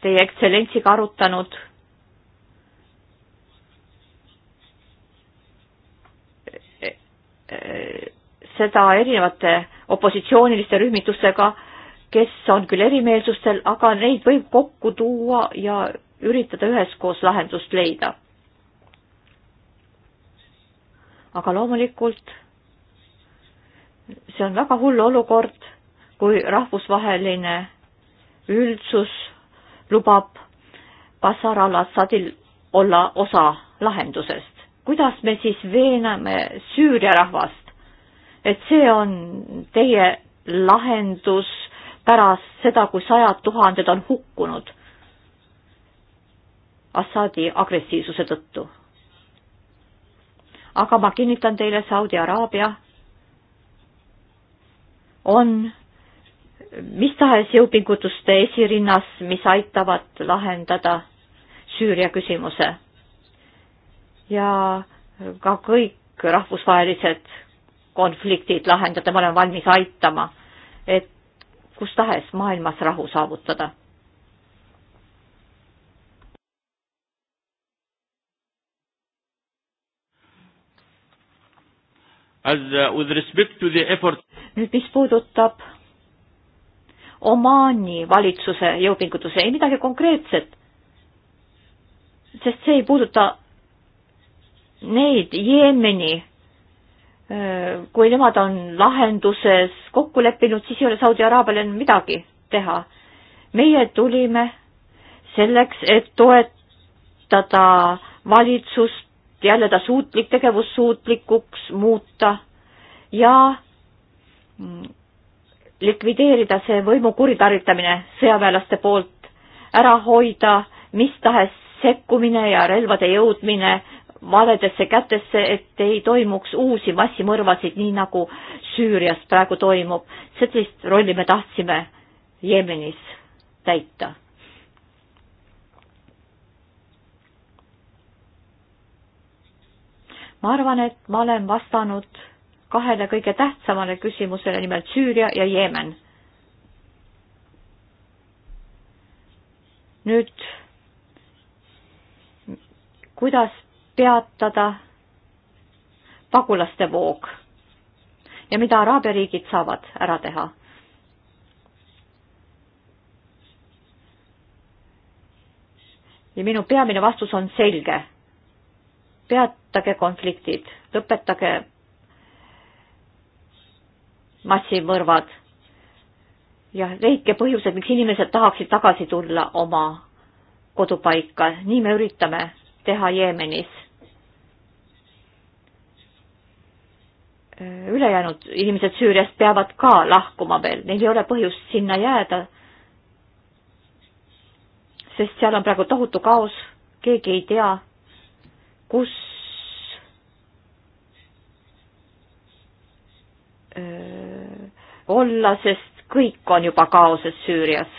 teie ekstsellentsiga arutanud Äh, seda erinevate opositsiooniliste rühmitustega, kes on küll erimeelsustel, aga neid võib kokku tuua ja üritada üheskoos lahendust leida. aga loomulikult see on väga hull olukord, kui rahvusvaheline üldsus lubab Bashar al-Assadil olla osa lahendusest kuidas me siis veename Süüria rahvast, et see on teie lahendus pärast seda, kui sajad tuhanded on hukkunud Assadi agressiivsuse tõttu? aga ma kinnitan teile, Saudi Araabia on mis tahes jõupingutuste esirinnas, mis aitavad lahendada Süüria küsimuse ja ka kõik rahvusvahelised konfliktid lahendada, me oleme valmis aitama, et kus tahes maailmas rahu saavutada. Uh, nüüd, mis puudutab Omaani valitsuse jõupingutusi, ei midagi konkreetset, sest see ei puuduta neid Jeemeni, kui nemad on lahenduses kokku leppinud, siis ei ole Saudi Araabial enam midagi teha. meie tulime selleks, et toetada valitsust, jälle ta suutlik, tegevussuutlikuks muuta ja mm, likvideerida see võimu kuritarvitamine sõjaväelaste poolt, ära hoida mis tahes sekkumine ja relvade jõudmine valedesse kätesse, et ei toimuks uusi massimõrvasid, nii nagu Süürias praegu toimub. sellist rolli me tahtsime Jeemenis täita. ma arvan, et ma olen vastanud kahele kõige tähtsamale küsimusele, nimelt Süüria ja Jeemen. nüüd kuidas peatada pagulaste voog ja mida Araabia riigid saavad ära teha. ja minu peamine vastus on selge. peatage konfliktid, lõpetage massimõrvad ja leidke põhjused, miks inimesed tahaksid tagasi tulla oma kodupaika, nii me üritame teha Jeemenis. ülejäänud inimesed Süüriast peavad ka lahkuma veel, neil ei ole põhjust sinna jääda, sest seal on praegu tohutu kaos, keegi ei tea, kus öö, olla, sest kõik on juba kaoses Süürias.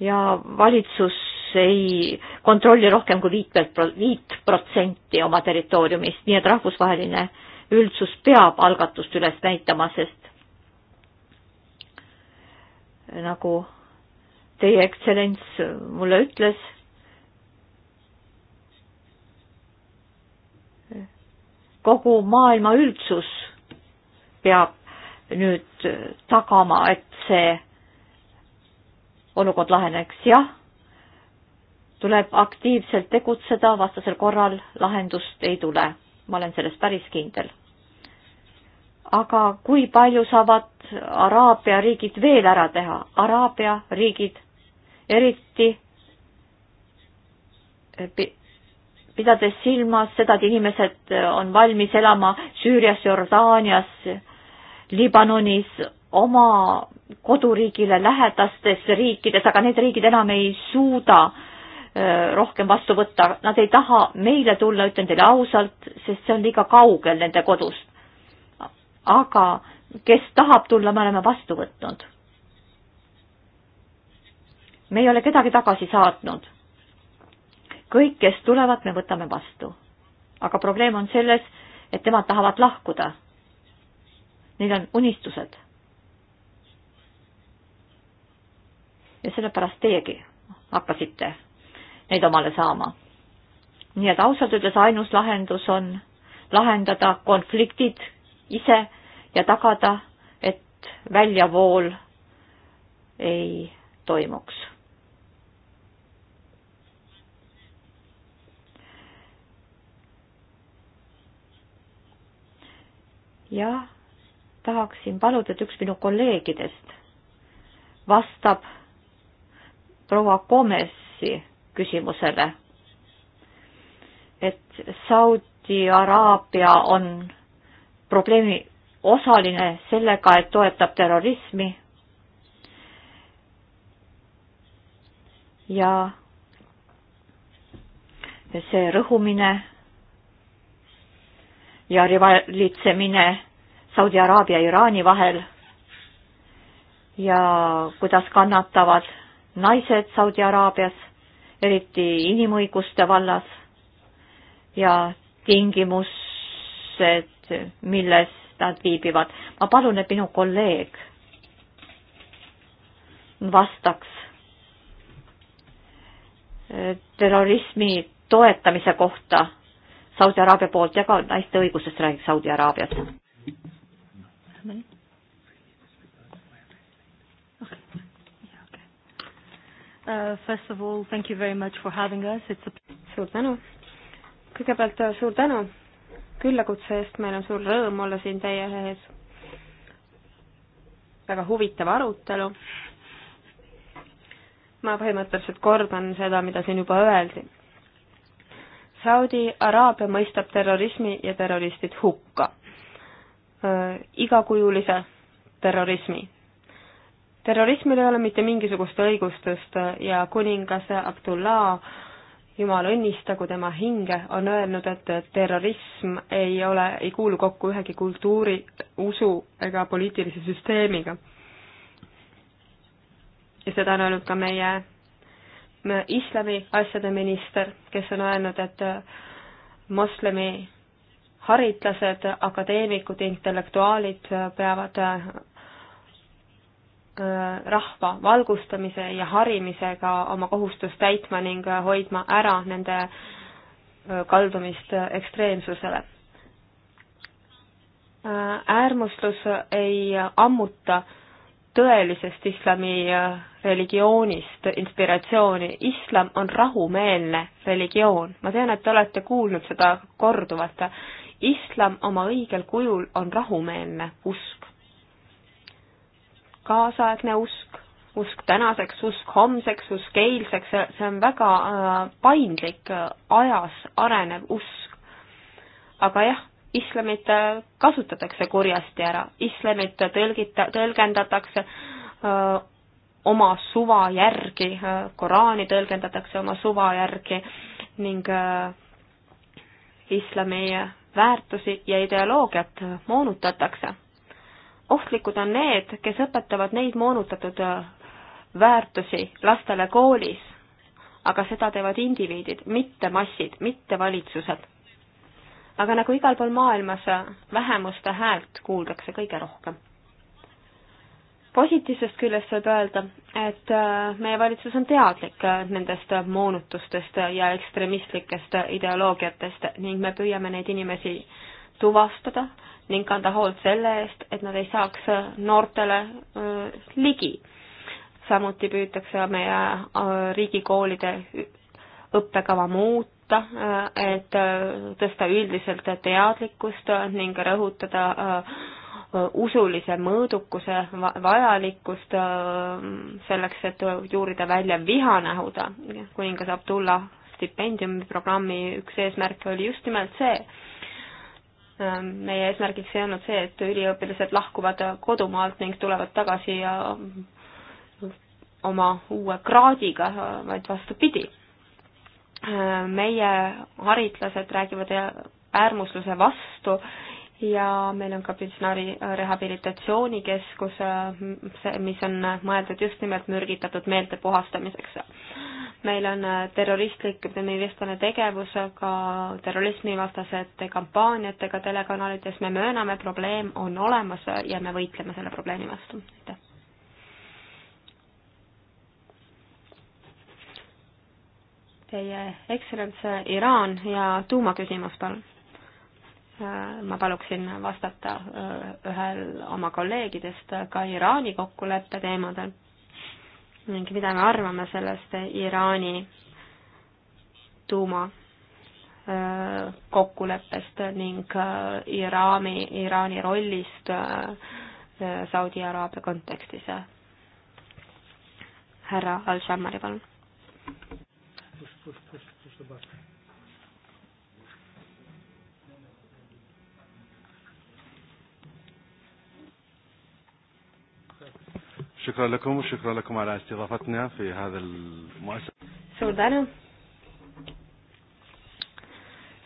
ja valitsus ei kontrolli rohkem kui viit, viit protsenti oma territooriumist, nii et rahvusvaheline üldsus peab algatust üles näitama, sest nagu teie ekstsellents mulle ütles, kogu maailma üldsus peab nüüd tagama, et see olukord laheneks, jah tuleb aktiivselt tegutseda, vastasel korral lahendust ei tule. ma olen selles päris kindel. aga kui palju saavad Araabia riigid veel ära teha? Araabia riigid eriti pidades silmas seda, et inimesed on valmis elama Süürias, Jordaanias, Liibanonis, oma koduriigile lähedastes riikides, aga need riigid enam ei suuda äh, Äh, rohkem vastu võtta, nad ei taha meile tulla, ütlen teile ausalt, sest see on liiga kaugel nende kodust. aga kes tahab tulla, me oleme vastu võtnud. me ei ole kedagi tagasi saatnud. kõik, kes tulevad, me võtame vastu. aga probleem on selles, et nemad tahavad lahkuda. Neil on unistused. ja sellepärast teiegi hakkasite neid omale saama. nii et ausalt öeldes ainus lahendus on lahendada konfliktid ise ja tagada, et väljavool ei toimuks. ja tahaksin paluda, et üks minu kolleegidest vastab proua Gomesi küsimusele, et Saudi Araabia on probleemi osaline sellega, et toetab terrorismi ja see rõhumine ja rivalitsemine Saudi Araabia ja Iraani vahel ja kuidas kannatavad naised Saudi Araabias eriti inimõiguste vallas ja tingimused, milles nad viibivad. ma palun, et minu kolleeg vastaks terrorismi toetamise kohta Saudi Araabia poolt ja ka naiste õigusest räägiks Saudi Araabias. Uh, first of all, thank you very much for having us. It's a suur tänu. kõigepealt uh, suur tänu küllakutse eest, meil on suur rõõm olla siin teie ees. väga huvitav arutelu. ma põhimõtteliselt kordan seda, mida siin juba öeldi. Saudi Araabia mõistab terrorismi ja terroristid hukka äh,. Uh, igakujulise terrorismi terrorismil ei ole mitte mingisugust õigustust ja kuningas Abdullah, jumal õnnistagu tema hinge, on öelnud, et terrorism ei ole, ei kuulu kokku ühegi kultuuri, usu ega poliitilise süsteemiga. ja seda on öelnud ka meie islami asjade minister, kes on öelnud, et moslemi haritlased, akadeemikud, intellektuaalid peavad Äh, rahva valgustamise ja harimisega oma kohustust täitma ning hoidma ära nende äh, kaldumist ekstreemsusele. Äh, äärmuslus ei ammuta tõelisest islami religioonist inspiratsiooni. islam on rahumeelne religioon. ma tean, et te olete kuulnud seda korduvalt. islam oma õigel kujul on rahumeelne usk kaasaegne usk, usk tänaseks, usk homseks, usk eilseks, see on väga äh, paindlik, äh, ajas arenev usk. aga jah, islamit äh, kasutatakse kurjasti ära, islamit tõlgita, tõlgendatakse öö, oma suva järgi, Koraani tõlgendatakse oma suva järgi ning öö, islami väärtusi ja ideoloogiat moonutatakse ohtlikud on need, kes õpetavad neid moonutatud äh, väärtusi lastele koolis, aga seda teevad indiviidid, mitte massid, mitte valitsused. aga nagu igal pool maailmas, äh, vähemuste häält kuuldakse kõige rohkem. positiivsest küljest võib öelda, et äh, meie valitsus on teadlik nendest moonutustest ja ekstremistlikest ideoloogiatest ning me püüame neid inimesi tuvastada ning kanda hoolt selle eest, et nad ei saaks äh, noortele äh, ligi. samuti püütakse meie äh, riigikoolide õppekava muuta, et tõsta üldiselt teadlikkust ning rõhutada usulise mõõdukuse vajalikkust selleks, et juurida välja vihanähud. kuningas Abdullah stipendiumiprogrammi üks eesmärke oli just nimelt see, Ähm, meie eesmärgiks ei olnud see, et üliõpilased lahkuvad kodumaalt ning tulevad tagasi ja äh, oma uue kraadiga, vaid vastupidi. Äh, meie haritlased räägivad äärmusluse vastu ja meil on ka Pilsnari rehabilitatsioonikeskus, äh, mis on mõeldud just nimelt mürgitatud meelte puhastamiseks meil on äh, terroristlik, ütleme, vastane tegevus, aga terrorismivastasete kampaaniatega telekanalites me mööname, probleem on olemas ja me võitleme selle probleemi vastu, aitäh. Teie ekstsellents äh, Iraan ja tuumaküsimus, palun. Äh, ma paluksin vastata ühel oma kolleegidest ka Iraani kokkuleppe teemadel ning mida me arvame sellest Iraani tuuma äh, kokkuleppest ning äh, Iraani, Iraani rollist äh, Saudi Araabia kontekstis. härra Al-Shammari, palun. شكرا لكم وشكرا لكم على استضافتنا في هذا المؤسسة suur tänu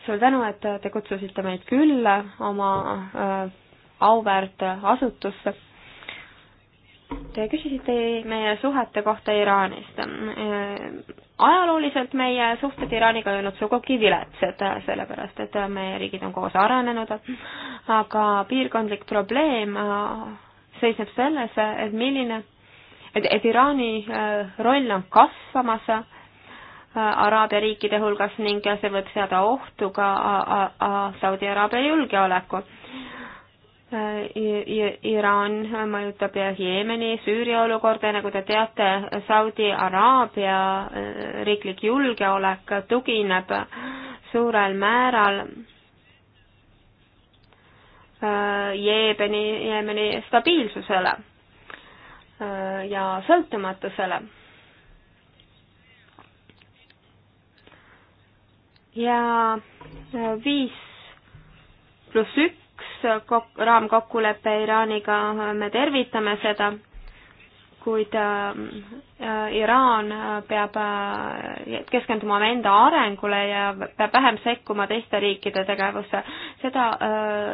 suur tänu, et te kutsusite meid külla oma äh, auväärt asutusse. Te küsisite meie suhete kohta Iraanist äh,. ajalooliselt meie suhted Iraaniga ei olnud sugugi viletsad, sellepärast et meie riigid on koos arenenud, aga piirkondlik probleem äh, seisneb selles, et milline et, et Iraani äh, roll on kasvamas äh, Araabia riikide hulgas ning see võib seada ohtu ka Saudi Araabia julgeoleku. Äh, Iraan mõjutab Jeemeni, Süüria olukorda ja nagu te teate, Saudi Araabia riiklik julgeolek tugineb suurel määral Jeemeni, Jeemeni stabiilsusele Äh, ja sõltumatusele. ja äh, viis pluss üks raamkokkulepe Iraaniga, äh, me tervitame seda kuid äh, äh, Iraan äh, peab keskenduma enda arengule ja peab vähem sekkuma teiste riikide tegevusse. seda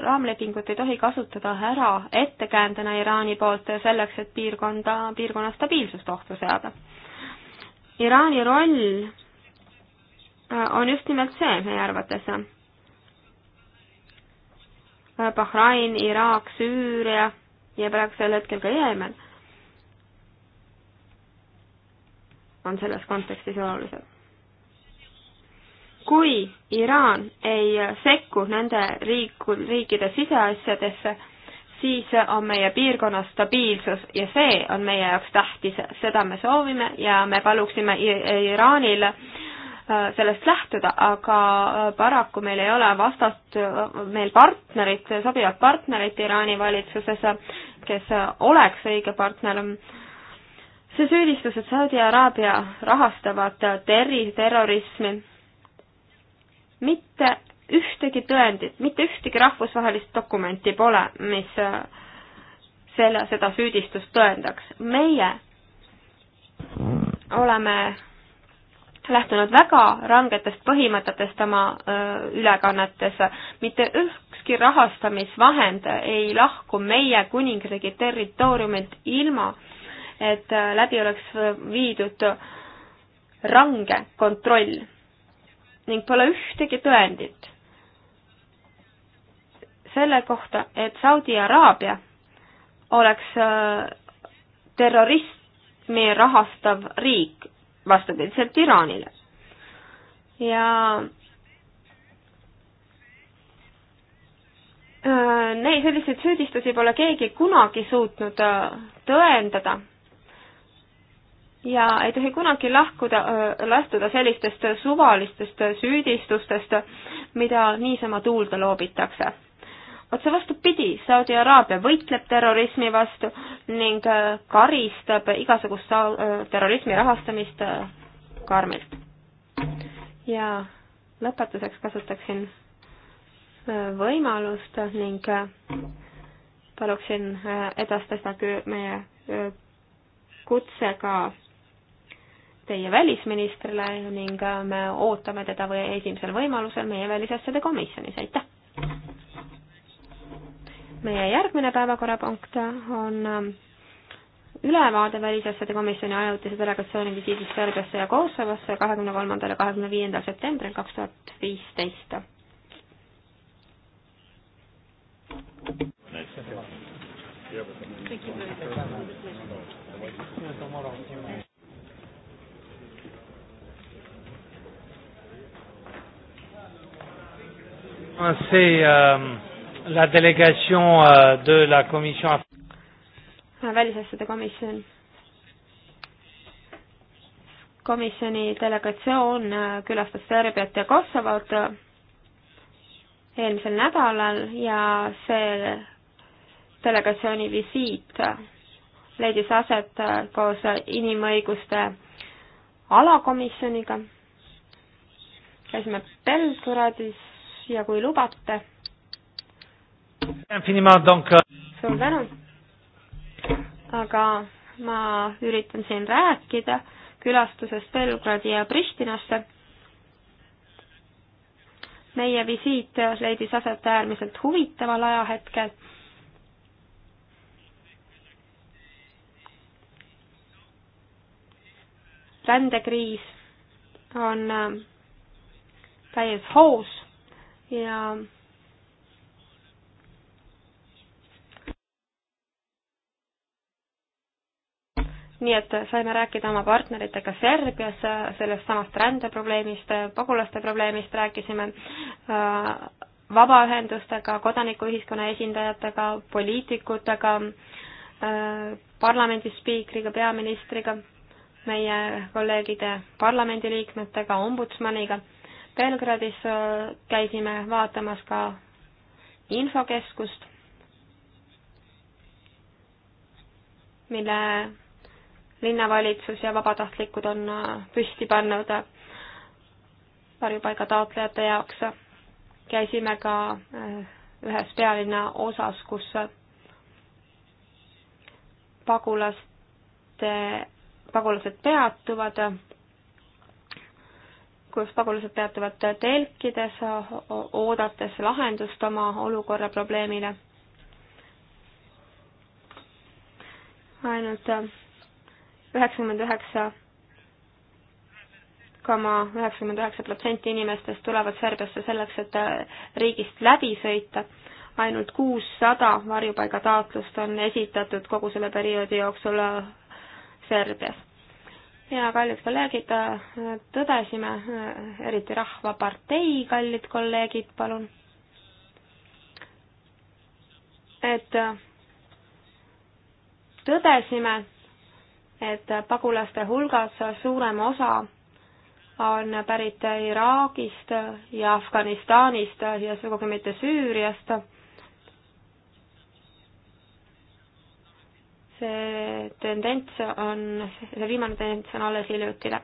raamlepingut ei tohi kasutada ära ettekäändena Iraani poolt selleks, et piirkonda, piirkonna stabiilsust ohtu seada. Iraani roll on just nimelt see meie arvates. Bahrain, Iraak, Süüria ja praegusel hetkel ka Jeemen on selles kontekstis olulised. kui Iraan ei sekku nende riik, riikide siseasjadesse, siis on meie piirkonna stabiilsus ja see on meie jaoks tähtis, seda me soovime ja me paluksime Iraanil äh, sellest lähtuda, aga äh, paraku meil ei ole vastast, äh, meil partnerit, sobivat partnerit Iraani valitsuses, kes oleks õige partner see süüdistus, et Saudi Araabia rahastavad terri-, terrorismi, mitte ühtegi tõendit, mitte ühtegi rahvusvahelist dokumenti pole, mis äh, selle, seda süüdistust tõendaks. meie oleme lähtunud väga rangetest põhimõtetest oma äh, ülekannetes, mitte ükski rahastamisvahend ei lahku meie kuningriigi territooriumilt ilma, et äh, läbi oleks viidud range kontroll ning pole ühtegi tõendit selle kohta, et Saudi Araabia oleks äh, terrorismi rahastav riik, vastupidiselt Iraanile. ja äh, Neid selliseid süüdistusi pole keegi kunagi suutnud tõendada ja ei tohi kunagi lahkuda, lähtuda sellistest suvalistest süüdistustest, mida niisama tuulde loobitakse. otse vastupidi, Saudi Araabia võitleb terrorismi vastu ning karistab igasugust terrorismi rahastamist karmilt. ja lõpetuseks kasutaksin võimalust ning paluksin edastada meie kutse ka teie välisministrile ning äh, me ootame teda või esimesel võimalusel meie välisasjade komisjonis, aitäh! meie järgmine päevakorrapunkt on ähm, ülevaade välisasjade komisjoni ajutise delegatsiooni visiidist Serbiasse ja Kosovosse kahekümne kolmandal ja kahekümne viiendal septembril kaks tuhat viisteist. Thank you very much. C'est euh, la délégation euh, de la commission. välisasjade komisjon. komisjoni delegatsioon äh, külastas Serbiat ja Kosovot äh, eelmisel nädalal ja see delegatsiooni visiit leidis aset äh, koos inimõiguste alakomisjoniga. käisime Belgradis ja kui lubate. Äh, suur tänu. aga ma üritan siin rääkida külastusest Belgradi ja Pristinasse. meie visiit leidis aset äärmiselt huvitaval ajahetkel rändekriis on äh, täies hoos ja nii et saime rääkida oma partneritega Serbias sellest samast rändeprobleemist, pagulaste probleemist rääkisime äh, vabaühendustega, kodanikuühiskonna esindajatega, poliitikutega, äh, parlamendi spiikriga, peaministriga, meie kolleegide parlamendiliikmetega, ombudsmaniga Belgradis äh, käisime vaatamas ka infokeskust, mille linnavalitsus ja vabatahtlikud on äh, püsti pannud äh, varjupaiga taotlejate jaoks. käisime ka ühes pealinna osas, kus pagulaste, pagulased peatuvad kus pagulased peatuvad telkides, oodates lahendust oma olukorra probleemile. ainult üheksakümmend üheksa koma üheksakümmend üheksa protsenti inimestest tulevad Serbiasse selleks, et riigist läbi sõita. ainult kuussada varjupaigataotlust on esitatud kogu selle perioodi jooksul Serbias ja kallid kolleegid, tõdesime, äh, eriti Rahvapartei kallid kolleegid, palun, et äh, tõdesime, et pagulaste hulgas suurem osa on pärit Iraagist ja Afganistanist ja sugugi mitte Süüriast see tendents on, see viimane tendents on alles hiljutine.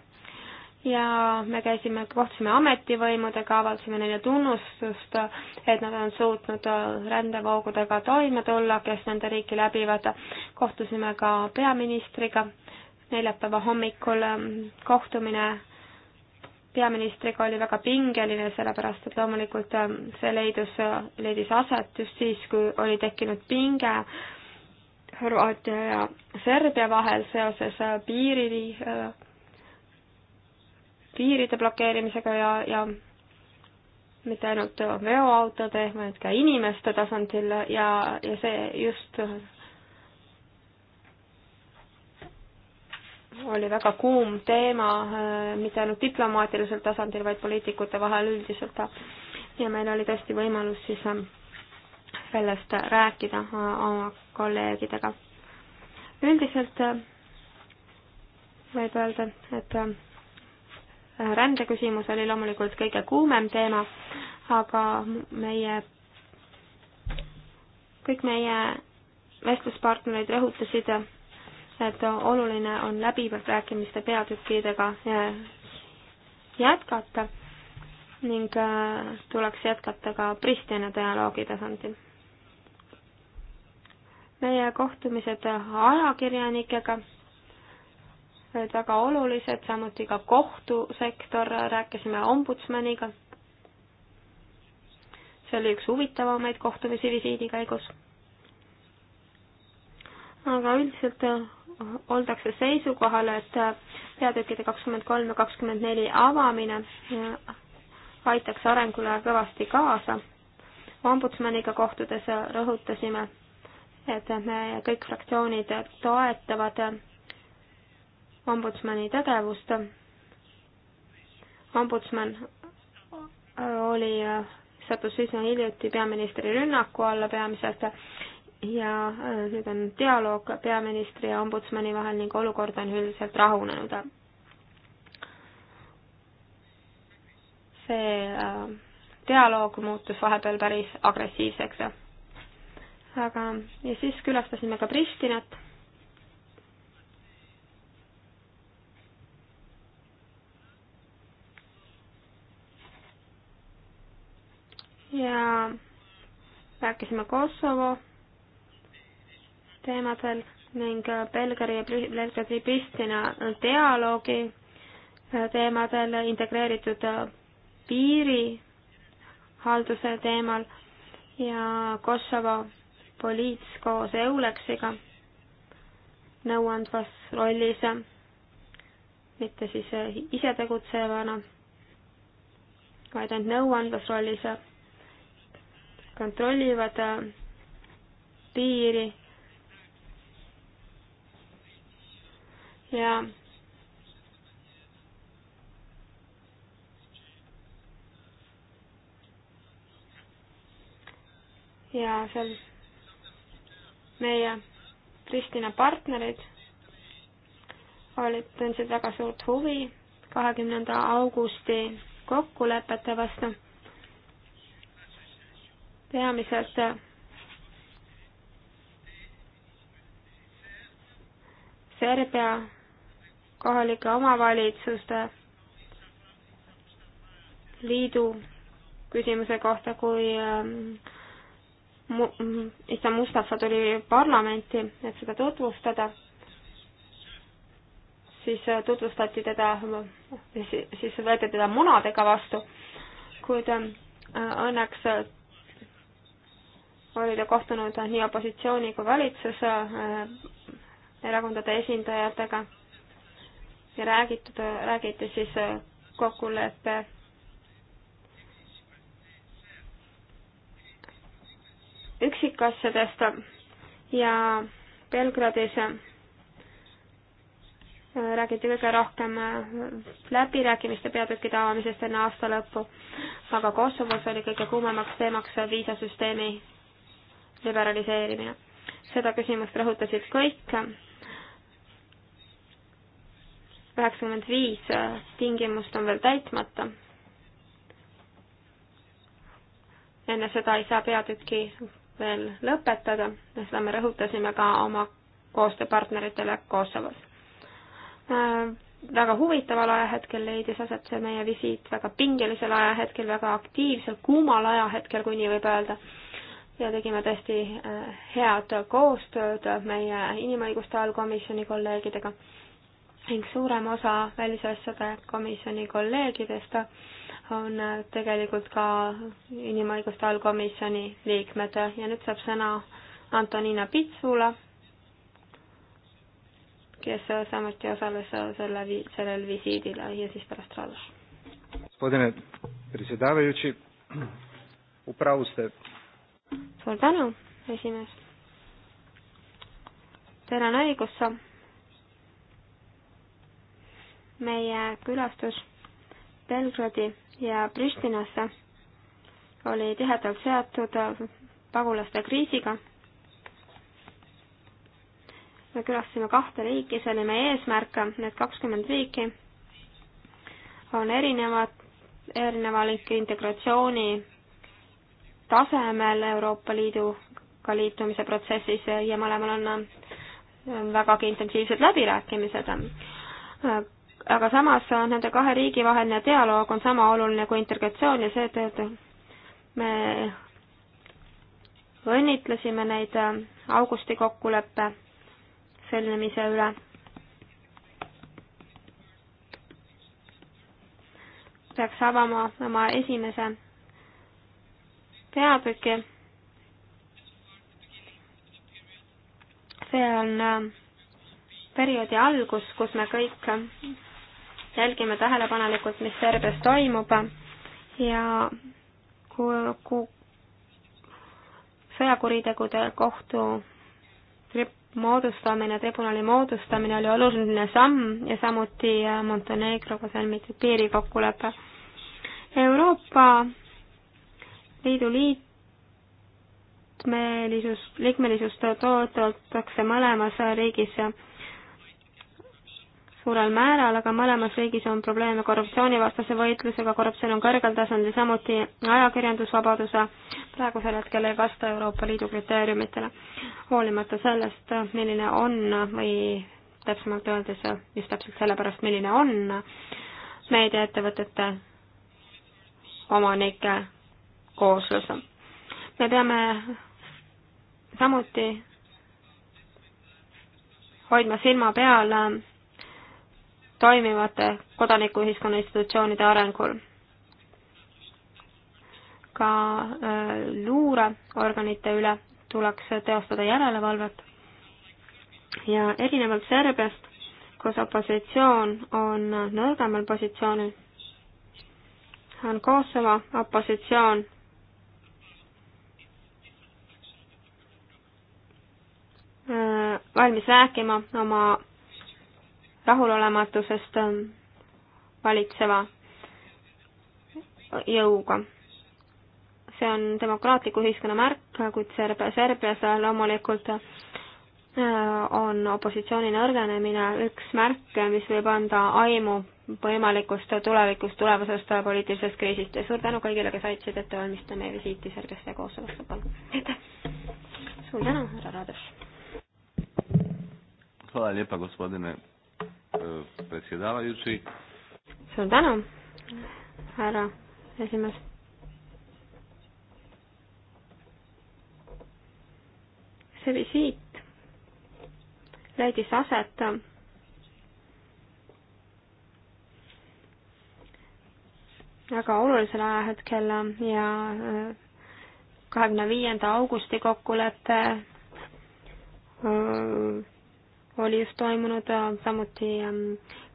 ja me käisime, kohtusime ametivõimudega, avaldasime neile tunnustust, et nad on suutnud rändevoogudega toime tulla, kes nende riiki läbivad. kohtusime ka peaministriga neljapäeva hommikul, kohtumine peaministriga oli väga pingeline, sellepärast et loomulikult see leidus, leidis aset just siis, kui oli tekkinud pinge Horvaatia ja Serbia vahel seoses äh, piiri, äh, piiride blokeerimisega ja, ja mitte ainult veoautode, vaid ka inimeste tasandil ja, ja see just oli väga kuum teema äh, mitte ainult diplomaatilisel tasandil, vaid poliitikute vahel üldiselt. ja meil oli tõesti võimalus siis sellest rääkida oma kolleegidega. üldiselt äh, võib öelda, et äh, rändeküsimus oli loomulikult kõige kuumem teema, aga meie, kõik meie vestluspartnerid rõhutasid, et oluline on läbirääkimiste peatükkidega äh, jätkata ning tuleks jätkata ka Pristina dialoogi tasandil meie kohtumised ajakirjanikega olid väga olulised, samuti ka kohtusektor, rääkisime ombudsmaniga. see oli üks huvitavamaid kohtumisi visiidi käigus. aga üldiselt oldakse seisukohal, et peatükkide kakskümmend kolm ja kakskümmend neli avamine aitaks arengule kõvasti kaasa. ombudsmaniga kohtudes rõhutasime et me kõik fraktsioonid toetavad ombudsmani tegevust. ombudsman oli, sattus üsna hiljuti peaministri rünnaku alla peamiselt ja äh, nüüd on dialoog peaministri ja ombudsmani vahel ning olukord on üldiselt rahunenud. see äh, dialoog muutus vahepeal päris agressiivseks aga, ja siis külastasime ka Pristinat. ja rääkisime Kosovo teemadel ning Belgari ja Belgradi Pristina dialoogi äh, teemadel, integreeritud äh, piirihalduse teemal ja Kosovo poliits koos EULEX-iga nõuandvas rollis, mitte siis ise tegutsevana, vaid ainult nõuandvas rollis, kontrollivad piiri ja ja seal meie Pristina partnerid olid, tundsid väga suurt huvi kahekümnenda augusti kokkulepete vastu. peamiselt Serbia kohalike omavalitsuste liidu küsimuse kohta, kui ähm, isa Mustafa tuli parlamenti, et seda tutvustada, siis äh, tutvustati teda, siis võeti teda munadega vastu, kuid äh, õnneks äh, oli ta kohtunud nii opositsiooni kui valitsuse erakondade esindajatega ja räägitud, räägiti siis kokkuleppe üksikasjadest ja Belgradis äh, räägiti kõige rohkem äh, läbirääkimiste peatükkide avamisest enne aasta lõppu, aga Kosovos oli kõige kuumemaks teemaks viisasüsteemi liberaliseerimine. seda küsimust rõhutasid kõik. üheksakümmend viis äh, tingimust on veel täitmata. enne seda ei saa peatüki veel lõpetada ja seda me rõhutasime ka oma koostööpartneritele Kosovos. Äh, väga huvitaval ajahetkel leidis aset see meie visiit, väga pingelisel ajahetkel, väga aktiivsel, kuumal ajahetkel, kui nii võib öelda, ja tegime tõesti äh, head koostööd meie inimõiguste allkomisjoni kolleegidega ning suurem osa välisasjade komisjoni kolleegidest on äh, tegelikult ka inimõiguste allkomisjoni liikmed ja nüüd saab sõna Antonina Pitsula, kes äh, samuti osales äh, selle, sellel visiidil ja siis pärast Radas. gospodine predsjedavajući, upravo ste. suur tänu, esimees. teil on õigus, meie külastus Belgradi ja Pristinasse oli tihedalt seotud pagulaste kriisiga. me külastasime kahte riiki, see oli meie eesmärk, need kakskümmend riiki on erinevad, erinevalik integratsiooni tasemel Euroopa Liiduga liitumise protsessis ja mõlemal on vägagi intensiivsed läbirääkimised aga samas nende kahe riigi vaheline dialoog on sama oluline kui integratsioon ja seetõttu me õnnitlesime neid äh, augusti kokkuleppe sõlmimise üle. peaks avama oma esimese peatüki. see on äh, perioodi algus, kus me kõik jälgime tähelepanelikult, mis Serbias toimub ja ku-, ku-, sõjakuritegude kohtu trip-, moodustamine, tribunali moodustamine oli oluline samm ja samuti äh, Montenegroga sõlmitud piirikokkulepe. Euroopa Liidu liikmelisus, liikmelisust toodetakse mõlemas riigis suurel määral, aga mõlemas riigis on probleeme korruptsioonivastase võitlusega, korruptsioon on kõrgel tasandil, samuti ajakirjandusvabaduse praegusel hetkel ei vasta Euroopa Liidu kriteeriumitele, hoolimata sellest, milline on või täpsemalt öeldes just täpselt sellepärast, milline on meediaettevõtete omanike kooslus. me peame samuti hoidma silma peal toimivate kodanikuühiskonna institutsioonide arengul. ka äh, luureorganite üle tuleks teostada järelevalvet ja erinevalt Serbiast, kus opositsioon on nõrgemal positsioonil, on Kosovo opositsioon äh, valmis rääkima oma rahulolematusest ähm, valitseva jõuga. see on demokraatliku ühiskonna märk, kuid Serbia, Serbias loomulikult äh, on opositsiooni nõrgenemine üks märke, mis võib anda aimu võimalikust tulevikust, tulevasest poliitilisest kriisist ja suur tänu kõigile, kes aitasid ette valmistada meie visiiti Serbiasse ja Kosovosse, palun. aitäh! suur tänu, härra Radoš! Hvala lijepa gospodine suur tänu, härra esimees. see visiit leidis aset väga olulisel ajahetkel ja äh, kahekümne viienda augusti kokkulepe äh, oli just toimunud, äh, samuti ähm,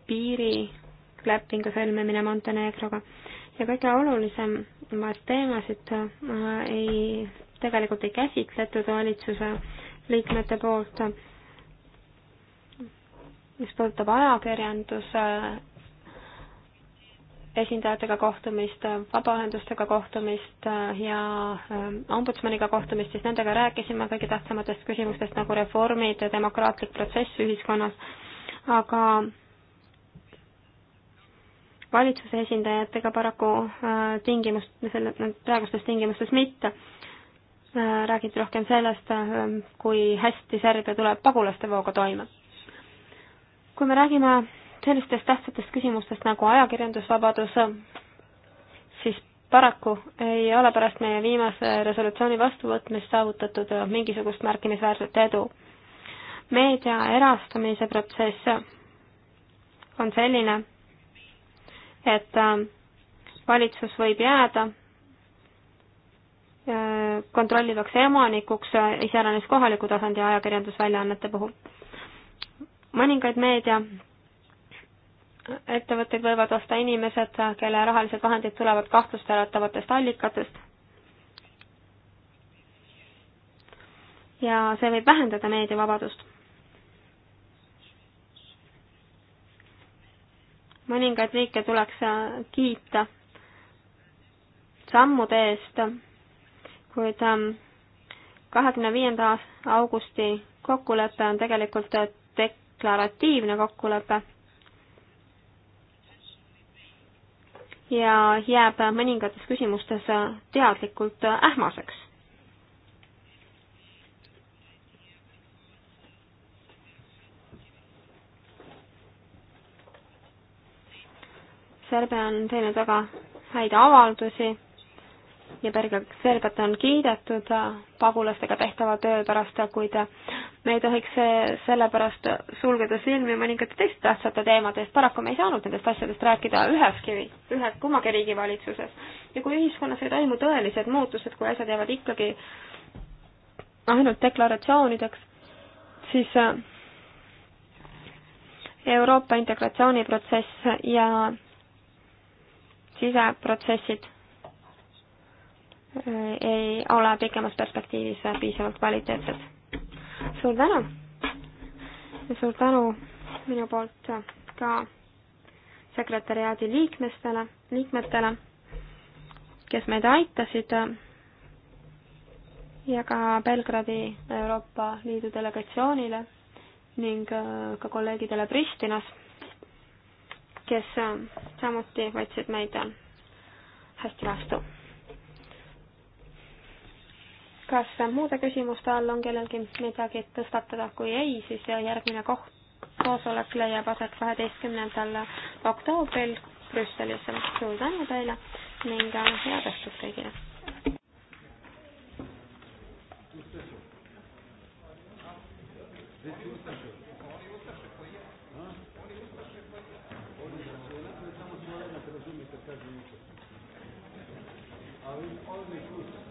piirilepingu sõlmimine Montenegroga. ja kõige olulisemaid teemasid äh, ei, tegelikult ei käsitletud valitsuse liikmete poolt, mis puudutab ajakirjanduse esindajatega kohtumist, vabaühendustega kohtumist ja ähm, ombudsmaniga kohtumist, siis nendega rääkisime kõige tähtsamatest küsimustest nagu reformid ja demokraatlik protsess ühiskonnas, aga valitsuse esindajatega paraku äh, tingimust, selle, praegustes tingimustes mitte. Äh, räägiti rohkem sellest, äh, kui hästi Serbia tuleb pagulaste vooga toime. kui me räägime sellistest tähtsatest küsimustest nagu ajakirjandusvabadus, siis paraku ei ole pärast meie viimase resolutsiooni vastuvõtmist saavutatud mingisugust märkimisväärset edu. meedia erastamise protsess on selline, et äh, valitsus võib jääda äh, kontrollivaks omanikuks äh, iseäranis kohaliku tasandi ajakirjandusväljaannete puhul. mõningaid meedia ettevõtteid võivad osta inimesed, kelle rahalised vahendid tulevad kahtlust äratavatest allikatest. ja see võib vähendada meediavabadust. mõningaid riike tuleks kiita sammude eest, kuid ähm, kahekümne viienda augusti kokkulepe on tegelikult deklaratiivne kokkulepe ja jääb mõningates küsimustes teadlikult ähmaseks. Serbia on teinud väga häid avaldusi ja Berger-Selbet on kiidetud pagulastega tehtava töö pärast, kuid me ei tohiks sellepärast sulgeda silmi mõningate teiste tähtsate teemade eest, paraku me ei saanud nendest asjadest rääkida üheski, ühe, kummagi riigi valitsuses. ja kui ühiskonnas ei toimu tõelised muutused, kui asjad jäävad ikkagi ainult deklaratsioonideks, siis äh, Euroopa integratsiooniprotsess ja siseprotsessid Äh, ei ole pikemas perspektiivis piisavalt kvaliteetsed. suur tänu ja suur tänu minu poolt ka sekretäriaadi liikmestele, liikmetele, kes meid aitasid ja ka Belgradi Euroopa Liidu delegatsioonile ning äh, ka kolleegidele Pristinas, kes äh, samuti võtsid meid hästi vastu kas muude küsimuste all on kellelgi midagi tõstatada, kui ei, siis järgmine koht, koosolek leiab aset kaheteistkümnendal oktoobril Brüsselis. suur tänu teile ning head õhtut kõigile! Are we always good?